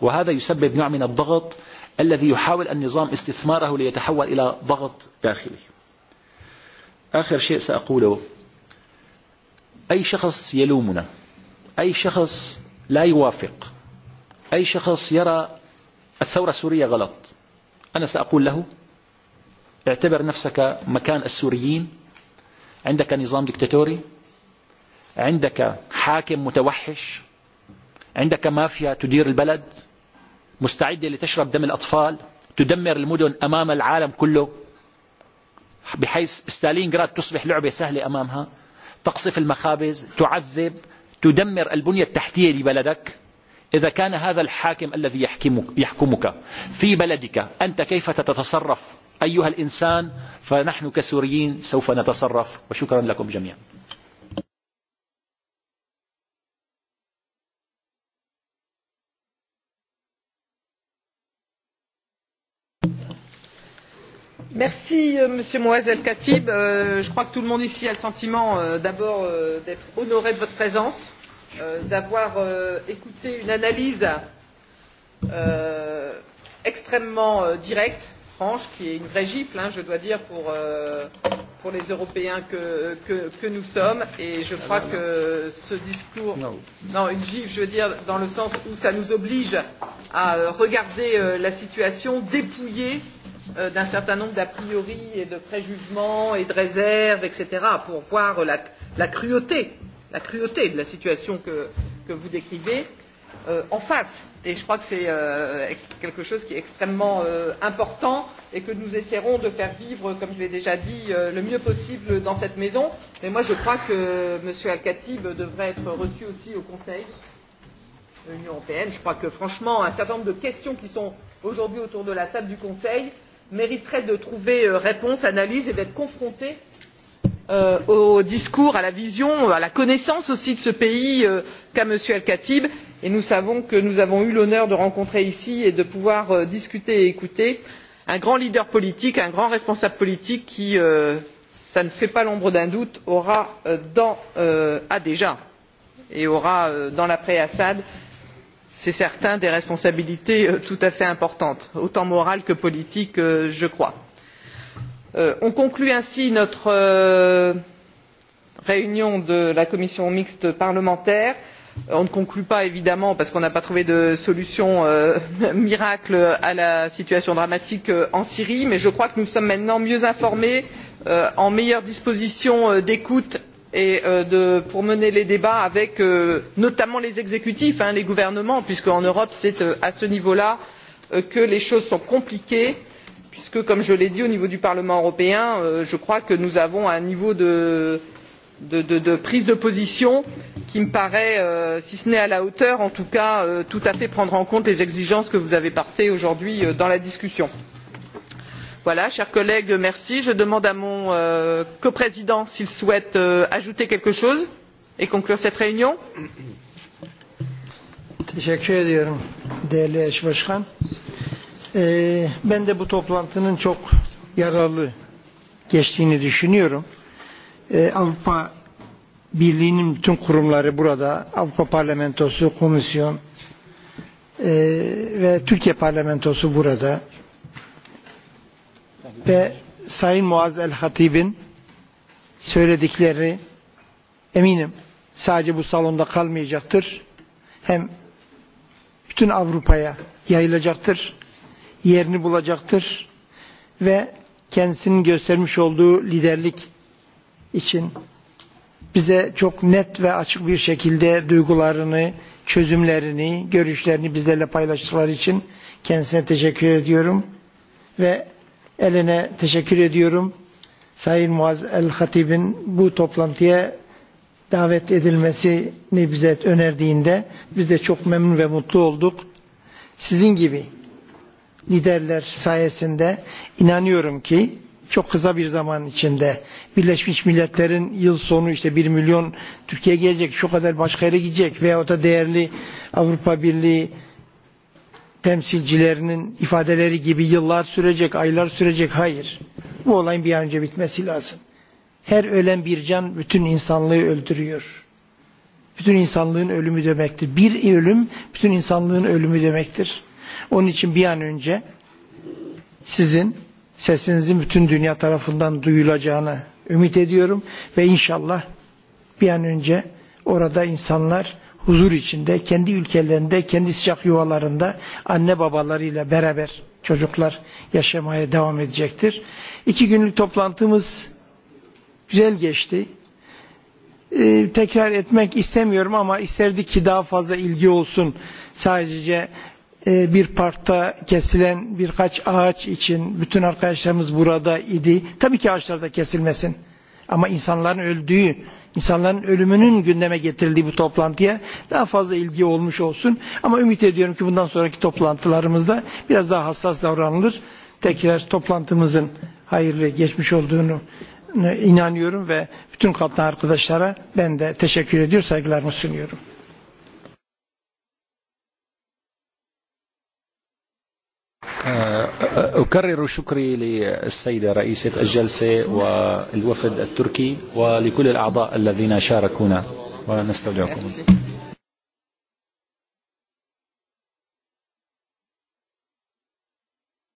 وهذا يسبب نوع من الضغط آه الذي يحاول النظام استثماره ليتحول إلى ضغط داخلي آخر شيء سأقوله أي شخص يلومنا أي شخص لا يوافق أي شخص يرى الثورة السورية غلط أنا سأقول له اعتبر نفسك مكان السوريين عندك نظام دكتاتوري عندك حاكم متوحش عندك مافيا تدير البلد مستعدة لتشرب دم الأطفال تدمر المدن أمام العالم كله بحيث ستالينغراد تصبح لعبة سهلة أمامها تقصف المخابز تعذب تدمر البنية التحتية لبلدك إذا كان هذا الحاكم الذي يحكمك في بلدك أنت كيف تتصرف أيها الإنسان فنحن كسوريين سوف نتصرف وشكرا لكم جميعا Euh, monsieur moraes el khatib euh, je crois que tout le monde ici a le sentiment euh, d'abord d'être honoré de votre présence d'avoir écouté une analyse extrêmement directe franche qui est une vraie gifle je dois dire pour les européens que nous sommes et je crois que ce discours non une gifle je veux dire dans le sens où ça nous oblige à regarder la situation dépouillée Euh, d'un certain nombre d'a priori et de préjugements et de réserves, etc., pour voir la, la cruauté, la cruauté de la situation que, que vous décrivez euh, en face. Et je crois que c'est euh, quelque chose qui est extrêmement euh, important et que nous essaierons de faire vivre, comme je l'ai déjà dit, euh, le mieux possible dans cette maison. Et moi, je crois que M. Al-Khatib devrait être reçu aussi au Conseil de l'Union européenne. Je crois que, franchement, un certain nombre de questions qui sont aujourd'hui autour de la table du Conseil, euh, mériterait de trouver euh, réponse, analyse et d'être confronté euh, au discours, à la vision, à la connaissance aussi de ce pays euh, qu'a M. Al Khatib. Et nous savons que nous avons eu l'honneur de rencontrer ici et de pouvoir euh, discuter et écouter un grand leader politique, un grand responsable politique qui, euh, ça ne fait pas l'ombre d'un doute, aura euh, dans euh, a déjà et aura euh, dans l'après Assad euh, c'est certain des responsabilités euh, tout à fait importantes autant morales que politiques euh, je crois. Euh, on conclut ainsi notre réunion de la commission mixte parlementaire on ne conclut pas évidemment parce qu'on n'a pas trouvé de solution miracle à la situation dramatique en syrie mais je crois que nous sommes maintenant mieux informés en meilleure disposition d'écoute et euh, pour mener les débats avec euh, notamment les exécutifs les gouvernements puisque en europe c'est euh, à ce niveau là que les choses sont compliquées puisque comme je l'ai dit au niveau du parlement européen je crois que nous avons un niveau de prise de position qui me paraît si ce n'est à la hauteur en tout cas tout à fait prendre en compte les exigences que vous avez portées aujourd'hui dans la discussion chers collègues merci je demande à mon euh, coprésident s'il souhaite euh, ajouter quelque chose et conclure cette réunion. Birliğinin tüm kurumları burada, Avrupa Parlamentosu, Komisyon e, ve Türkiye Parlamentosu burada ve Sayın Muaz El Hatib'in söyledikleri eminim sadece bu salonda kalmayacaktır. Hem bütün Avrupa'ya yayılacaktır, yerini bulacaktır ve kendisinin göstermiş olduğu liderlik için bize çok net ve açık bir şekilde duygularını, çözümlerini, görüşlerini bizlerle paylaştıkları için kendisine teşekkür ediyorum. Ve eline teşekkür ediyorum. Sayın Muaz El Hatib'in bu toplantıya davet edilmesini bize önerdiğinde biz de çok memnun ve mutlu olduk. Sizin gibi liderler sayesinde inanıyorum ki çok kısa bir zaman içinde Birleşmiş Milletler'in yıl sonu işte 1 milyon Türkiye gelecek, şu kadar başka yere gidecek veya o da değerli Avrupa Birliği temsilcilerinin ifadeleri gibi yıllar sürecek, aylar sürecek. Hayır. Bu olayın bir an önce bitmesi lazım. Her ölen bir can bütün insanlığı öldürüyor. Bütün insanlığın ölümü demektir. Bir ölüm bütün insanlığın ölümü demektir. Onun için bir an önce sizin sesinizin bütün dünya tarafından duyulacağını ümit ediyorum. Ve inşallah bir an önce orada insanlar huzur içinde kendi ülkelerinde kendi sıcak yuvalarında anne babalarıyla beraber çocuklar yaşamaya devam edecektir. İki günlük toplantımız güzel geçti. Ee, tekrar etmek istemiyorum ama isterdik ki daha fazla ilgi olsun. Sadece e, bir parkta kesilen birkaç ağaç için bütün arkadaşlarımız burada idi. Tabii ki ağaçlar da kesilmesin. Ama insanların öldüğü insanların ölümünün gündeme getirildiği bu toplantıya daha fazla ilgi olmuş olsun. Ama ümit ediyorum ki bundan sonraki toplantılarımızda biraz daha hassas davranılır. Tekrar toplantımızın hayırlı geçmiş olduğunu e, inanıyorum ve bütün katılan arkadaşlara ben de teşekkür ediyor, saygılarımı sunuyorum. أكرر شكري للسيدة رئيسة الجلسة والوفد التركي ولكل الأعضاء الذين شاركونا ونستودعكم. Merci.